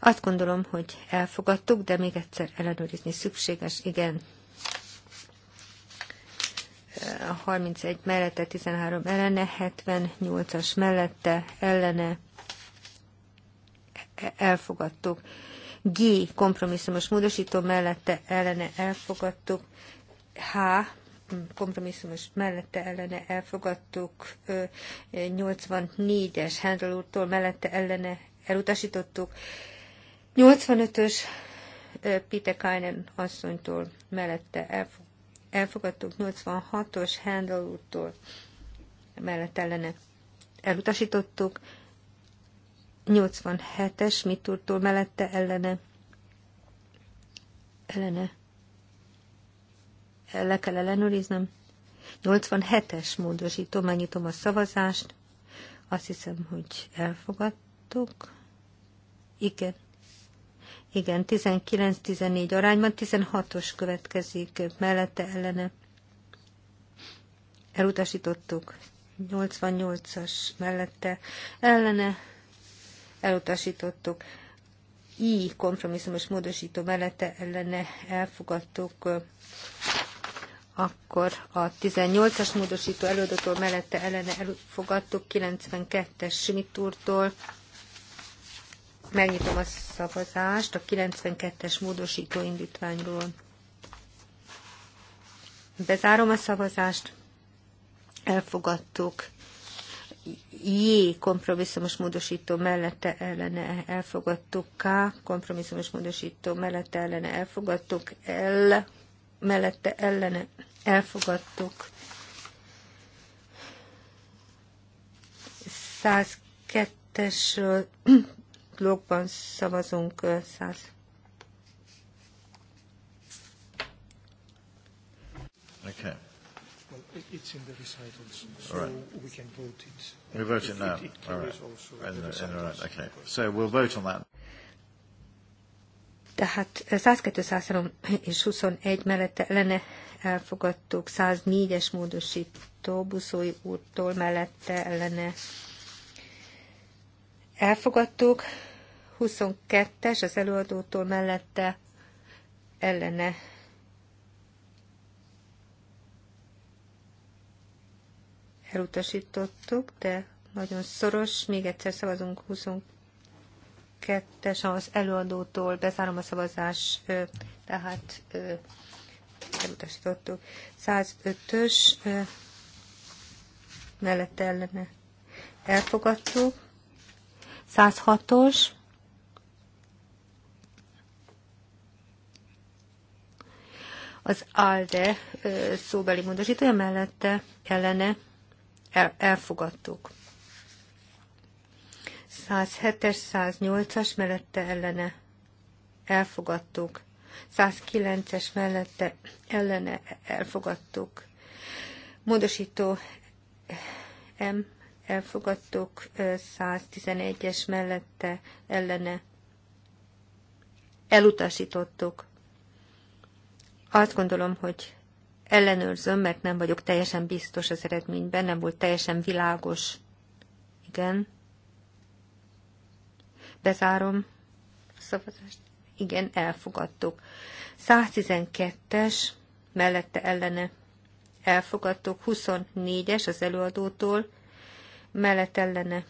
Azt gondolom, hogy elfogadtuk, de még egyszer ellenőrizni szükséges, igen. A 31 mellette, 13 ellene, 78-as mellette, ellene e-, elfogadtuk. G kompromisszumos módosító mellette ellene elfogadtuk, H kompromisszumos mellette ellene elfogadtuk, 84-es Handel úrtól mellette ellene elutasítottuk, 85-ös Pitekainen asszonytól mellette elfogadtuk, 86-os Handel úrtól mellette ellene elutasítottuk, 87-es mitúrtól mellette ellene ellene le kell ellenőriznem. 87-es módosító, megnyitom a szavazást. Azt hiszem, hogy elfogadtuk. Igen. Igen, 19-14 arányban, 16-os következik mellette ellene. Elutasítottuk. 88-as mellette ellene elutasítottuk. I kompromisszumos módosító mellette ellene elfogadtuk, akkor a 18-as módosító előadótól mellette ellene elfogadtuk, 92-es Schmidt úrtól. Megnyitom a szavazást a 92-es módosító indítványról. Bezárom a szavazást. Elfogadtuk. J kompromisszumos módosító mellette ellene elfogadtuk, K kompromisszumos módosító mellette ellene elfogadtuk, L mellette ellene elfogadtuk. 102 es blogban szavazunk 100. Okay. It's in the recitals, so right. we can vote it. We vote it, it now. It, it All right. Also in, the, in, right. Okay. So we'll vote on that. Tehát 102, eh, 103 és 21 mellett lenne elfogadtuk, 104-es módosító buszói úrtól mellette ellene elfogadtuk, 22-es az előadótól mellette ellene elutasítottuk, de nagyon szoros. Még egyszer szavazunk 22-es az előadótól. Bezárom a szavazás, tehát elutasítottuk. 105-ös mellette ellene elfogadtuk. 106-os. Az ALDE szóbeli módosítója mellette ellene el, elfogadtuk. 107-es, 108-as mellette ellene elfogadtuk. 109-es mellette ellene elfogadtuk. Módosító M elfogadtuk, 111-es mellette ellene elutasítottuk. Azt gondolom, hogy ellenőrzöm, mert nem vagyok teljesen biztos az eredményben, nem volt teljesen világos. Igen. Bezárom a szavazást. Igen, elfogadtuk. 112-es mellette ellene elfogadtuk. 24-es az előadótól mellett ellene.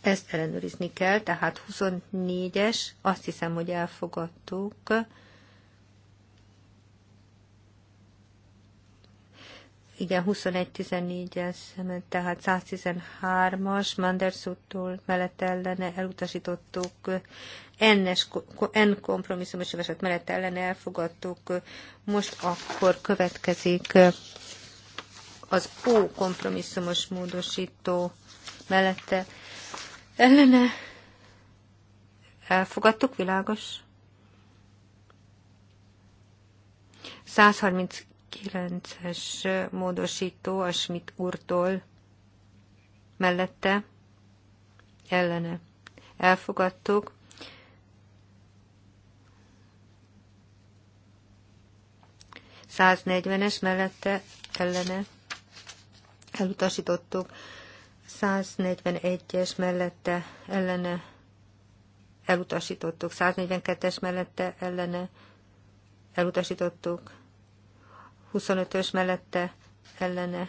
Ezt ellenőrizni kell, tehát 24-es, azt hiszem, hogy elfogadtuk. Igen, 21-14-es, tehát 113-as, Mandersuttól mellett ellene elutasítottuk, N en kompromisszumos javaslat mellett ellene elfogadtuk, most akkor következik az O kompromisszumos módosító mellette ellene elfogadtuk, világos? 9-es módosító a Schmidt úrtól mellette ellene elfogadtuk. es mellette ellene elutasítottuk. 141-es mellette ellene elutasítottuk. 142-es mellette ellene elutasítottuk. 25-ös mellette ellene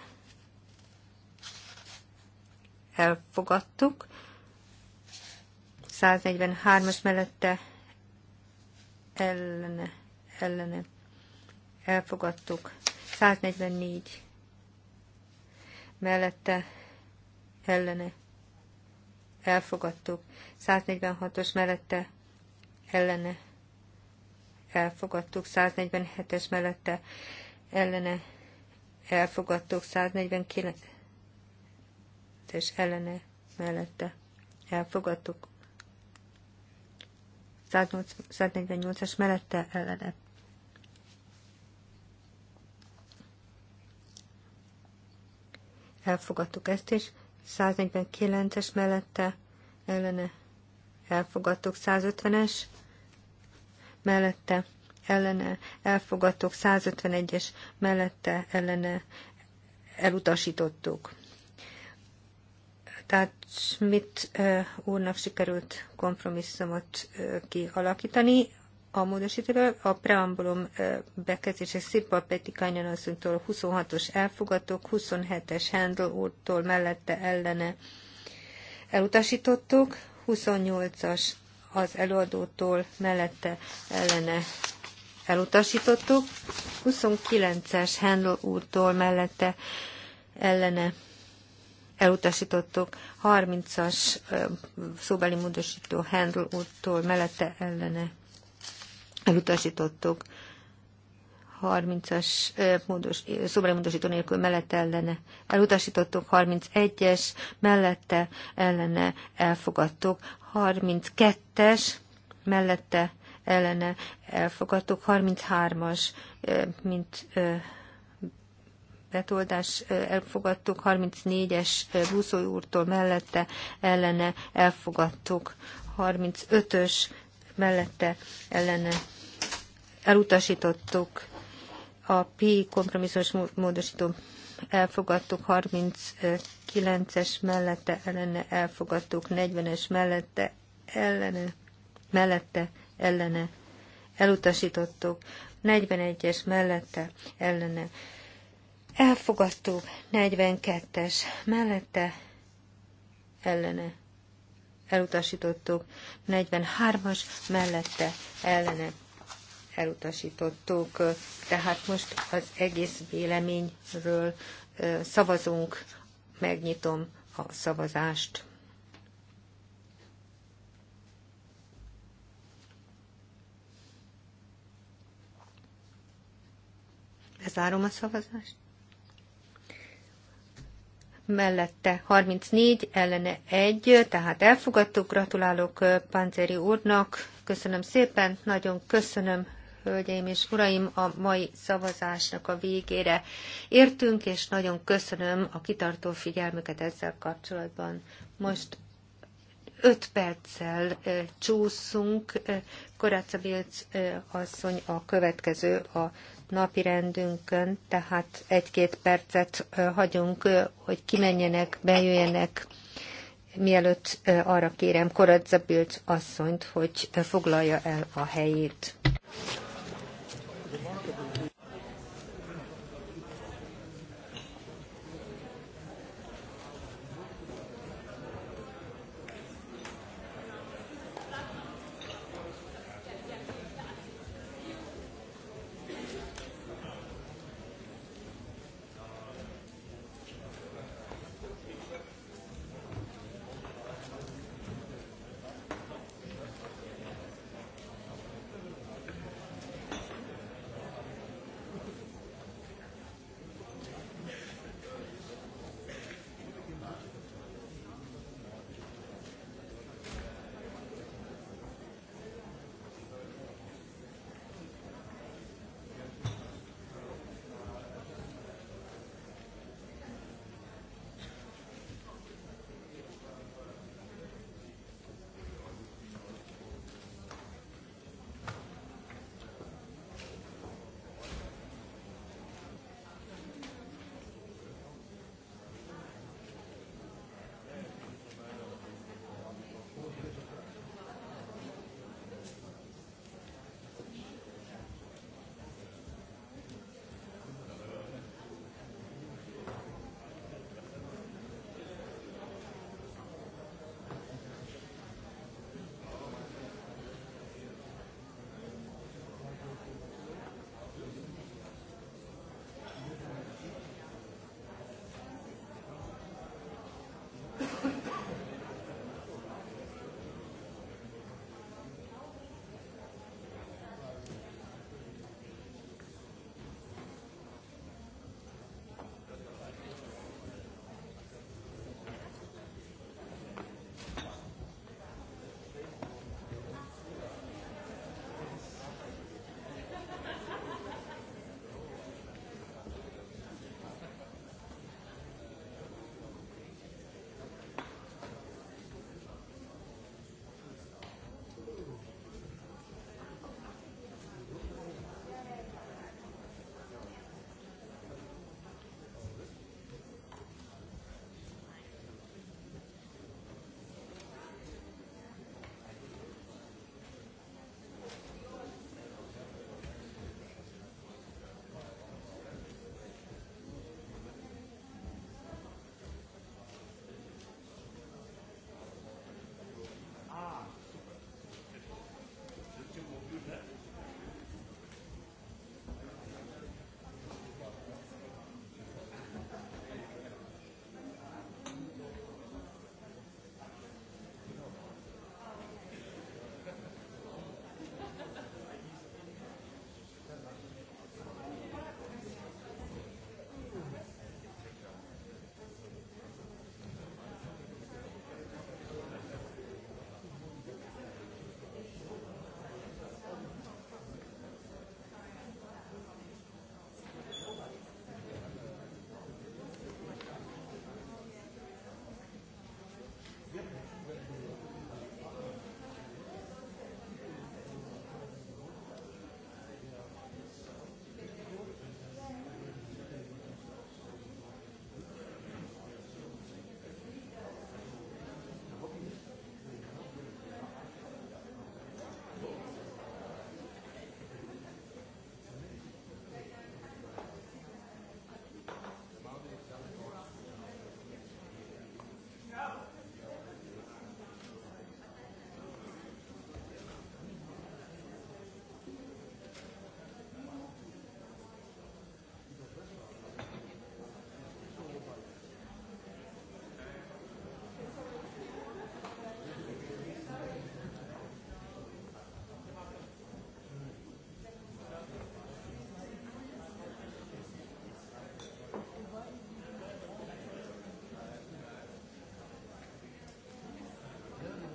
elfogadtuk. 143-as mellette ellene, ellene elfogadtuk. 144 mellette ellene elfogadtuk. 146-os mellette ellene elfogadtuk. 147-es mellette ellene elfogadtuk, 149-es ellene mellette elfogadtuk, 148-as mellette ellene. Elfogadtuk ezt is, 149-es mellette ellene. Elfogadtuk 150-es mellette ellene elfogadtok, 151-es mellette ellene elutasítottuk. Tehát uh, úrnak sikerült kompromisszumot kialakítani a módosítóról. A preambulum bekezdése Szipa Peti Kanyan asszonytól 26-os elfogadtuk, 27-es Handel úrtól mellette ellene elutasítottuk, 28-as az előadótól mellette ellene elutasítottuk. 29-es Handel úrtól mellette ellene elutasítottuk. 30-as szóbeli módosító Hendl úrtól mellette ellene elutasítottuk. 30-as módos, szóbeli módosító nélkül mellette ellene elutasítottuk, 31-es mellette ellene elfogadtuk, 32-es mellette ellene elfogadtuk, 33-as, mint betoldás elfogadtuk, 34-es Búszói úrtól mellette ellene elfogadtuk, 35-ös mellette ellene elutasítottuk, a P kompromisszós módosító elfogadtuk, 39-es mellette ellene elfogadtuk, 40-es mellette ellene mellette ellene elutasítottuk, 41-es mellette ellene elfogadtuk, 42-es mellette ellene elutasítottuk, 43-as mellette ellene elutasítottuk. Tehát most az egész véleményről szavazunk, megnyitom a szavazást. Lezárom a szavazást. Mellette 34, ellene 1, tehát elfogadtuk. Gratulálok Panzeri úrnak. Köszönöm szépen, nagyon köszönöm, hölgyeim és uraim, a mai szavazásnak a végére értünk, és nagyon köszönöm a kitartó figyelmüket ezzel kapcsolatban. Most 5 perccel csúszunk. Koráca Bilc asszony a következő a napirendünkön, tehát egy-két percet hagyunk, hogy kimenjenek, bejöjjenek, mielőtt arra kérem Koradzabilt asszonyt, hogy foglalja el a helyét.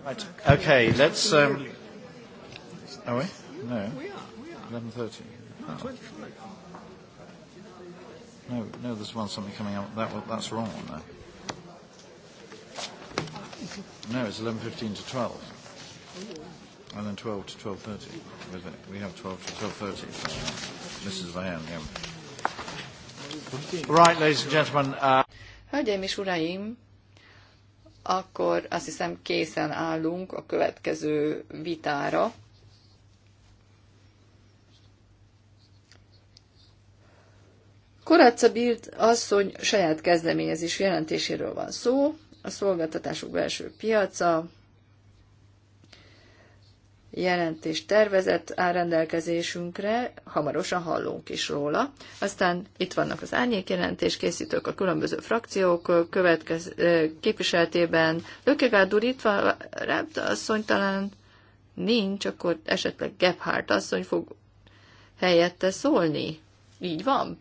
Right. Okay, let's. Um, are we? No. We are. We are. 11:30. No, oh. no, no. There's one something coming up. That that's wrong on there. No, it's 11:15 to 12. And then 12 to 12.30. We have 12 to 12.30. Mrs. Vahan, yeah. Right, ladies and gentlemen. Uh... Hölgyeim és uraim, akkor azt hiszem készen állunk a következő vitára. Koratza Bild asszony saját kezdeményezés jelentéséről van szó, a szolgáltatások belső piaca, jelentés tervezett áll rendelkezésünkre, hamarosan hallunk is róla. Aztán itt vannak az árnyékjelentés készítők a különböző frakciók következ, képviseltében. Lökegárd úr itt van, asszony talán nincs, akkor esetleg Gebhardt asszony fog helyette szólni. Így van?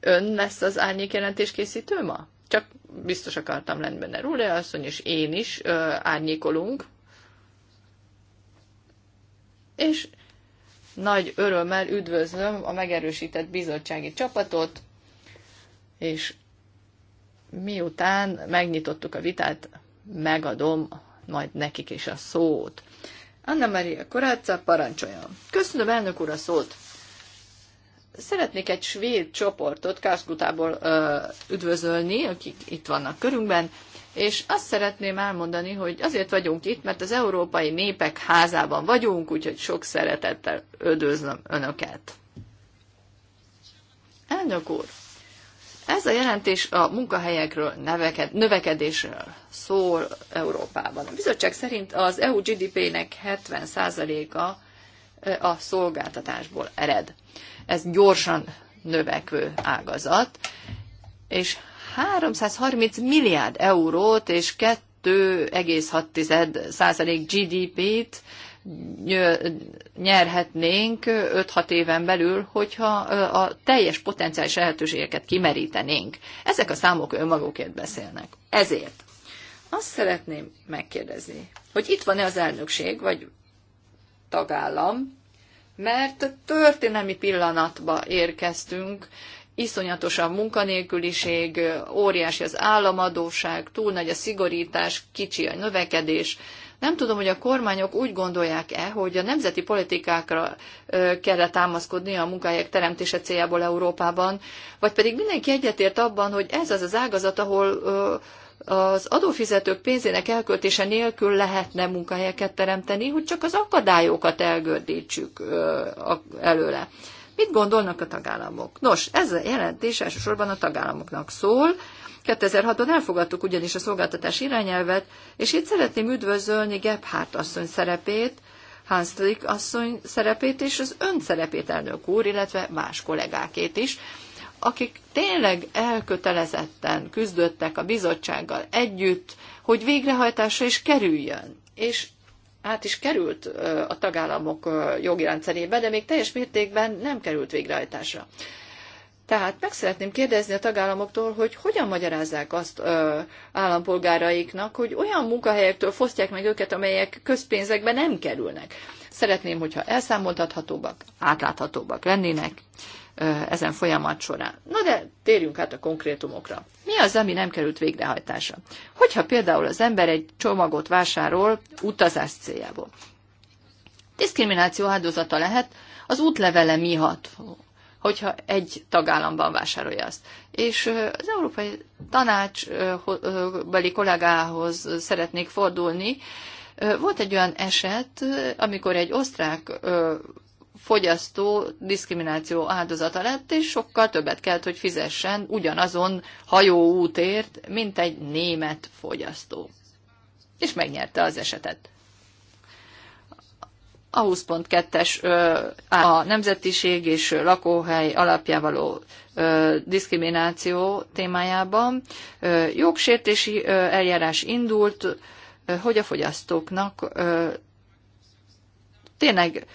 Ön lesz az árnyékjelentés készítő ma? Csak biztos akartam lenni benne. Rúle asszony és én is ö, árnyékolunk, és nagy örömmel üdvözlöm a megerősített bizottsági csapatot, és miután megnyitottuk a vitát, megadom majd nekik is a szót. Anna Maria Koráca, parancsoljon. Köszönöm, elnök úr, a szót. Szeretnék egy svéd csoportot Kászkutából üdvözölni, akik itt vannak körünkben és azt szeretném elmondani, hogy azért vagyunk itt, mert az Európai Népek házában vagyunk, úgyhogy sok szeretettel ödözlöm Önöket. Elnök úr, ez a jelentés a munkahelyekről, neveked, növekedésről szól Európában. A bizottság szerint az EU GDP-nek 70%-a eh, a szolgáltatásból ered. Ez gyorsan növekvő ágazat, és 330 milliárd eurót és 2,6 százalék GDP-t nyerhetnénk 5-6 éven belül, hogyha a teljes potenciális lehetőségeket kimerítenénk. Ezek a számok önmagukért beszélnek. Ezért azt szeretném megkérdezni, hogy itt van-e az elnökség, vagy tagállam, mert történelmi pillanatba érkeztünk, iszonyatos a munkanélküliség, óriási az államadóság, túl nagy a szigorítás, kicsi a növekedés. Nem tudom, hogy a kormányok úgy gondolják-e, hogy a nemzeti politikákra kell támaszkodni a munkahelyek teremtése céljából Európában, vagy pedig mindenki egyetért abban, hogy ez az az ágazat, ahol az adófizetők pénzének elköltése nélkül lehetne munkahelyeket teremteni, hogy csak az akadályokat elgördítsük előle. Mit gondolnak a tagállamok? Nos, ez a jelentés elsősorban a tagállamoknak szól. 2006-ban elfogadtuk ugyanis a szolgáltatás irányelvet, és itt szeretném üdvözölni Gebhardt asszony szerepét, Hanslik asszony szerepét és az ön szerepét, elnök úr, illetve más kollégákét is, akik tényleg elkötelezetten küzdöttek a bizottsággal együtt, hogy végrehajtásra is kerüljön. És át is került a tagállamok jogi rendszerébe, de még teljes mértékben nem került végrehajtásra. Tehát meg szeretném kérdezni a tagállamoktól, hogy hogyan magyarázzák azt ö, állampolgáraiknak, hogy olyan munkahelyektől fosztják meg őket, amelyek közpénzekbe nem kerülnek. Szeretném, hogyha elszámoltathatóbbak, átláthatóbbak lennének, ezen folyamat során. Na de térjünk át a konkrétumokra. Mi az, ami nem került végrehajtásra? Hogyha például az ember egy csomagot vásárol utazás céljából. Diszkrimináció áldozata lehet az útlevele miatt, hogyha egy tagállamban vásárolja azt. És az Európai Tanácsbeli kollégához szeretnék fordulni. Volt egy olyan eset, amikor egy osztrák fogyasztó diszkrimináció áldozata lett, és sokkal többet kellett, hogy fizessen ugyanazon hajóútért, mint egy német fogyasztó. És megnyerte az esetet. A 20.2-es a nemzetiség és lakóhely alapjávaló való diszkrimináció témájában jogsértési eljárás indult, hogy a fogyasztóknak tényleg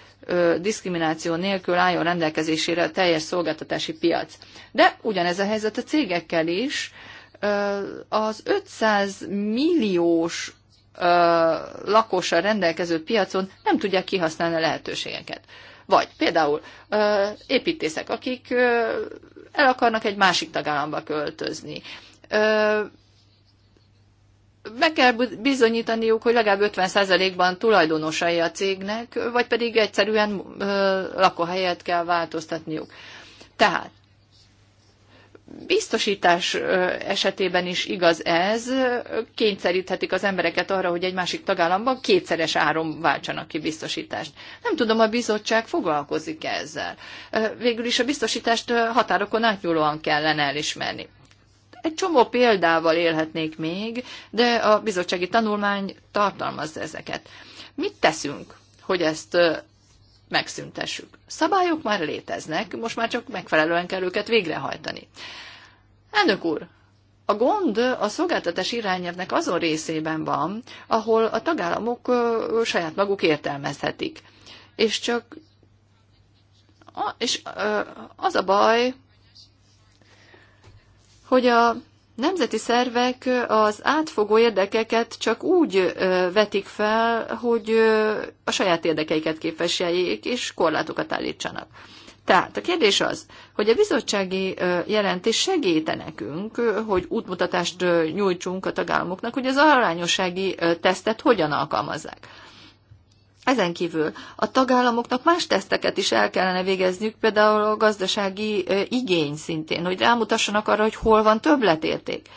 diszkrimináció nélkül álljon rendelkezésére a teljes szolgáltatási piac. De ugyanez a helyzet a cégekkel is. Az 500 milliós lakosra rendelkező piacon nem tudják kihasználni a lehetőségeket. Vagy például építészek, akik el akarnak egy másik tagállamba költözni be kell bizonyítaniuk, hogy legalább 50%-ban tulajdonosai a cégnek, vagy pedig egyszerűen lakóhelyet kell változtatniuk. Tehát biztosítás esetében is igaz ez, kényszeríthetik az embereket arra, hogy egy másik tagállamban kétszeres áron váltsanak ki biztosítást. Nem tudom, a bizottság foglalkozik -e ezzel. Végül is a biztosítást határokon átnyúlóan kellene elismerni. Egy csomó példával élhetnék még, de a bizottsági tanulmány tartalmazza ezeket. Mit teszünk, hogy ezt megszüntessük? Szabályok már léteznek, most már csak megfelelően kell őket végrehajtani. Elnök úr, a gond a szolgáltatás irányelvnek azon részében van, ahol a tagállamok saját maguk értelmezhetik. És csak és az a baj, hogy a nemzeti szervek az átfogó érdekeket csak úgy vetik fel, hogy a saját érdekeiket képviseljék és korlátokat állítsanak. Tehát a kérdés az, hogy a bizottsági jelentés segíte nekünk, hogy útmutatást nyújtsunk a tagállamoknak, hogy az arányossági tesztet hogyan alkalmazzák. Ezen kívül a tagállamoknak más teszteket is el kellene végezniük, például a gazdasági igény szintén, hogy rámutassanak arra, hogy hol van többletérték.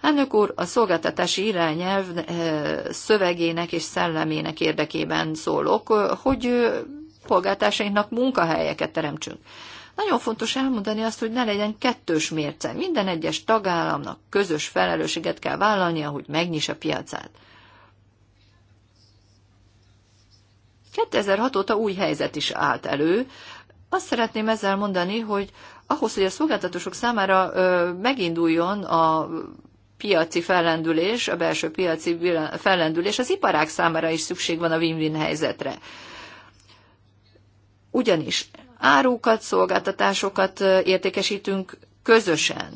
Elnök úr, a szolgáltatási irányelv szövegének és szellemének érdekében szólok, hogy polgártársainknak munkahelyeket teremtsünk. Nagyon fontos elmondani azt, hogy ne legyen kettős mérce. Minden egyes tagállamnak közös felelősséget kell vállalnia, hogy megnyis a piacát. 2006 óta új helyzet is állt elő. Azt szeretném ezzel mondani, hogy ahhoz, hogy a szolgáltatások számára meginduljon a piaci fellendülés, a belső piaci fellendülés, az iparák számára is szükség van a win-win helyzetre. Ugyanis árukat, szolgáltatásokat értékesítünk közösen.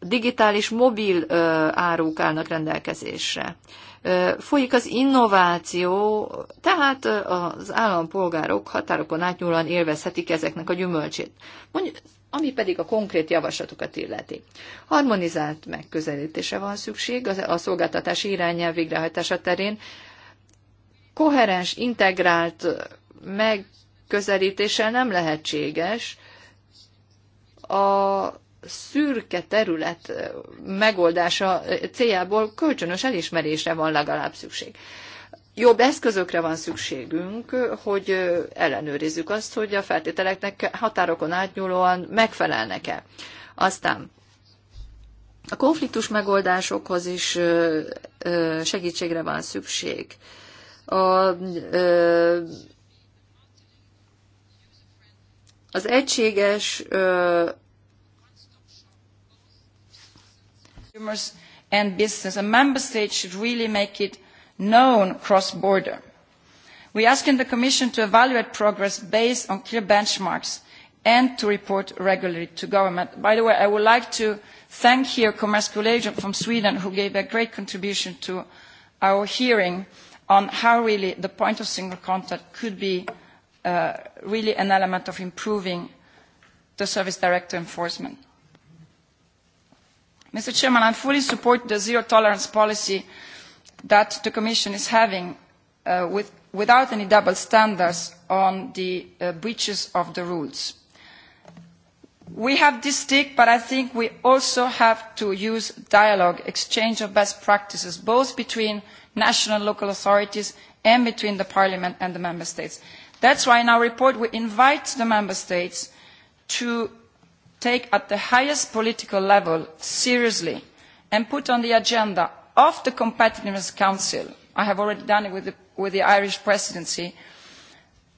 Digitális, mobil áruk állnak rendelkezésre folyik az innováció, tehát az állampolgárok határokon átnyúlóan élvezhetik ezeknek a gyümölcsét. Mondjuk, ami pedig a konkrét javaslatokat illeti. Harmonizált megközelítése van szükség a szolgáltatási irányelv végrehajtása terén, koherens, integrált megközelítéssel nem lehetséges a szürke terület megoldása céljából kölcsönös elismerésre van legalább szükség. Jobb eszközökre van szükségünk, hogy ellenőrizzük azt, hogy a feltételeknek határokon átnyúlóan megfelelnek-e. Aztán a konfliktus megoldásokhoz is segítségre van szükség. A, az egységes Consumers and business, and member states should really make it known cross-border. We are asking the Commission to evaluate progress based on clear benchmarks and to report regularly to government. By the way, I would like to thank here Kommerskollegium from Sweden who gave a great contribution to our hearing on how really the point of single contact could be uh, really an element of improving the service directive enforcement. Mr. President, I fully support the zero tolerance policy that the Commission is having uh, without any double standards on the uh, breaches of the rules. We have this stick, but I think we also have to use dialogue, exchange of best practices, both between national and local authorities and between the Parliament and the Member States. That is why in our report we invite the Member States to take at the highest political level seriously and put on the agenda of the competitiveness council i have already done it with the, with the irish presidency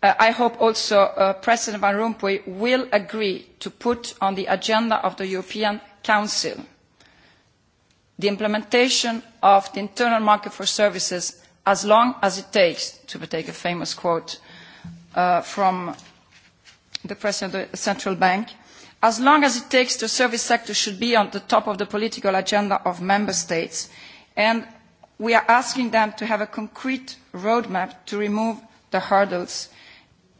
uh, i hope also uh, president van rompuy will agree to put on the agenda of the european council the implementation of the internal market for services as long as it takes to take a famous quote uh, from the president of the central bank as long as it takes the service sector should be on the top of the political agenda of member states. And we are asking them to have a concrete roadmap to remove the hurdles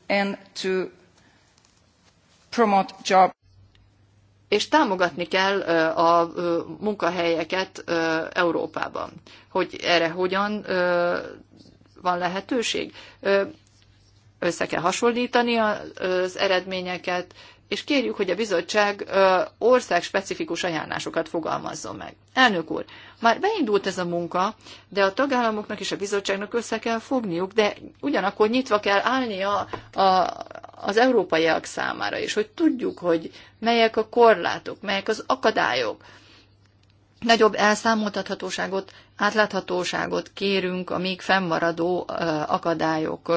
and to promote job. És támogatni kell a munkahelyeket Európában. Hogy erre hogyan van lehetőség? Össze kell hasonlítani az eredményeket, és kérjük, hogy a bizottság országspecifikus ajánlásokat fogalmazzon meg. Elnök úr, már beindult ez a munka, de a tagállamoknak és a bizottságnak össze kell fogniuk, de ugyanakkor nyitva kell állnia a, a, az európaiak számára is, hogy tudjuk, hogy melyek a korlátok, melyek az akadályok. Nagyobb elszámoltathatóságot, átláthatóságot kérünk a még fennmaradó akadályok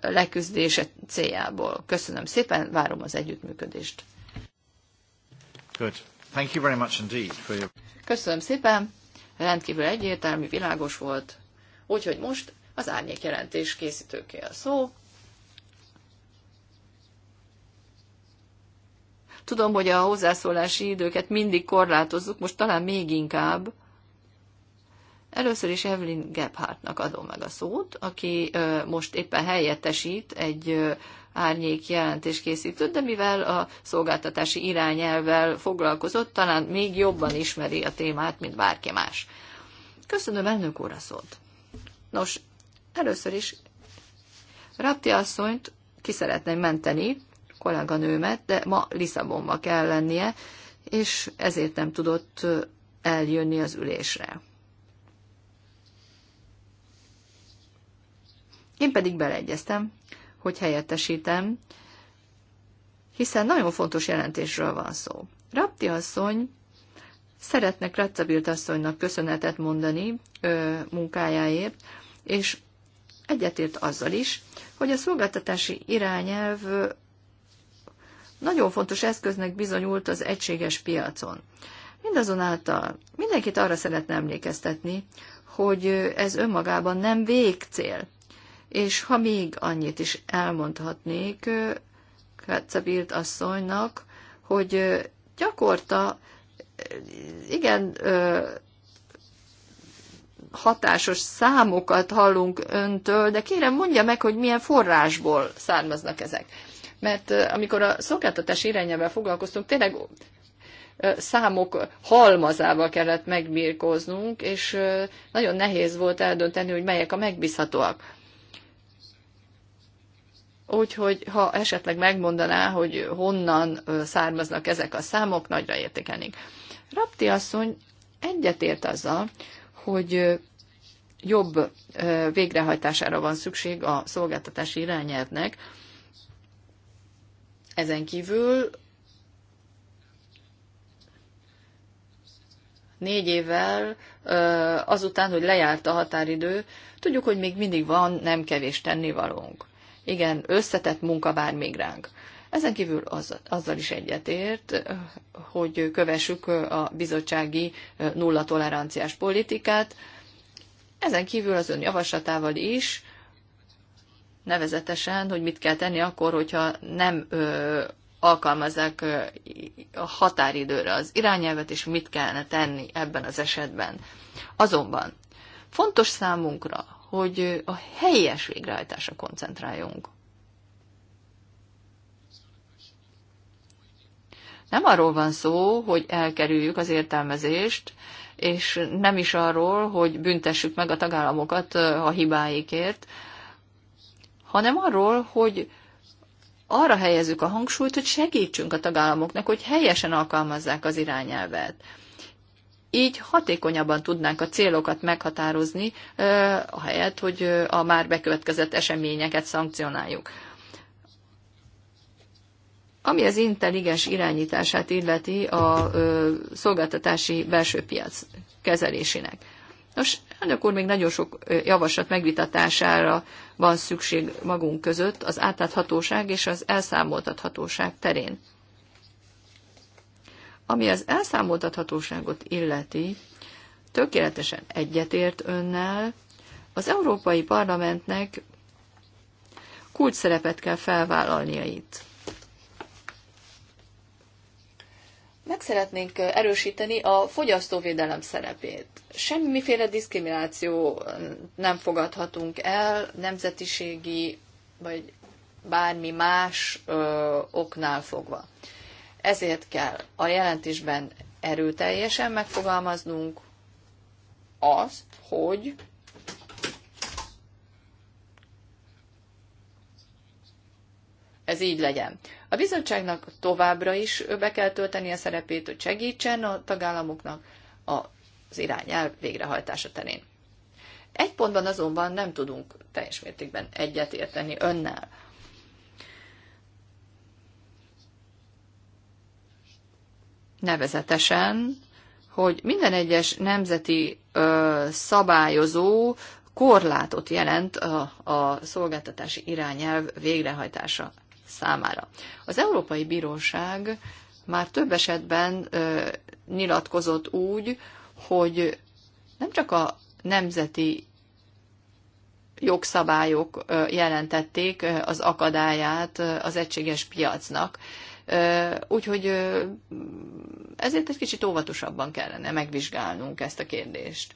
leküzdése céljából. Köszönöm szépen, várom az együttműködést. Good. Thank you very much indeed for your... Köszönöm szépen, rendkívül egyértelmű, világos volt. Úgyhogy most az árnyék jelentés készítőké a szó. Tudom, hogy a hozzászólási időket mindig korlátozzuk, most talán még inkább. Először is Evelyn Gebhardtnak adom meg a szót, aki most éppen helyettesít egy árnyék jelentés készítőt, de mivel a szolgáltatási irányelvel foglalkozott, talán még jobban ismeri a témát, mint bárki más. Köszönöm, elnök úr, a szót. Nos, először is Rapti asszonyt ki szeretném menteni, kolléganőmet, de ma Lisszabonba kell lennie, és ezért nem tudott eljönni az ülésre. Én pedig beleegyeztem, hogy helyettesítem, hiszen nagyon fontos jelentésről van szó. Rapti asszony szeretne Kratzabilt asszonynak köszönetet mondani ö, munkájáért, és egyetért azzal is, hogy a szolgáltatási irányelv nagyon fontos eszköznek bizonyult az egységes piacon. Mindazonáltal mindenkit arra szeretne emlékeztetni, hogy ez önmagában nem végcél. És ha még annyit is elmondhatnék Kratzabilt asszonynak, hogy gyakorta igen hatásos számokat hallunk öntől, de kérem mondja meg, hogy milyen forrásból származnak ezek. Mert amikor a szolgáltatás irányával foglalkoztunk, tényleg számok halmazával kellett megbírkoznunk, és nagyon nehéz volt eldönteni, hogy melyek a megbízhatóak. Úgyhogy ha esetleg megmondaná, hogy honnan származnak ezek a számok, nagyra értékelnénk. Rapti asszony egyetért azzal, hogy jobb végrehajtására van szükség a szolgáltatási irányelvnek. Ezen kívül négy évvel azután, hogy lejárt a határidő, tudjuk, hogy még mindig van nem kevés tennivalónk igen, összetett munka vár még ránk. Ezen kívül az, azzal is egyetért, hogy kövessük a bizottsági nulla toleranciás politikát. Ezen kívül az ön javaslatával is, nevezetesen, hogy mit kell tenni akkor, hogyha nem ö, alkalmazzák ö, a határidőre az irányelvet, és mit kellene tenni ebben az esetben. Azonban fontos számunkra, hogy a helyes végrehajtásra koncentráljunk. Nem arról van szó, hogy elkerüljük az értelmezést, és nem is arról, hogy büntessük meg a tagállamokat a hibáikért, hanem arról, hogy arra helyezzük a hangsúlyt, hogy segítsünk a tagállamoknak, hogy helyesen alkalmazzák az irányelvet így hatékonyabban tudnánk a célokat meghatározni, ahelyett, hogy a már bekövetkezett eseményeket szankcionáljuk. Ami az intelligens irányítását illeti a szolgáltatási belső piac kezelésének. Nos, elnök úr, még nagyon sok javaslat megvitatására van szükség magunk között az átláthatóság és az elszámoltathatóság terén. Ami az elszámoltathatóságot illeti, tökéletesen egyetért önnel, az Európai Parlamentnek kulcs szerepet kell felvállalnia itt. Meg szeretnénk erősíteni a fogyasztóvédelem szerepét. Semmiféle diszkrimináció nem fogadhatunk el, nemzetiségi vagy bármi más ö, oknál fogva. Ezért kell a jelentésben erőteljesen megfogalmaznunk azt, hogy ez így legyen. A bizottságnak továbbra is be kell tölteni a szerepét, hogy segítsen a tagállamoknak az irányelv végrehajtása terén. Egy pontban azonban nem tudunk teljes mértékben egyetérteni önnel. nevezetesen, hogy minden egyes nemzeti ö, szabályozó korlátot jelent a, a szolgáltatási irányelv végrehajtása számára. Az Európai Bíróság már több esetben ö, nyilatkozott úgy, hogy nem csak a nemzeti jogszabályok jelentették az akadályát az egységes piacnak, Úgyhogy ezért egy kicsit óvatosabban kellene megvizsgálnunk ezt a kérdést.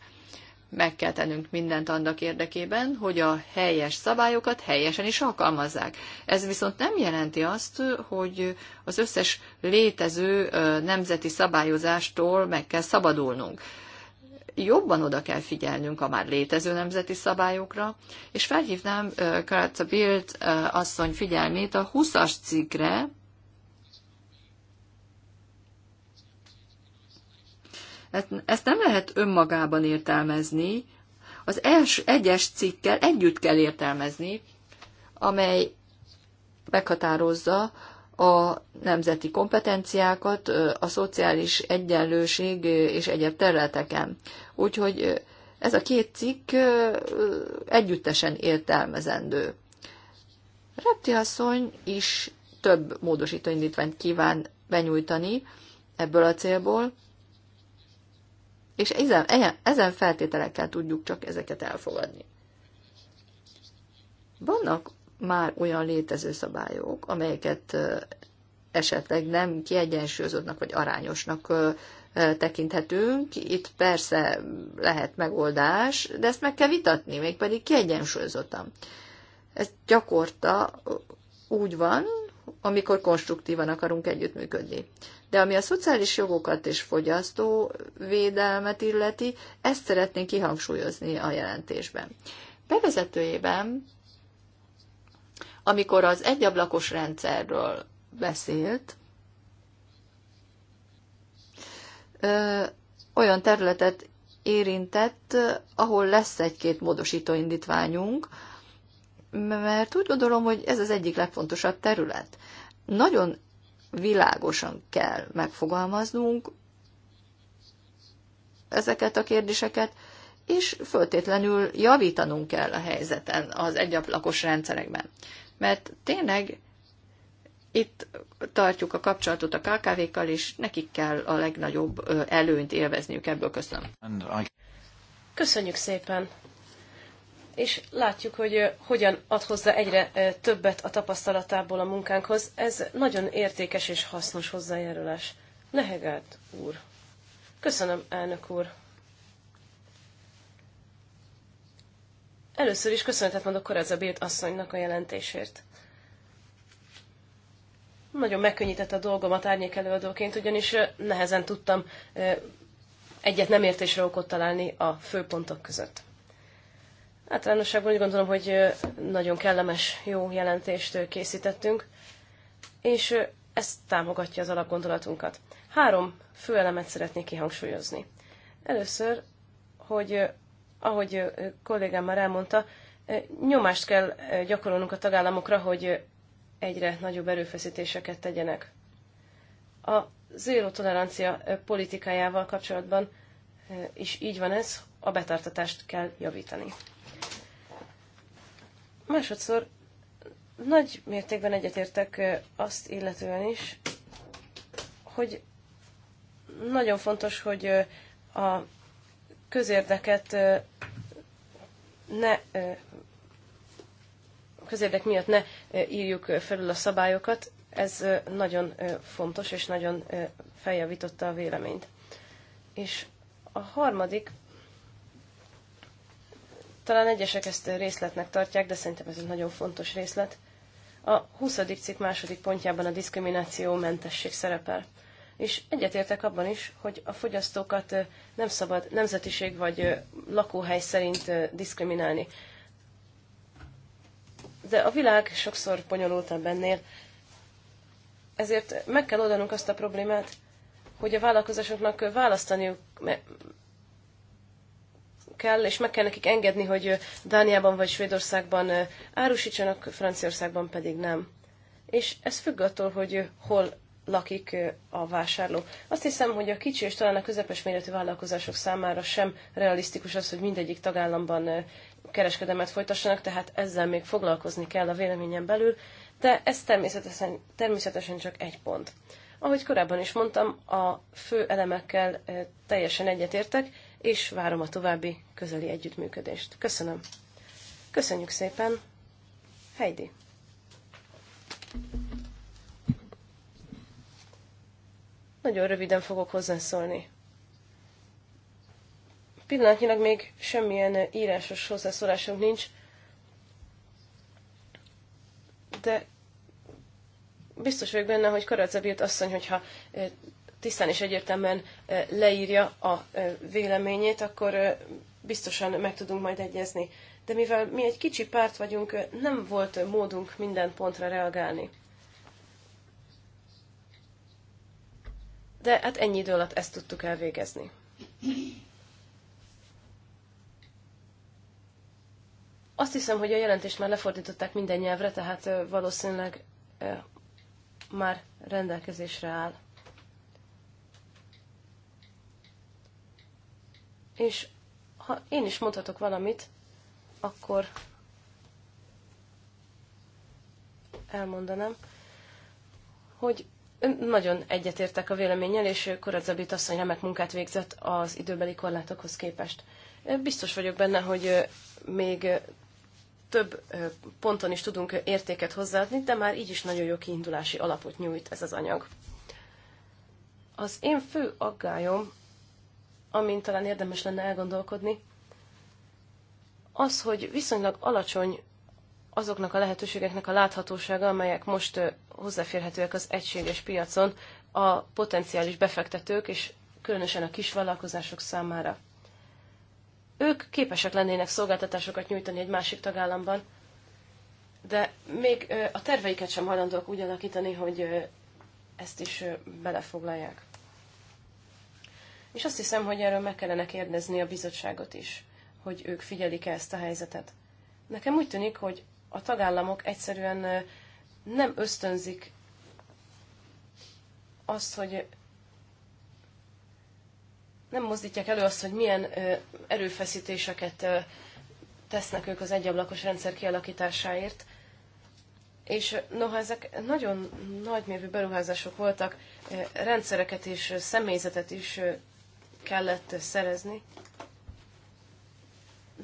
Meg kell tennünk mindent annak érdekében, hogy a helyes szabályokat helyesen is alkalmazzák. Ez viszont nem jelenti azt, hogy az összes létező nemzeti szabályozástól meg kell szabadulnunk jobban oda kell figyelnünk a már létező nemzeti szabályokra, és felhívnám Karatza Bild asszony figyelmét a 20-as cikkre, Hát ezt nem lehet önmagában értelmezni, az els, egyes cikkel együtt kell értelmezni, amely meghatározza a nemzeti kompetenciákat a szociális egyenlőség és egyéb területeken. Úgyhogy ez a két cikk együttesen értelmezendő. Repti asszony is több módosító indítványt kíván benyújtani ebből a célból, és ezen, ezen feltételekkel tudjuk csak ezeket elfogadni. Vannak már olyan létező szabályok, amelyeket esetleg nem kiegyensúlyozottnak vagy arányosnak tekinthetünk. Itt persze lehet megoldás, de ezt meg kell vitatni, mégpedig kiegyensúlyozottan. Ez gyakorta úgy van, amikor konstruktívan akarunk együttműködni. De ami a szociális jogokat és fogyasztó védelmet illeti, ezt szeretnénk kihangsúlyozni a jelentésben. Bevezetőjében, amikor az egyablakos rendszerről beszélt, ö, olyan területet érintett, ahol lesz egy-két módosító indítványunk, mert úgy gondolom, hogy ez az egyik legfontosabb terület. Nagyon világosan kell megfogalmaznunk ezeket a kérdéseket, és föltétlenül javítanunk kell a helyzeten az egyablakos rendszerekben. Mert tényleg itt tartjuk a kapcsolatot a KKV-kkal, és nekik kell a legnagyobb előnyt élvezniük ebből. Köszönöm. Köszönjük szépen és látjuk, hogy hogyan ad hozzá egyre többet a tapasztalatából a munkánkhoz. Ez nagyon értékes és hasznos hozzájárulás. Lehegát úr. Köszönöm, elnök úr. Először is köszönetet mondok Koraza Bild asszonynak a jelentésért. Nagyon megkönnyített a dolgomat árnyék előadóként, ugyanis nehezen tudtam egyet nem értésre okot találni a főpontok között. Általánosságban úgy gondolom, hogy nagyon kellemes, jó jelentést készítettünk, és ez támogatja az alapgondolatunkat. Három fő elemet szeretnék kihangsúlyozni. Először, hogy ahogy kollégám már elmondta, nyomást kell gyakorolnunk a tagállamokra, hogy egyre nagyobb erőfeszítéseket tegyenek. A zéró tolerancia politikájával kapcsolatban is így van ez, a betartatást kell javítani. Másodszor nagy mértékben egyetértek azt illetően is, hogy nagyon fontos, hogy a közérdeket ne közérdek miatt ne írjuk felül a szabályokat, ez nagyon fontos és nagyon feljavította a véleményt. És a harmadik talán egyesek ezt részletnek tartják, de szerintem ez egy nagyon fontos részlet. A 20. cikk második pontjában a diszkrimináció mentesség szerepel. És egyetértek abban is, hogy a fogyasztókat nem szabad nemzetiség vagy lakóhely szerint diszkriminálni. De a világ sokszor bonyolultabb ennél, ezért meg kell oldanunk azt a problémát, hogy a vállalkozásoknak választaniuk kell, és meg kell nekik engedni, hogy Dániában vagy Svédországban árusítsanak, Franciaországban pedig nem. És ez függ attól, hogy hol lakik a vásárló. Azt hiszem, hogy a kicsi és talán a közepes méretű vállalkozások számára sem realisztikus az, hogy mindegyik tagállamban kereskedelmet folytassanak, tehát ezzel még foglalkozni kell a véleményen belül, de ez természetesen, természetesen csak egy pont. Ahogy korábban is mondtam, a fő elemekkel teljesen egyetértek, és várom a további közeli együttműködést. Köszönöm. Köszönjük szépen. Heidi. Nagyon röviden fogok hozzászólni. Pillanatnyilag még semmilyen írásos hozzászólásom nincs, de biztos vagyok benne, hogy Karadzabilt asszony, hogyha tisztán és egyértelműen leírja a véleményét, akkor biztosan meg tudunk majd egyezni. De mivel mi egy kicsi párt vagyunk, nem volt módunk minden pontra reagálni. De hát ennyi idő alatt ezt tudtuk elvégezni. Azt hiszem, hogy a jelentést már lefordították minden nyelvre, tehát valószínűleg már rendelkezésre áll. és ha én is mondhatok valamit, akkor elmondanám, hogy nagyon egyetértek a véleménnyel, és Koradzabit asszony remek munkát végzett az időbeli korlátokhoz képest. Biztos vagyok benne, hogy még több ponton is tudunk értéket hozzáadni, de már így is nagyon jó kiindulási alapot nyújt ez az anyag. Az én fő aggályom amin talán érdemes lenne elgondolkodni, az, hogy viszonylag alacsony azoknak a lehetőségeknek a láthatósága, amelyek most hozzáférhetőek az egységes piacon a potenciális befektetők és különösen a kisvállalkozások számára. Ők képesek lennének szolgáltatásokat nyújtani egy másik tagállamban, de még a terveiket sem hajlandóak úgy alakítani, hogy ezt is belefoglalják. És azt hiszem, hogy erről meg kellene kérdezni a bizottságot is, hogy ők figyelik -e ezt a helyzetet. Nekem úgy tűnik, hogy a tagállamok egyszerűen nem ösztönzik azt, hogy nem mozdítják elő azt, hogy milyen erőfeszítéseket tesznek ők az egyablakos rendszer kialakításáért. És noha ezek nagyon nagymérvű beruházások voltak, rendszereket és személyzetet is kellett szerezni.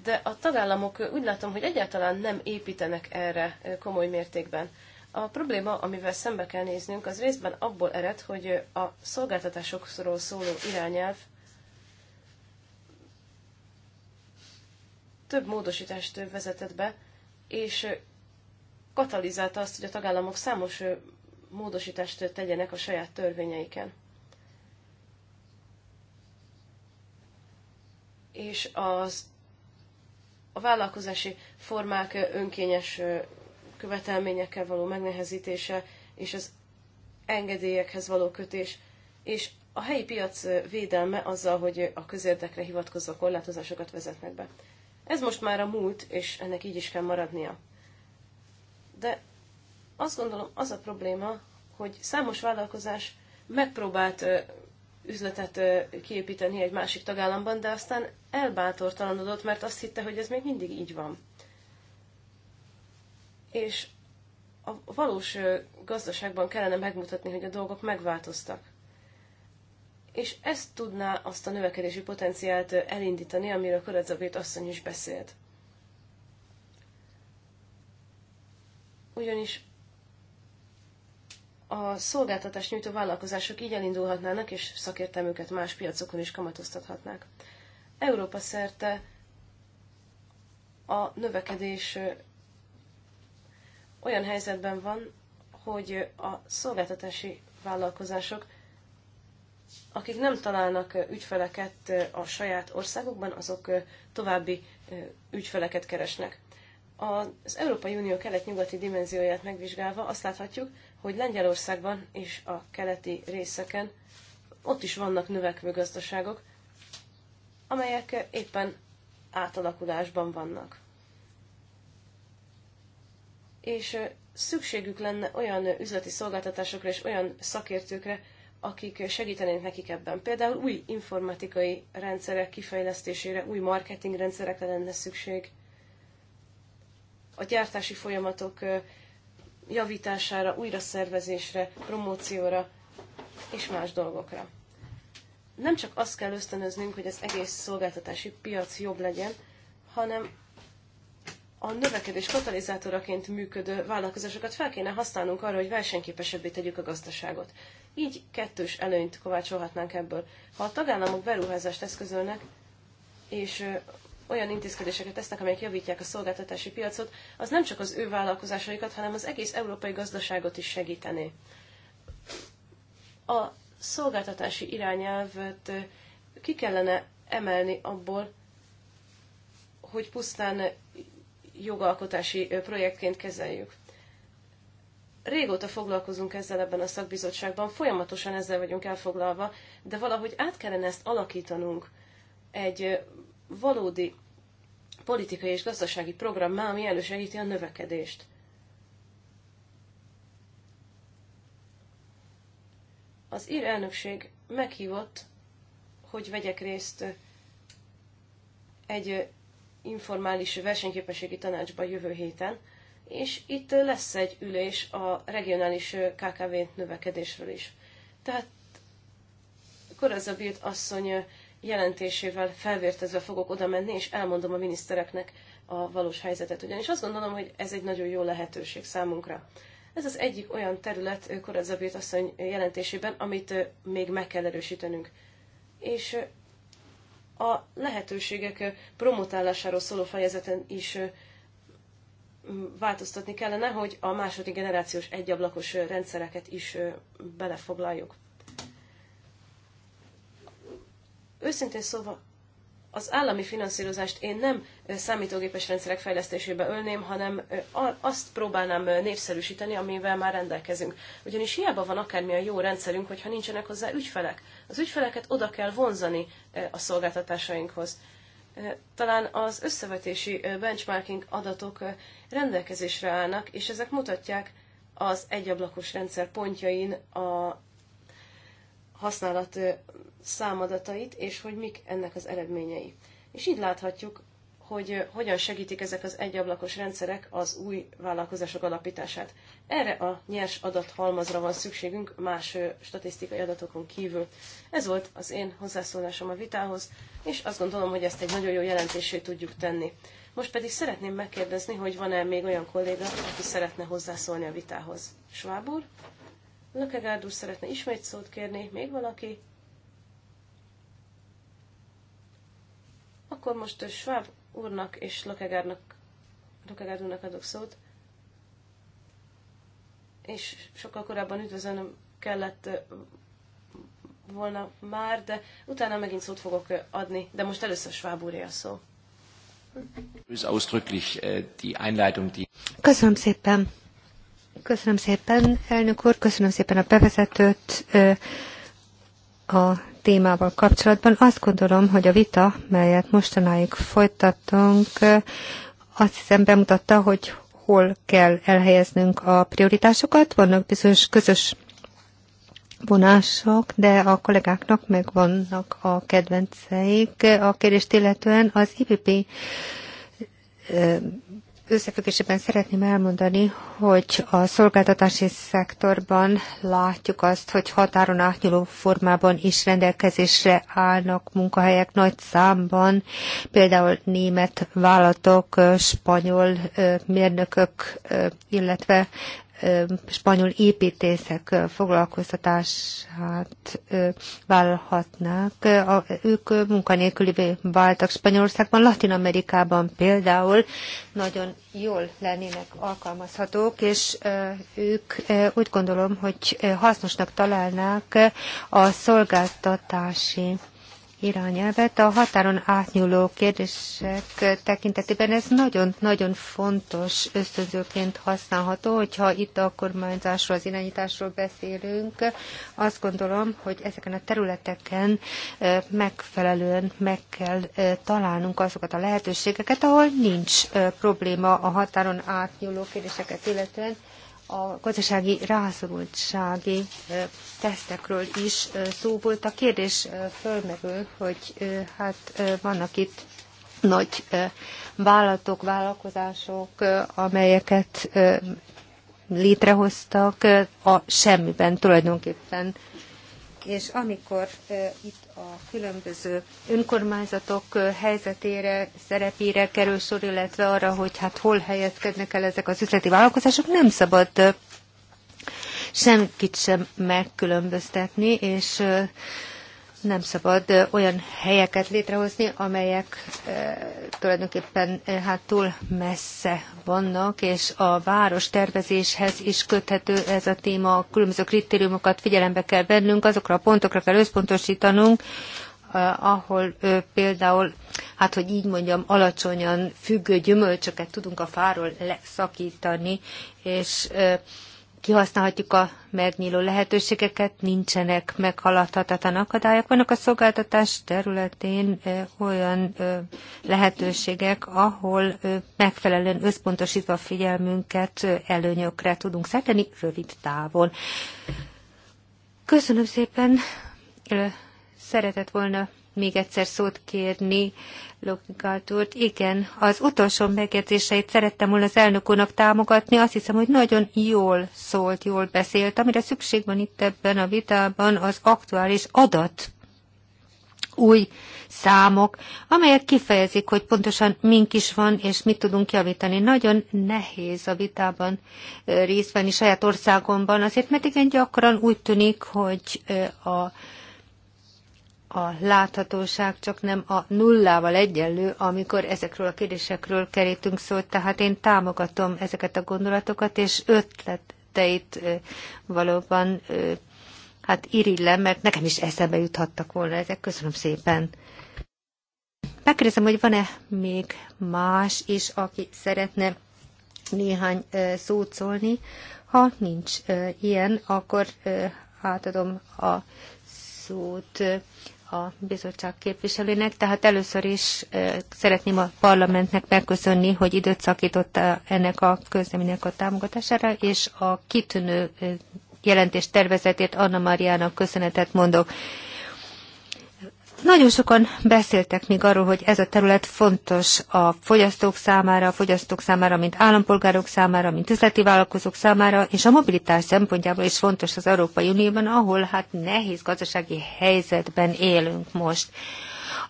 De a tagállamok úgy látom, hogy egyáltalán nem építenek erre komoly mértékben. A probléma, amivel szembe kell néznünk, az részben abból ered, hogy a szolgáltatásokról szóló irányelv több módosítást vezetett be, és katalizálta azt, hogy a tagállamok számos módosítást tegyenek a saját törvényeiken. és az a vállalkozási formák önkényes követelményekkel való megnehezítése, és az engedélyekhez való kötés, és a helyi piac védelme azzal, hogy a közérdekre hivatkozva korlátozásokat vezetnek be. Ez most már a múlt, és ennek így is kell maradnia. De azt gondolom, az a probléma, hogy számos vállalkozás megpróbált üzletet kiépíteni egy másik tagállamban, de aztán elbátortalanodott, mert azt hitte, hogy ez még mindig így van. És a valós gazdaságban kellene megmutatni, hogy a dolgok megváltoztak. És ez tudná azt a növekedési potenciált elindítani, amiről Koradzavét asszony is beszélt. Ugyanis a szolgáltatás nyújtó vállalkozások így elindulhatnának, és szakértelmüket más piacokon is kamatoztathatnák. Európa szerte a növekedés olyan helyzetben van, hogy a szolgáltatási vállalkozások, akik nem találnak ügyfeleket a saját országokban, azok további ügyfeleket keresnek. Az Európai Unió kelet-nyugati dimenzióját megvizsgálva azt láthatjuk, hogy Lengyelországban és a keleti részeken ott is vannak növekvő gazdaságok, amelyek éppen átalakulásban vannak. És szükségük lenne olyan üzleti szolgáltatásokra és olyan szakértőkre, akik segítenének nekik ebben. Például új informatikai rendszerek kifejlesztésére, új marketing rendszerekre lenne szükség. A gyártási folyamatok javítására, újraszervezésre, promócióra és más dolgokra. Nem csak azt kell ösztönöznünk, hogy az egész szolgáltatási piac jobb legyen, hanem a növekedés katalizátoraként működő vállalkozásokat fel kéne használnunk arra, hogy versenyképesebbé tegyük a gazdaságot. Így kettős előnyt kovácsolhatnánk ebből. Ha a tagállamok beruházást eszközölnek, és olyan intézkedéseket tesznek, amelyek javítják a szolgáltatási piacot, az nem csak az ő vállalkozásaikat, hanem az egész európai gazdaságot is segítené. A szolgáltatási irányelvet ki kellene emelni abból, hogy pusztán jogalkotási projektként kezeljük. Régóta foglalkozunk ezzel ebben a szakbizottságban, folyamatosan ezzel vagyunk elfoglalva, de valahogy át kellene ezt alakítanunk egy valódi politikai és gazdasági programmá, ami elősegíti a növekedést. Az ír elnökség meghívott, hogy vegyek részt egy informális versenyképességi tanácsba jövő héten, és itt lesz egy ülés a regionális KKV növekedésről is. Tehát Korazabilt asszony jelentésével felvértezve fogok oda menni, és elmondom a minisztereknek a valós helyzetet. Ugyanis azt gondolom, hogy ez egy nagyon jó lehetőség számunkra. Ez az egyik olyan terület Korazabét asszony jelentésében, amit még meg kell erősítenünk. És a lehetőségek promotálásáról szóló fejezeten is változtatni kellene, hogy a második generációs egyablakos rendszereket is belefoglaljuk. Őszintén szóval az állami finanszírozást én nem számítógépes rendszerek fejlesztésébe ölném, hanem azt próbálnám népszerűsíteni, amivel már rendelkezünk. Ugyanis hiába van akármilyen jó rendszerünk, hogyha nincsenek hozzá ügyfelek. Az ügyfeleket oda kell vonzani a szolgáltatásainkhoz. Talán az összevetési benchmarking adatok rendelkezésre állnak, és ezek mutatják az egyablakos rendszer pontjain a használat számadatait, és hogy mik ennek az eredményei. És így láthatjuk, hogy hogyan segítik ezek az egyablakos rendszerek az új vállalkozások alapítását. Erre a nyers adathalmazra van szükségünk más statisztikai adatokon kívül. Ez volt az én hozzászólásom a vitához, és azt gondolom, hogy ezt egy nagyon jó jelentését tudjuk tenni. Most pedig szeretném megkérdezni, hogy van-e még olyan kolléga, aki szeretne hozzászólni a vitához. Schwab úr? Lökegárd úr szeretne ismét szót kérni, még valaki? Akkor most Schwab úrnak és Lökegárnak, Lökegárd úrnak adok szót. És sokkal korábban üdvözölnöm kellett volna már, de utána megint szót fogok adni, de most először Schwab úré a szó. Köszönöm szépen. Köszönöm szépen, elnök úr, köszönöm szépen a bevezetőt a témával kapcsolatban. Azt gondolom, hogy a vita, melyet mostanáig folytattunk, azt hiszem bemutatta, hogy hol kell elhelyeznünk a prioritásokat. Vannak bizonyos közös vonások, de a kollégáknak megvannak a kedvenceik. A kérdést illetően az IPP összefüggésében szeretném elmondani, hogy a szolgáltatási szektorban látjuk azt, hogy határon átnyúló formában is rendelkezésre állnak munkahelyek nagy számban, például német vállalatok, spanyol mérnökök, illetve spanyol építészek foglalkoztatását vállalhatnák. Ők munkanélkülivé váltak Spanyolországban, Latin Amerikában például nagyon jól lennének alkalmazhatók, és ők úgy gondolom, hogy hasznosnak találnák a szolgáltatási irányelvet. A határon átnyúló kérdések tekintetében ez nagyon-nagyon fontos ösztönzőként használható, hogyha itt a kormányzásról, az irányításról beszélünk. Azt gondolom, hogy ezeken a területeken megfelelően meg kell találnunk azokat a lehetőségeket, ahol nincs probléma a határon átnyúló kérdéseket illetően a gazdasági rászorultsági tesztekről is szó volt. A kérdés fölmerül, hogy hát vannak itt nagy vállalatok, vállalkozások, amelyeket létrehoztak a semmiben tulajdonképpen és amikor itt a különböző önkormányzatok helyzetére, szerepére kerül sor, illetve arra, hogy hát hol helyezkednek el ezek az üzleti vállalkozások, nem szabad senkit sem megkülönböztetni, és nem szabad olyan helyeket létrehozni, amelyek tulajdonképpen hát túl messze vannak, és a város tervezéshez is köthető ez a téma, a különböző kritériumokat figyelembe kell vennünk, azokra a pontokra kell összpontosítanunk, ahol például, hát hogy így mondjam, alacsonyan függő gyümölcsöket tudunk a fáról leszakítani, és kihasználhatjuk a megnyíló lehetőségeket, nincsenek meghaladhatatlan akadályok. Vannak a szolgáltatás területén olyan lehetőségek, ahol megfelelően összpontosítva a figyelmünket előnyökre tudunk szerteni rövid távon. Köszönöm szépen, szeretett volna még egyszer szót kérni Lokigalt Igen, az utolsó megjegyzéseit szerettem volna az elnök úrnak támogatni. Azt hiszem, hogy nagyon jól szólt, jól beszélt. Amire szükség van itt ebben a vitában, az aktuális adat új számok, amelyek kifejezik, hogy pontosan mink is van, és mit tudunk javítani. Nagyon nehéz a vitában részt venni saját országomban, azért mert igen gyakran úgy tűnik, hogy a a láthatóság csak nem a nullával egyenlő, amikor ezekről a kérdésekről kerítünk szót. Tehát én támogatom ezeket a gondolatokat, és ötleteit valóban hát irillem, mert nekem is eszembe juthattak volna ezek. Köszönöm szépen. Megkérdezem, hogy van-e még más is, aki szeretne néhány szót szólni. Ha nincs ilyen, akkor átadom a szót a bizottság képviselőnek, tehát először is szeretném a parlamentnek megköszönni, hogy időt szakította ennek a közleménynek a támogatására, és a kitűnő jelentés tervezetét Anna Mariának köszönetet mondok. Nagyon sokan beszéltek még arról, hogy ez a terület fontos a fogyasztók számára, a fogyasztók számára, mint állampolgárok számára, mint üzleti vállalkozók számára, és a mobilitás szempontjából is fontos az Európai Unióban, ahol hát nehéz gazdasági helyzetben élünk most.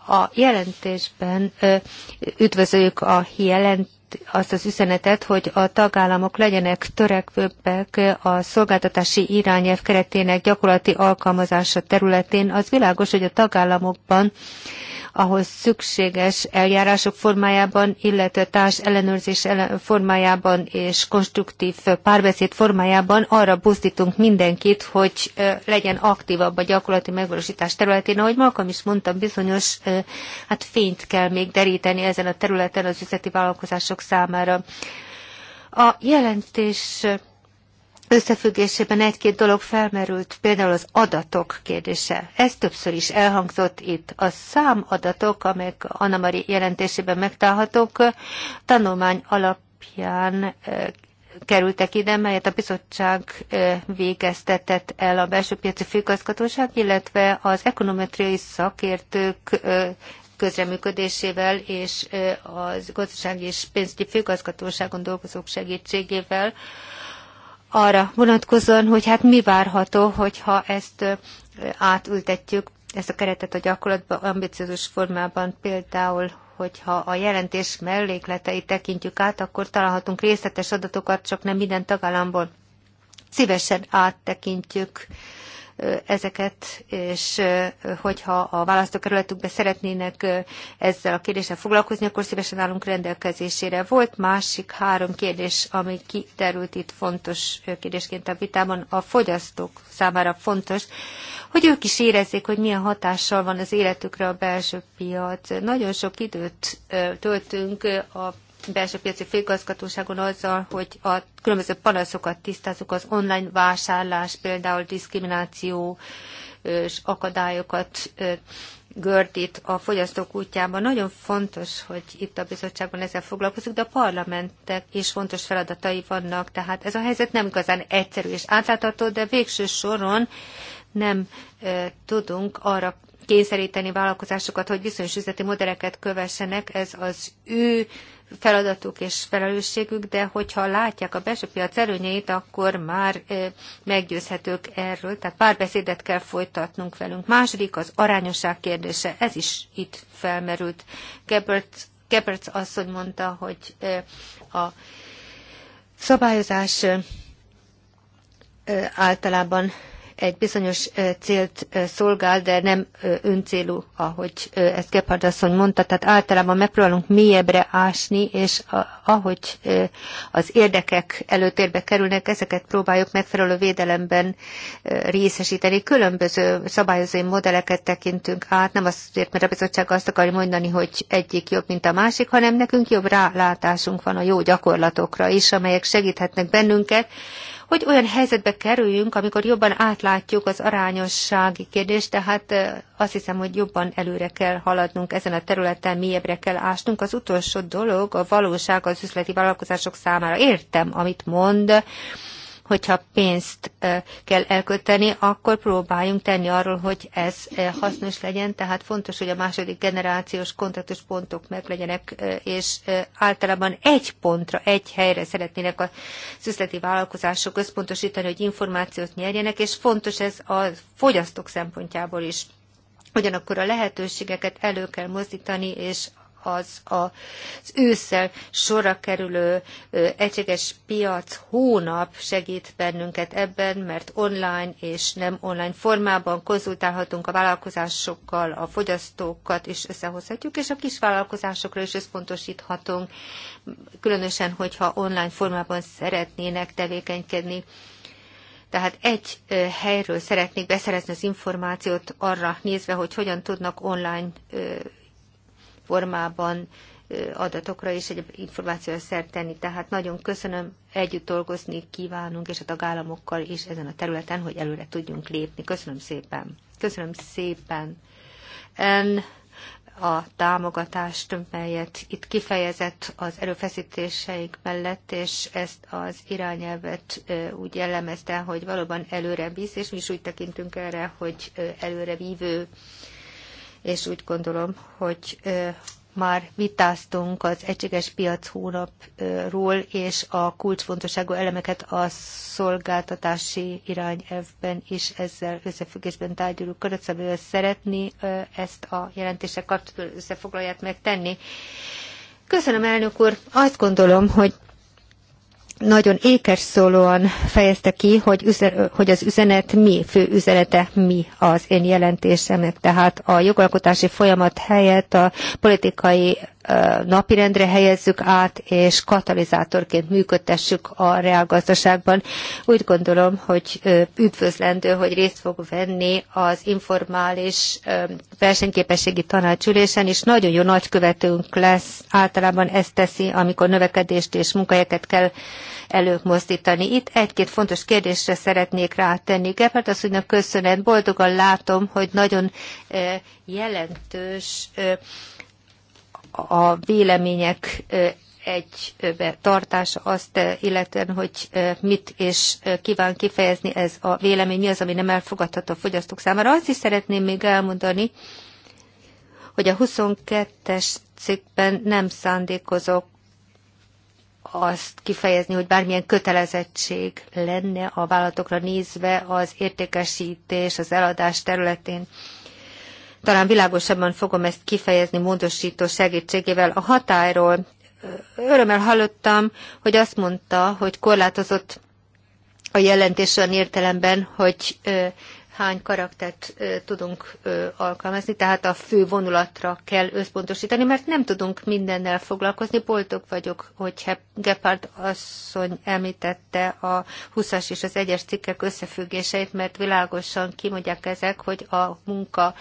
A jelentésben üdvözöljük a jelent azt az üzenetet, hogy a tagállamok legyenek törekvőbbek a szolgáltatási irányelv keretének gyakorlati alkalmazása területén. Az világos, hogy a tagállamokban ahhoz szükséges eljárások formájában, illetve társ ellenőrzés formájában és konstruktív párbeszéd formájában arra buzdítunk mindenkit, hogy legyen aktívabb a gyakorlati megvalósítás területén. Ahogy Malcolm is mondta, bizonyos hát fényt kell még deríteni ezen a területen az üzleti vállalkozások számára. A jelentés összefüggésében egy-két dolog felmerült, például az adatok kérdése. Ez többször is elhangzott itt. A számadatok, amelyek Anna-Mari jelentésében megtalálhatók, tanulmány alapján kerültek ide, melyet a bizottság végeztetett el a belső piaci főigazgatóság, illetve az ekonometriai szakértők közreműködésével és az gazdasági és pénzügyi főigazgatóságon dolgozók segítségével arra vonatkozóan, hogy hát mi várható, hogyha ezt átültetjük, ezt a keretet a gyakorlatba ambiciózus formában, például hogyha a jelentés mellékleteit tekintjük át, akkor találhatunk részletes adatokat, csak nem minden tagállamból. Szívesen áttekintjük ezeket, és hogyha a választókerületükben szeretnének ezzel a kérdéssel foglalkozni, akkor szívesen állunk rendelkezésére. Volt másik három kérdés, ami kiterült itt fontos kérdésként a vitában, a fogyasztók számára fontos, hogy ők is érezzék, hogy milyen hatással van az életükre a belső piac. Nagyon sok időt töltünk a belső piaci főigazgatóságon azzal, hogy a különböző panaszokat tisztázunk, az online vásárlás, például diszkrimináció és akadályokat gördít a fogyasztók útjában. Nagyon fontos, hogy itt a bizottságban ezzel foglalkozunk, de a parlamentek is fontos feladatai vannak, tehát ez a helyzet nem igazán egyszerű és átlátható, de végső soron nem e, tudunk arra kényszeríteni vállalkozásokat, hogy bizonyos üzleti modelleket kövessenek, ez az ő feladatuk és felelősségük, de hogyha látják a belső piac előnyeit, akkor már meggyőzhetők erről, tehát párbeszédet kell folytatnunk velünk. Második az arányosság kérdése, ez is itt felmerült. Gebert, Gebert asszony mondta, hogy a szabályozás általában egy bizonyos célt szolgál, de nem öncélú, ahogy ezt Gepard asszony mondta. Tehát általában megpróbálunk mélyebbre ásni, és ahogy az érdekek előtérbe kerülnek, ezeket próbáljuk megfelelő védelemben részesíteni. Különböző szabályozói modelleket tekintünk át, nem azért, mert a bizottság azt akarja mondani, hogy egyik jobb, mint a másik, hanem nekünk jobb rálátásunk van a jó gyakorlatokra is, amelyek segíthetnek bennünket, hogy olyan helyzetbe kerüljünk, amikor jobban átlátjuk az arányossági kérdést, tehát azt hiszem, hogy jobban előre kell haladnunk ezen a területen, mélyebbre kell ásnunk. Az utolsó dolog a valóság az üzleti vállalkozások számára. Értem, amit mond, hogyha pénzt kell elkölteni, akkor próbáljunk tenni arról, hogy ez hasznos legyen, tehát fontos, hogy a második generációs kontaktus pontok legyenek és általában egy pontra, egy helyre szeretnének a szüzleti vállalkozások összpontosítani, hogy információt nyerjenek, és fontos ez a fogyasztók szempontjából is. Ugyanakkor a lehetőségeket elő kell mozdítani, és az az ősszel sorra kerülő egységes piac hónap segít bennünket ebben, mert online és nem online formában konzultálhatunk a vállalkozásokkal, a fogyasztókat is összehozhatjuk, és a kisvállalkozásokra is összpontosíthatunk, különösen, hogyha online formában szeretnének tevékenykedni. Tehát egy helyről szeretnék beszerezni az információt arra nézve, hogy hogyan tudnak online formában adatokra és egy információra szert tenni. Tehát nagyon köszönöm, együtt dolgozni kívánunk, és a tagállamokkal is ezen a területen, hogy előre tudjunk lépni. Köszönöm szépen. Köszönöm szépen. En a támogatást, melyet itt kifejezett az erőfeszítéseik mellett, és ezt az irányelvet úgy jellemezte, hogy valóban előre visz, és mi is úgy tekintünk erre, hogy előre vívő és úgy gondolom, hogy már vitáztunk az egységes piac hónapról és a kulcsfontosságú elemeket a szolgáltatási irányelvben is ezzel összefüggésben tárgyalunk. Köröceből szeretni ezt a jelentéssel kapcsolatban összefoglalját megtenni. Köszönöm, elnök úr. Azt gondolom, hogy nagyon ékes szólóan fejezte ki, hogy, hogy az üzenet mi, fő üzenete mi az én jelentésemnek. Tehát a jogalkotási folyamat helyett a politikai napirendre helyezzük át, és katalizátorként működtessük a reálgazdaságban. Úgy gondolom, hogy üdvözlendő, hogy részt fog venni az informális versenyképességi tanácsülésen, és nagyon jó nagykövetőnk lesz, általában ezt teszi, amikor növekedést és munkahelyeket kell előmozdítani. Itt egy-két fontos kérdésre szeretnék rátenni. Gebhardt asszonynak köszönet, boldogan látom, hogy nagyon jelentős a vélemények egy tartása azt illetően, hogy mit és kíván kifejezni ez a vélemény, mi az, ami nem elfogadható a fogyasztók számára. Azt is szeretném még elmondani, hogy a 22-es cikkben nem szándékozok azt kifejezni, hogy bármilyen kötelezettség lenne a vállalatokra nézve az értékesítés, az eladás területén talán világosabban fogom ezt kifejezni módosító segítségével. A hatályról örömmel hallottam, hogy azt mondta, hogy korlátozott a jelentés olyan értelemben, hogy hány karaktert tudunk alkalmazni, tehát a fő vonulatra kell összpontosítani, mert nem tudunk mindennel foglalkozni. Boldog vagyok, hogy Gepard asszony említette a 20-as és az 1-es cikkek összefüggéseit, mert világosan kimondják ezek, hogy a munka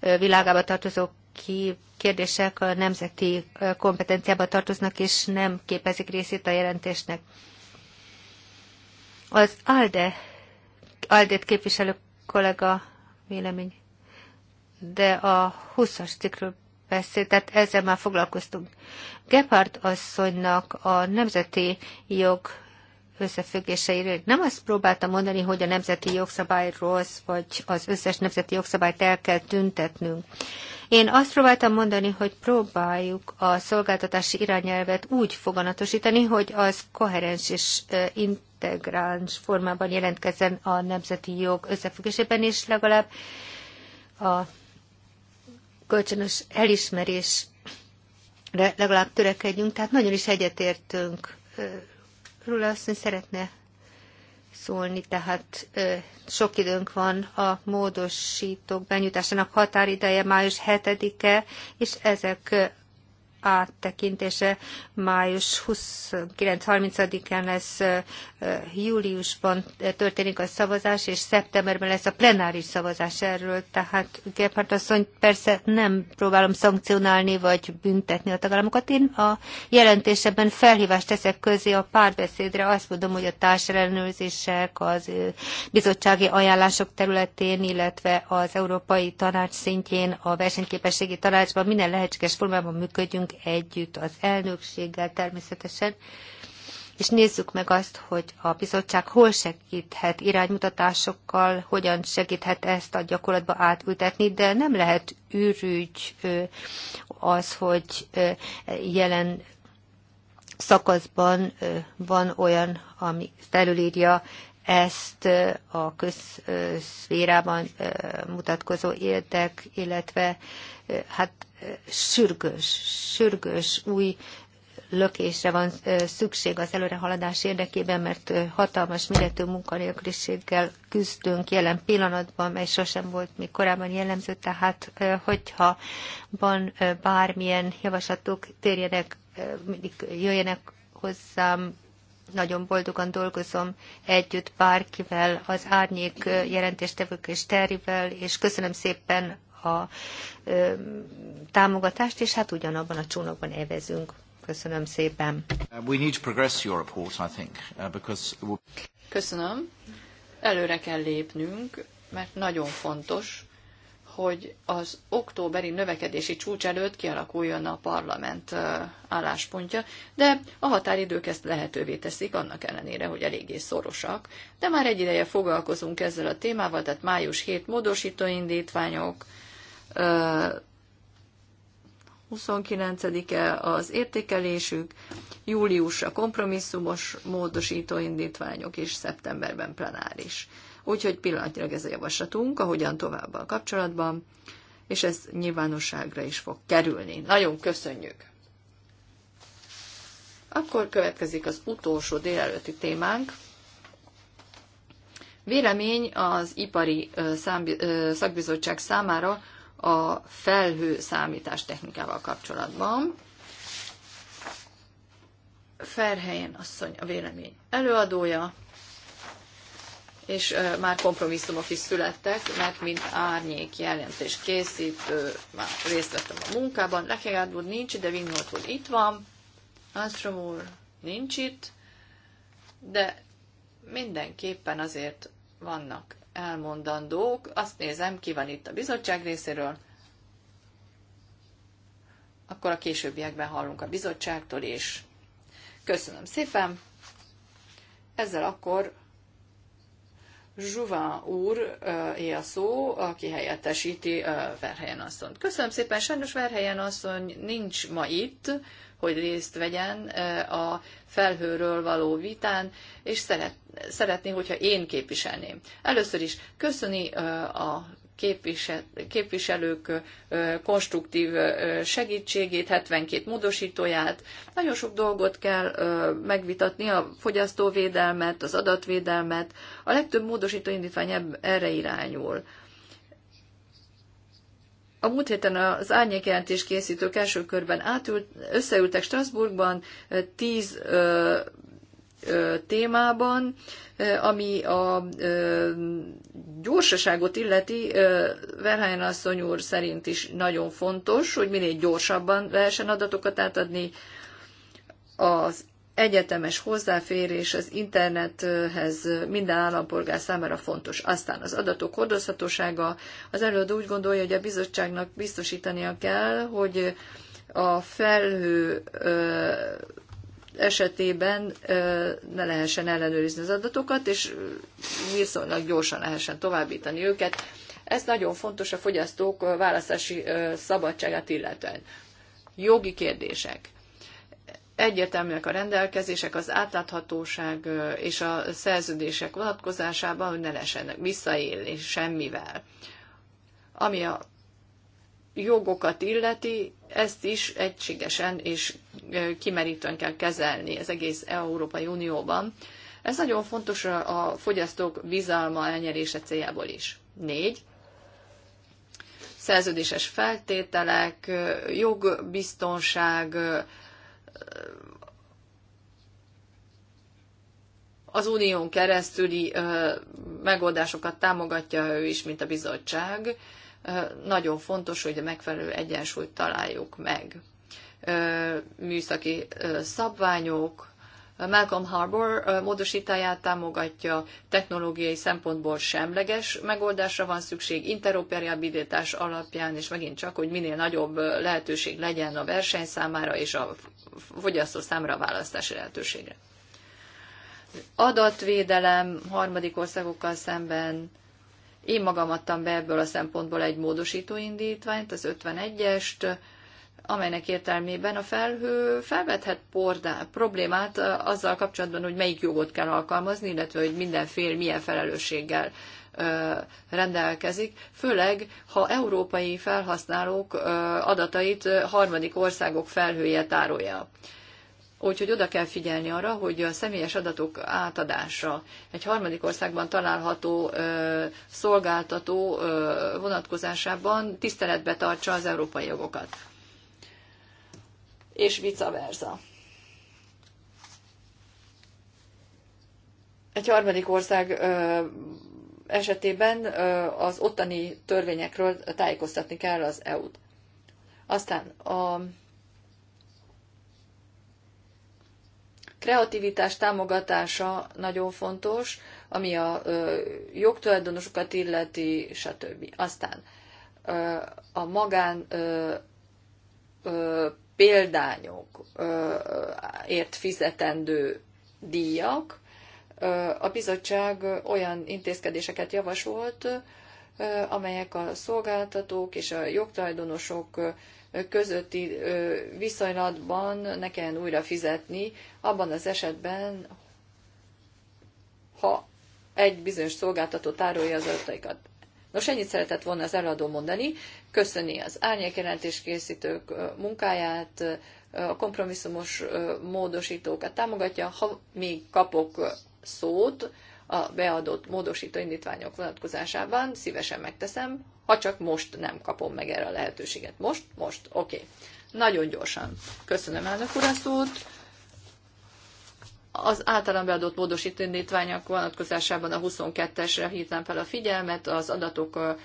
világába tartozó kérdések a nemzeti kompetenciába tartoznak, és nem képezik részét a jelentésnek. Az ALDE Aldét képviselők kollega vélemény. De a 20-as cikkről beszélt, tehát ezzel már foglalkoztunk. Gephardt asszonynak a nemzeti jog összefüggéseiről. Nem azt próbáltam mondani, hogy a nemzeti jogszabály rossz, vagy az összes nemzeti jogszabályt el kell tüntetnünk. Én azt próbáltam mondani, hogy próbáljuk a szolgáltatási irányelvet úgy foganatosítani, hogy az koherens és integráns formában jelentkezzen a nemzeti jog összefüggésében, és legalább a kölcsönös elismerés legalább törekedjünk, tehát nagyon is egyetértünk. Róla azt szeretne szólni, tehát sok időnk van a módosítók benyújtásának határideje május 7-e, és ezek áttekintése május 29-30-án lesz júliusban történik a szavazás, és szeptemberben lesz a plenáris szavazás erről. Tehát Gephardt asszony, persze nem próbálom szankcionálni vagy büntetni a tagállamokat. Én a jelentésemben felhívást teszek közé a párbeszédre. Azt mondom, hogy a társellenőrzések, az bizottsági ajánlások területén, illetve az Európai Tanács szintjén, a versenyképességi tanácsban minden lehetséges formában működjünk együtt az elnökséggel természetesen és nézzük meg azt, hogy a bizottság hol segíthet iránymutatásokkal, hogyan segíthet ezt a gyakorlatba átültetni, de nem lehet űrügy az, hogy jelen szakaszban van olyan, ami felülírja ezt a közszférában mutatkozó érdek, illetve hát sürgős, sürgős új lökésre van szükség az előrehaladás érdekében, mert hatalmas méretű munkanélküliséggel küzdünk jelen pillanatban, mely sosem volt még korábban jellemző, tehát hogyha van bármilyen javaslatuk, térjenek, mindig jöjjenek hozzám, nagyon boldogan dolgozom együtt bárkivel, az árnyék jelentéstevők és Terivel, és köszönöm szépen a ö, támogatást, és hát ugyanabban a csónakban evezünk. Köszönöm szépen. Uh, we need to progress your report, I think, uh, because... Köszönöm. Előre kell lépnünk, mert nagyon fontos, hogy az októberi növekedési csúcs előtt kialakuljon a parlament uh, álláspontja, de a határidők ezt lehetővé teszik, annak ellenére, hogy eléggé szorosak. De már egy ideje foglalkozunk ezzel a témával, tehát május 7 indítványok. 29-e az értékelésük, júliusra kompromisszumos módosító indítványok és szeptemberben plenáris. Úgyhogy pillanatnyilag ez a javaslatunk, ahogyan tovább a kapcsolatban, és ez nyilvánosságra is fog kerülni. Nagyon köszönjük! Akkor következik az utolsó délelőtti témánk. Vélemény az ipari szakbizottság számára a felhő számítás technikával kapcsolatban. Ferhelyen asszony a vélemény előadója, és már kompromisszumok is születtek, mert mint árnyék jelentés készítő, már részt vettem a munkában. Lekegárd úr nincs, de Vinholt úr itt van, Armstrong úr nincs itt, de mindenképpen azért vannak elmondandók. Azt nézem, ki van itt a bizottság részéről. Akkor a későbbiekben hallunk a bizottságtól is. Köszönöm szépen. Ezzel akkor Zsuván úr é a szó, aki helyettesíti Verhelyen asszonyt. Köszönöm szépen, sajnos Verhelyen asszony nincs ma itt, hogy részt vegyen a felhőről való vitán, és szeret, szeretné, hogyha én képviselném. Először is köszöni a képviselők konstruktív segítségét, 72 módosítóját. Nagyon sok dolgot kell megvitatni, a fogyasztóvédelmet, az adatvédelmet. A legtöbb módosító indítvány erre irányul. A múlt héten az árnyékjelentés készítők első körben átült, összeültek Strasbourgban tíz ö, ö, témában, ami a ö, gyorsaságot illeti, Verhelyen asszony úr szerint is nagyon fontos, hogy minél gyorsabban lehessen adatokat átadni az egyetemes hozzáférés az internethez minden állampolgár számára fontos. Aztán az adatok hordozhatósága. Az előadó úgy gondolja, hogy a bizottságnak biztosítania kell, hogy a felhő esetében ne lehessen ellenőrizni az adatokat, és viszonylag gyorsan lehessen továbbítani őket. Ez nagyon fontos a fogyasztók választási szabadságát illetően. Jogi kérdések egyértelműek a rendelkezések az átláthatóság és a szerződések vonatkozásában, hogy ne lesenek visszaélni semmivel. Ami a jogokat illeti, ezt is egységesen és kimerítően kell kezelni az egész Európai Unióban. Ez nagyon fontos a fogyasztók bizalma elnyerése céljából is. Négy. Szerződéses feltételek, jogbiztonság, az unión keresztüli megoldásokat támogatja ő is, mint a bizottság. Nagyon fontos, hogy a megfelelő egyensúlyt találjuk meg. Műszaki szabványok, Malcolm Harbour módosítáját támogatja, technológiai szempontból semleges megoldásra van szükség, interoperabilitás alapján, és megint csak, hogy minél nagyobb lehetőség legyen a verseny számára és a fogyasztó számára a választási lehetőségre. Adatvédelem harmadik országokkal szemben, én magam adtam be ebből a szempontból egy módosító indítványt, az 51-est, amelynek értelmében a felhő felvethet pordá, problémát azzal kapcsolatban, hogy melyik jogot kell alkalmazni, illetve hogy minden fél milyen felelősséggel rendelkezik, főleg ha európai felhasználók adatait harmadik országok felhője tárolja. Úgyhogy oda kell figyelni arra, hogy a személyes adatok átadása egy harmadik országban található ö, szolgáltató ö, vonatkozásában tiszteletbe tartsa az európai jogokat és vice versa. Egy harmadik ország esetében az ottani törvényekről tájékoztatni kell az EU-t. Aztán a kreativitás támogatása nagyon fontos, ami a jogtulajdonosokat illeti, stb. Aztán a magán példányokért fizetendő díjak, a bizottság olyan intézkedéseket javasolt, amelyek a szolgáltatók és a jogtajdonosok közötti viszonylatban ne kelljen újra fizetni, abban az esetben, ha egy bizonyos szolgáltató tárolja az adataikat. Nos, ennyit szeretett volna az előadó mondani. Köszöni az árnyékjelentés készítők munkáját, a kompromisszumos módosítókat támogatja. Ha még kapok szót a beadott módosító indítványok vonatkozásában, szívesen megteszem, ha csak most nem kapom meg erre a lehetőséget. Most? Most. Oké. Okay. Nagyon gyorsan. Köszönöm elnök urasztót az általam beadott módosító indítványok vonatkozásában a 22-esre hívnám fel a figyelmet, az adatok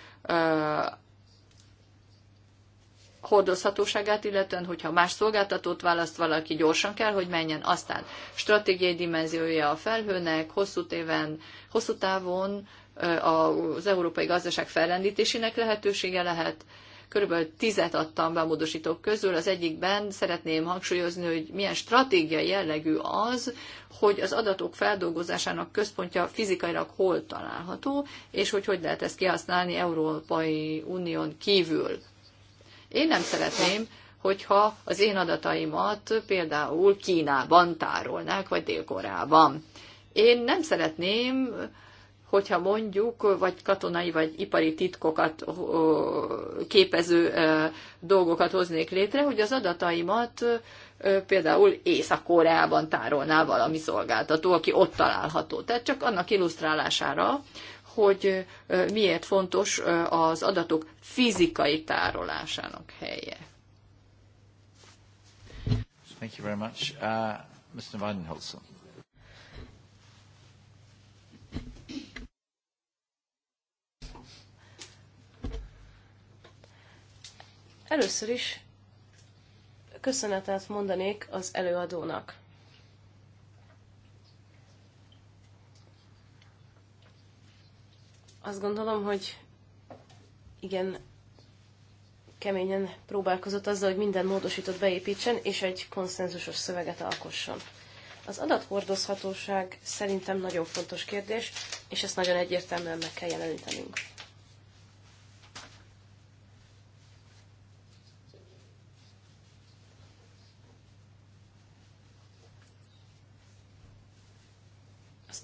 hordozhatóságát, illetően, hogyha más szolgáltatót választ valaki, gyorsan kell, hogy menjen. Aztán stratégiai dimenziója a felhőnek, hosszú, téven, hosszú távon az európai gazdaság fellendítésének lehetősége lehet, körülbelül tizet adtam be a módosítók közül. Az egyikben szeretném hangsúlyozni, hogy milyen stratégiai jellegű az, hogy az adatok feldolgozásának központja fizikailag hol található, és hogy hogy lehet ezt kihasználni Európai Unión kívül. Én nem szeretném, hogyha az én adataimat például Kínában tárolnák, vagy Dél-Koreában. Én nem szeretném, hogyha mondjuk, vagy katonai, vagy ipari titkokat képező dolgokat hoznék létre, hogy az adataimat például Észak-Koreában tárolná valami szolgáltató, aki ott található. Tehát csak annak illusztrálására, hogy miért fontos az adatok fizikai tárolásának helye. Thank you very much. Uh, Mr. Weidenholzer. Először is köszönetet mondanék az előadónak. Azt gondolom, hogy igen, keményen próbálkozott azzal, hogy minden módosított beépítsen, és egy konszenzusos szöveget alkosson. Az adathordozhatóság szerintem nagyon fontos kérdés, és ezt nagyon egyértelműen meg kell jelenítenünk.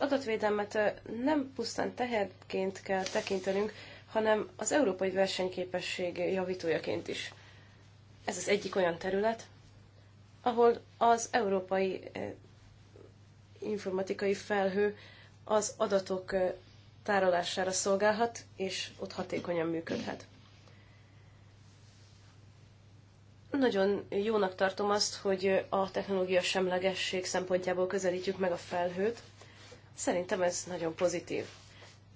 adatvédelmet nem pusztán teherként kell tekintenünk, hanem az európai versenyképesség javítójaként is. Ez az egyik olyan terület, ahol az európai informatikai felhő az adatok tárolására szolgálhat, és ott hatékonyan működhet. Nagyon jónak tartom azt, hogy a technológia semlegesség szempontjából közelítjük meg a felhőt, Szerintem ez nagyon pozitív.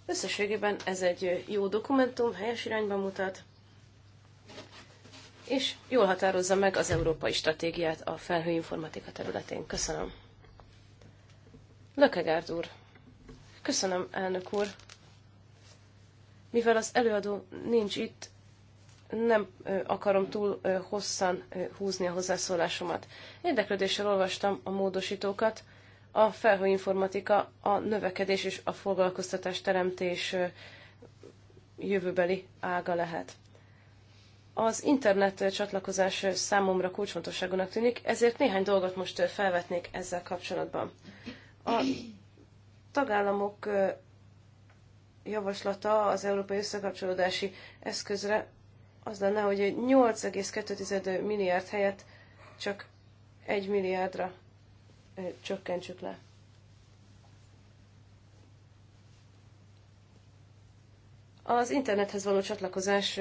Összességében ez egy jó dokumentum, helyes irányba mutat, és jól határozza meg az európai stratégiát a felhőinformatika területén. Köszönöm. Lökegárd úr. Köszönöm, elnök úr. Mivel az előadó nincs itt, nem akarom túl hosszan húzni a hozzászólásomat. Érdeklődéssel olvastam a módosítókat, a felhőinformatika a növekedés és a foglalkoztatás teremtés jövőbeli ága lehet. Az internet csatlakozás számomra kulcsfontosságúnak tűnik, ezért néhány dolgot most felvetnék ezzel kapcsolatban. A tagállamok javaslata az európai összekapcsolódási eszközre az lenne, hogy 8,2 milliárd helyett csak 1 milliárdra csökkentsük le. Az internethez való csatlakozás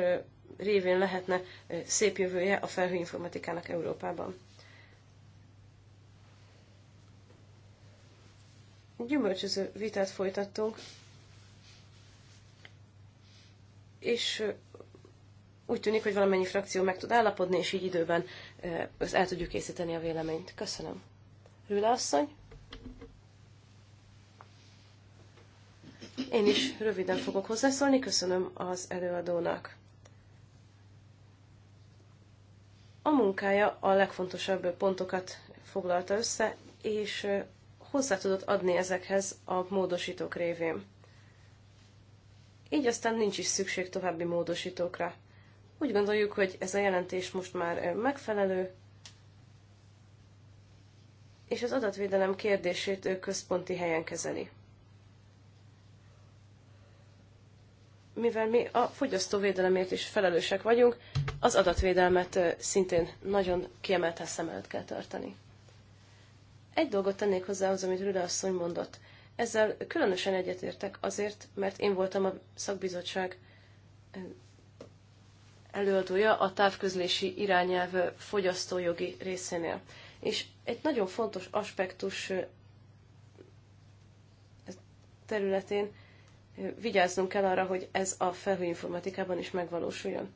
révén lehetne szép jövője a felhőinformatikának Európában. Gyümölcsöző vitát folytattunk, és úgy tűnik, hogy valamennyi frakció meg tud állapodni, és így időben el tudjuk készíteni a véleményt. Köszönöm. Rüle asszony. Én is röviden fogok hozzászólni, köszönöm az előadónak. A munkája a legfontosabb pontokat foglalta össze, és hozzá tudott adni ezekhez a módosítók révén. Így aztán nincs is szükség további módosítókra. Úgy gondoljuk, hogy ez a jelentés most már megfelelő, és az adatvédelem kérdését ő központi helyen kezeli. Mivel mi a fogyasztóvédelemért is felelősek vagyunk, az adatvédelmet szintén nagyon kiemelt szem előtt kell tartani. Egy dolgot tennék hozzá az, amit Rüle asszony mondott. Ezzel különösen egyetértek azért, mert én voltam a szakbizottság előadója a távközlési irányelv fogyasztójogi részénél. És egy nagyon fontos aspektus területén vigyáznunk kell arra, hogy ez a felhőinformatikában is megvalósuljon.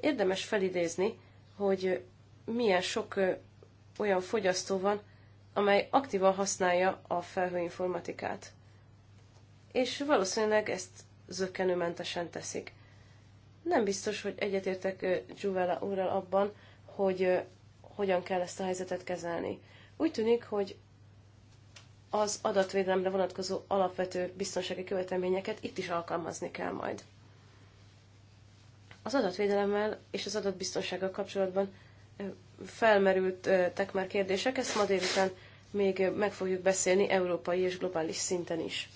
Érdemes felidézni, hogy milyen sok olyan fogyasztó van, amely aktívan használja a felhőinformatikát. És valószínűleg ezt zökkenőmentesen teszik. Nem biztos, hogy egyetértek Juvela úrral abban, hogy hogyan kell ezt a helyzetet kezelni. Úgy tűnik, hogy az adatvédelemre vonatkozó alapvető biztonsági követelményeket itt is alkalmazni kell majd. Az adatvédelemmel és az adatbiztonsággal kapcsolatban felmerültek már kérdések, ezt ma délután még meg fogjuk beszélni európai és globális szinten is.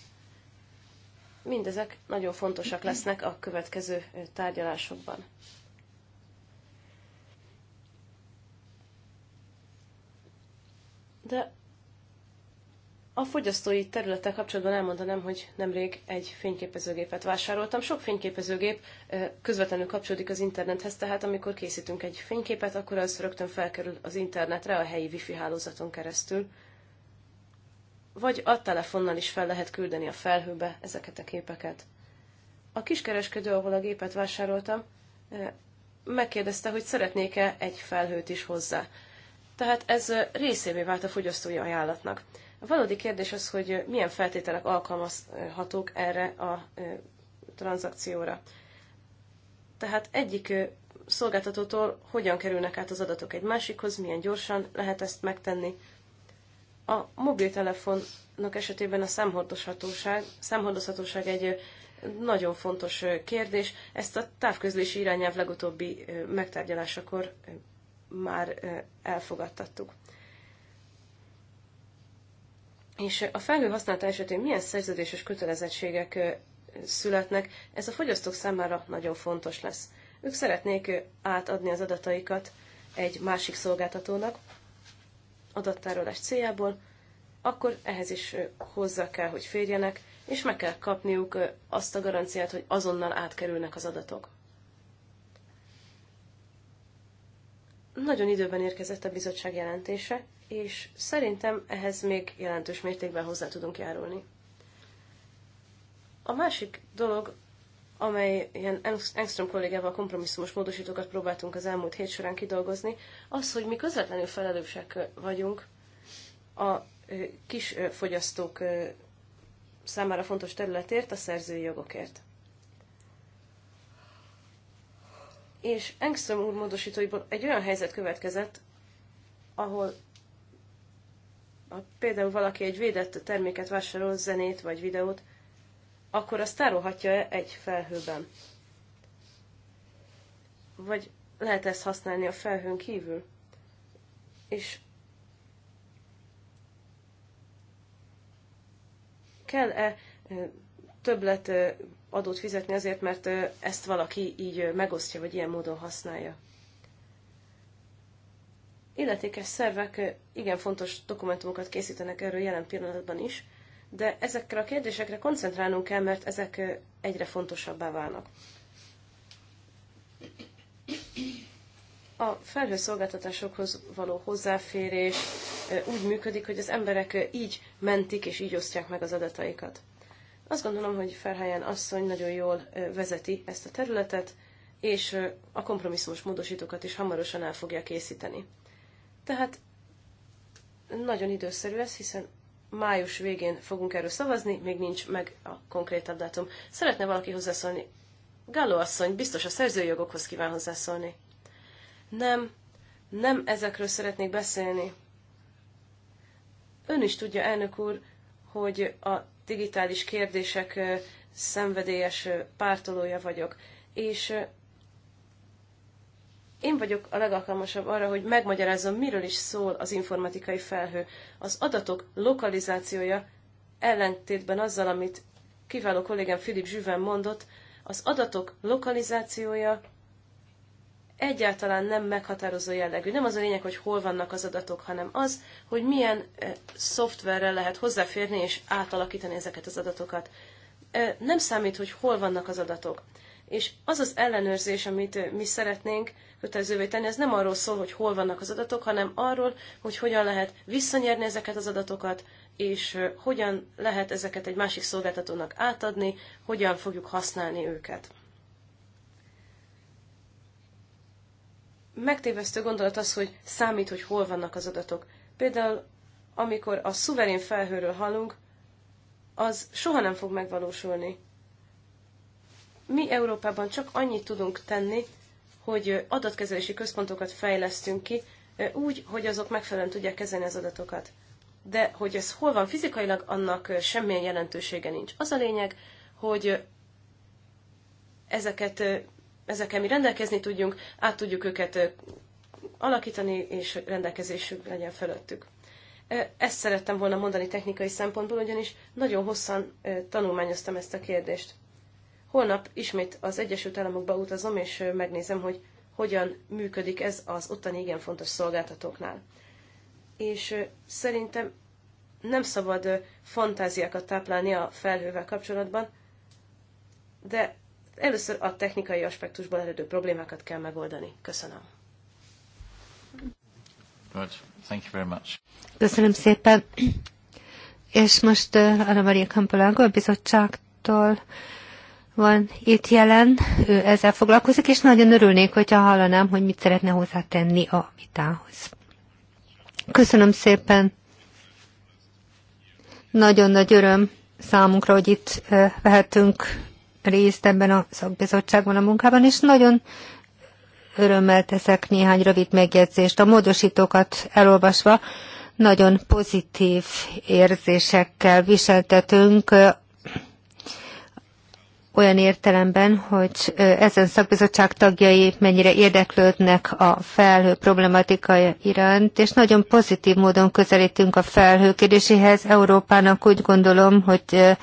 Mindezek nagyon fontosak lesznek a következő tárgyalásokban. De a fogyasztói területtel kapcsolatban elmondanám, hogy nemrég egy fényképezőgépet vásároltam. Sok fényképezőgép közvetlenül kapcsolódik az internethez, tehát amikor készítünk egy fényképet, akkor az rögtön felkerül az internetre a helyi wifi hálózaton keresztül. Vagy a telefonnal is fel lehet küldeni a felhőbe ezeket a képeket. A kiskereskedő, ahol a gépet vásároltam, megkérdezte, hogy szeretnék-e egy felhőt is hozzá tehát ez részévé vált a fogyasztói ajánlatnak. A valódi kérdés az, hogy milyen feltételek alkalmazhatók erre a tranzakcióra. Tehát egyik szolgáltatótól hogyan kerülnek át az adatok egy másikhoz, milyen gyorsan lehet ezt megtenni. A mobiltelefonnak esetében a számhordozhatóság, számhordozhatóság egy nagyon fontos kérdés. Ezt a távközlési irányelv legutóbbi megtárgyalásakor már elfogadtattuk. És a felhő használata esetén milyen szerződéses kötelezettségek születnek, ez a fogyasztók számára nagyon fontos lesz. Ők szeretnék átadni az adataikat egy másik szolgáltatónak, adattárolás céljából, akkor ehhez is hozzá kell, hogy férjenek, és meg kell kapniuk azt a garanciát, hogy azonnal átkerülnek az adatok. Nagyon időben érkezett a bizottság jelentése, és szerintem ehhez még jelentős mértékben hozzá tudunk járulni. A másik dolog, amely ilyen Engström kollégával kompromisszumos módosítókat próbáltunk az elmúlt hét során kidolgozni, az, hogy mi közvetlenül felelősek vagyunk a kis fogyasztók számára fontos területért, a szerzői jogokért. és Engström úr módosítóiból egy olyan helyzet következett, ahol ha például valaki egy védett terméket vásárol, zenét vagy videót, akkor azt tárolhatja-e egy felhőben? Vagy lehet ezt használni a felhőn kívül? És kell-e többlet adót fizetni azért, mert ezt valaki így megosztja, vagy ilyen módon használja. Illetékes szervek igen fontos dokumentumokat készítenek erről jelen pillanatban is, de ezekre a kérdésekre koncentrálnunk kell, mert ezek egyre fontosabbá válnak. A felhőszolgáltatásokhoz való hozzáférés úgy működik, hogy az emberek így mentik és így osztják meg az adataikat. Azt gondolom, hogy Ferhelyen asszony nagyon jól vezeti ezt a területet, és a kompromisszumos módosítókat is hamarosan el fogja készíteni. Tehát nagyon időszerű ez, hiszen május végén fogunk erről szavazni, még nincs meg a konkrétabb dátum. Szeretne valaki hozzászólni? Galló asszony, biztos a szerzőjogokhoz kíván hozzászólni. Nem, nem ezekről szeretnék beszélni. Ön is tudja, elnök úr, hogy a digitális kérdések szenvedélyes pártolója vagyok. És én vagyok a legalkalmasabb arra, hogy megmagyarázzam, miről is szól az informatikai felhő. Az adatok lokalizációja ellentétben azzal, amit kiváló kollégám Filip Zsüven mondott, az adatok lokalizációja egyáltalán nem meghatározó jellegű. Nem az a lényeg, hogy hol vannak az adatok, hanem az, hogy milyen eh, szoftverrel lehet hozzáférni és átalakítani ezeket az adatokat. Eh, nem számít, hogy hol vannak az adatok. És az az ellenőrzés, amit eh, mi szeretnénk kötelezővé tenni, ez nem arról szól, hogy hol vannak az adatok, hanem arról, hogy hogyan lehet visszanyerni ezeket az adatokat, és hogyan lehet ezeket egy másik szolgáltatónak átadni, hogyan fogjuk használni őket. megtévesztő gondolat az, hogy számít, hogy hol vannak az adatok. Például, amikor a szuverén felhőről hallunk, az soha nem fog megvalósulni. Mi Európában csak annyit tudunk tenni, hogy adatkezelési központokat fejlesztünk ki, úgy, hogy azok megfelelően tudják kezelni az adatokat. De hogy ez hol van fizikailag, annak semmilyen jelentősége nincs. Az a lényeg, hogy ezeket ezekkel mi rendelkezni tudjunk, át tudjuk őket alakítani, és rendelkezésük legyen fölöttük. Ezt szerettem volna mondani technikai szempontból, ugyanis nagyon hosszan tanulmányoztam ezt a kérdést. Holnap ismét az Egyesült Államokba utazom, és megnézem, hogy hogyan működik ez az ottani igen fontos szolgáltatóknál. És szerintem nem szabad fantáziákat táplálni a felhővel kapcsolatban, de először a technikai aspektusból eredő problémákat kell megoldani. Köszönöm. Good. Thank you very much. Köszönöm szépen. És most eh, Anna Maria Kampolánko a bizottságtól van itt jelen, ő ezzel foglalkozik, és nagyon örülnék, hogyha hallanám, hogy mit szeretne hozzátenni a vitához. Köszönöm szépen. Nagyon nagy öröm számunkra, hogy itt eh, vehetünk részt ebben a szakbizottságban a munkában, és nagyon örömmel teszek néhány rövid megjegyzést. A módosítókat elolvasva nagyon pozitív érzésekkel viseltetünk olyan értelemben, hogy ezen szakbizottság tagjai mennyire érdeklődnek a felhő problematika iránt, és nagyon pozitív módon közelítünk a felhő kérdéséhez. Európának úgy gondolom, hogy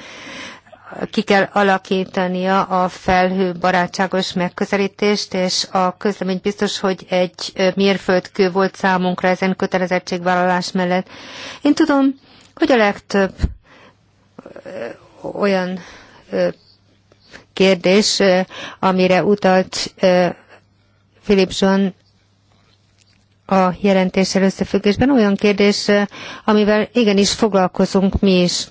ki kell alakítania a felhő barátságos megközelítést, és a közlemény biztos, hogy egy mérföldkő volt számunkra ezen kötelezettségvállalás mellett. Én tudom, hogy a legtöbb olyan kérdés, amire utalt Philip John a jelentéssel összefüggésben, olyan kérdés, amivel igenis foglalkozunk mi is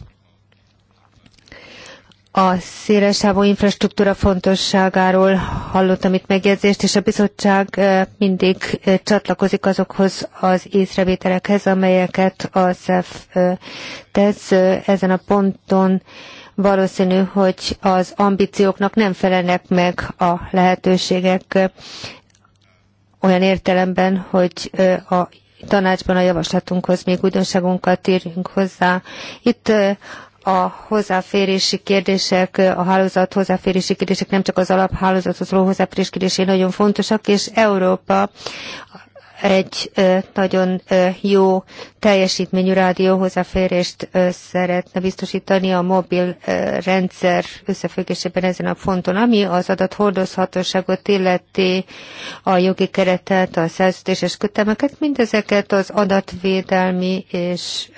a szélesávú infrastruktúra fontosságáról hallottam itt megjegyzést, és a bizottság eh, mindig eh, csatlakozik azokhoz az észrevételekhez, amelyeket a SZEF eh, tesz. Ezen a ponton valószínű, hogy az ambícióknak nem felelnek meg a lehetőségek olyan értelemben, hogy a tanácsban a javaslatunkhoz még újdonságunkat írjunk hozzá. Itt a hozzáférési kérdések, a hálózat hozzáférési kérdések, nem csak az alaphálózathoz való hozzáférés kérdésé nagyon fontosak, és Európa egy nagyon jó teljesítményű rádió hozzáférést szeretne biztosítani a mobil rendszer összefüggésében ezen a fonton, ami az adat hordozhatóságot illeti a jogi keretet, a szerződéses kötelmeket, mindezeket az adatvédelmi és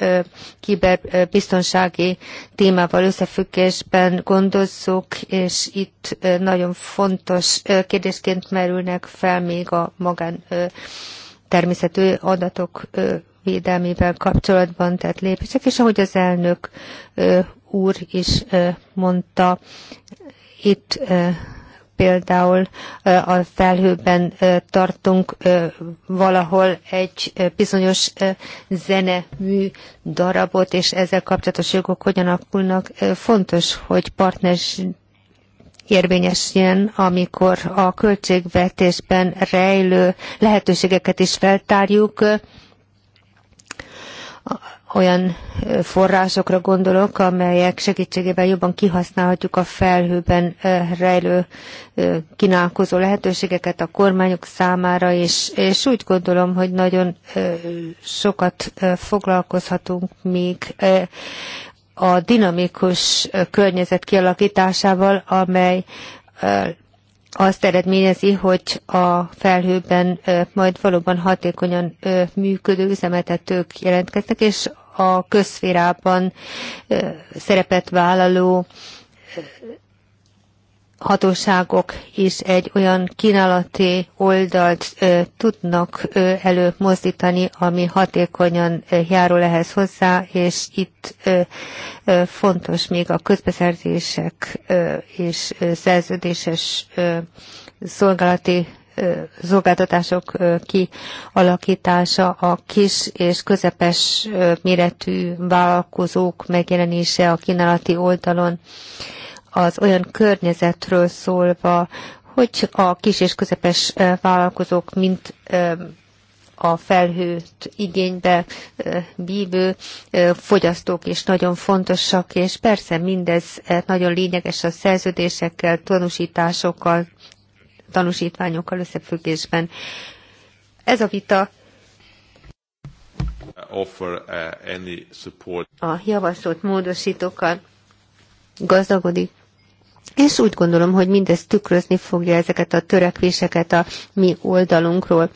kiberbiztonsági témával összefüggésben gondozzuk, és itt nagyon fontos kérdésként merülnek fel még a magán természetű adatok védelmével kapcsolatban tett lépések, és ahogy az elnök úr is mondta, itt például a felhőben tartunk valahol egy bizonyos zenemű darabot, és ezzel kapcsolatos jogok hogyan alakulnak. Fontos, hogy partners, érvényesüljön, amikor a költségvetésben rejlő lehetőségeket is feltárjuk. Olyan forrásokra gondolok, amelyek segítségével jobban kihasználhatjuk a felhőben eh, rejlő eh, kínálkozó lehetőségeket a kormányok számára, és, és úgy gondolom, hogy nagyon eh, sokat foglalkozhatunk még a dinamikus környezet kialakításával, amely azt eredményezi, hogy a felhőben majd valóban hatékonyan működő üzemeltetők jelentkeznek, és a közszférában szerepet vállaló hatóságok is egy olyan kínálati oldalt ö, tudnak ö, előmozdítani, ami hatékonyan ö, járul ehhez hozzá, és itt ö, ö, fontos még a közbeszerzések ö, és ö, szerződéses ö, szolgálati szolgáltatások kialakítása, a kis és közepes méretű vállalkozók megjelenése a kínálati oldalon. Ö, az olyan környezetről szólva, hogy a kis és közepes vállalkozók, mint a felhőt igénybe bívő fogyasztók is nagyon fontosak, és persze mindez nagyon lényeges a szerződésekkel, tanúsításokkal, tanúsítványokkal összefüggésben. Ez a vita offer uh, any support. a javasolt módosítókkal gazdagodik és úgy gondolom, hogy mindez tükrözni fogja ezeket a törekvéseket a mi oldalunkról.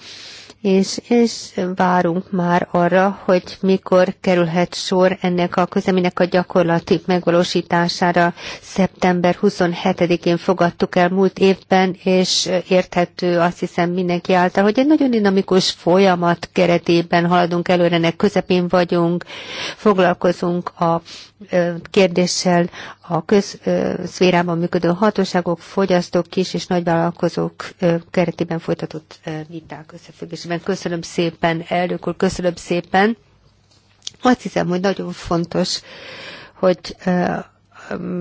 És, és várunk már arra, hogy mikor kerülhet sor ennek a közeminek a gyakorlati megvalósítására. Szeptember 27-én fogadtuk el múlt évben, és érthető azt hiszem mindenki által, hogy egy nagyon dinamikus folyamat keretében haladunk előre, ennek közepén vagyunk, foglalkozunk a kérdéssel a közszférában működő hatóságok, fogyasztók, kis és nagyvállalkozók keretében folytatott viták összefüggésében. Köszönöm szépen, elnök úr, köszönöm szépen. Azt hiszem, hogy nagyon fontos, hogy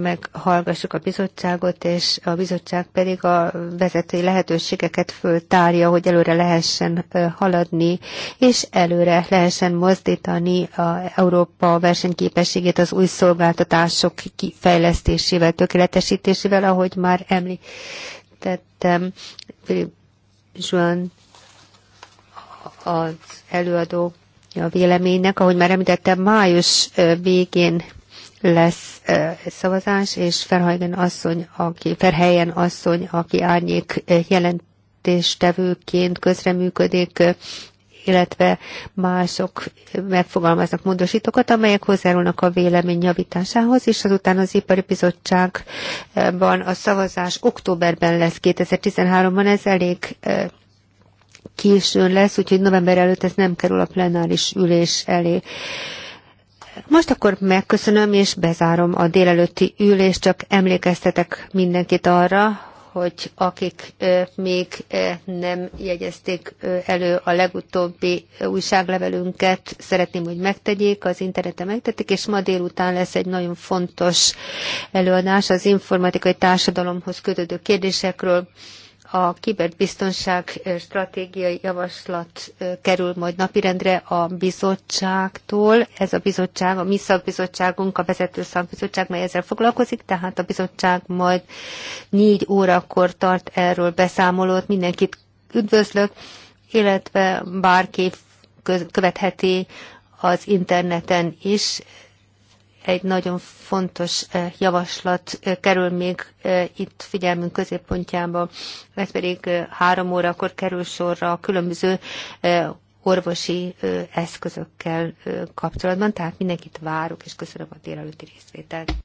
meghallgassuk a bizottságot, és a bizottság pedig a vezetői lehetőségeket föltárja, hogy előre lehessen haladni, és előre lehessen mozdítani a Európa versenyképességét az új szolgáltatások kifejlesztésével, tökéletesítésével, ahogy már említettem, Zsuan az előadó a véleménynek, ahogy már említettem, május végén lesz szavazás, és Ferhajgen asszony, aki, Ferhelyen asszony, aki árnyék jelentéstevőként közreműködik, illetve mások megfogalmaznak módosítókat, amelyek hozzárulnak a vélemény javításához, és azután az Ipari Bizottságban a szavazás októberben lesz 2013-ban, ez elég későn lesz, úgyhogy november előtt ez nem kerül a plenáris ülés elé. Most akkor megköszönöm és bezárom a délelőtti ülést, csak emlékeztetek mindenkit arra, hogy akik még nem jegyezték elő a legutóbbi újságlevelünket, szeretném, hogy megtegyék, az interneten megtették, és ma délután lesz egy nagyon fontos előadás az informatikai társadalomhoz kötődő kérdésekről a kiberbiztonság stratégiai javaslat kerül majd napirendre a bizottságtól. Ez a bizottság, a mi szakbizottságunk, a vezető szakbizottság, mely ezzel foglalkozik, tehát a bizottság majd négy órakor tart erről beszámolót. Mindenkit üdvözlök, illetve bárki követheti az interneten is egy nagyon fontos javaslat kerül még itt figyelmünk középpontjába, ez pedig három órakor kerül sorra a különböző orvosi eszközökkel kapcsolatban, tehát mindenkit várok, és köszönöm a délelőtti részvételt.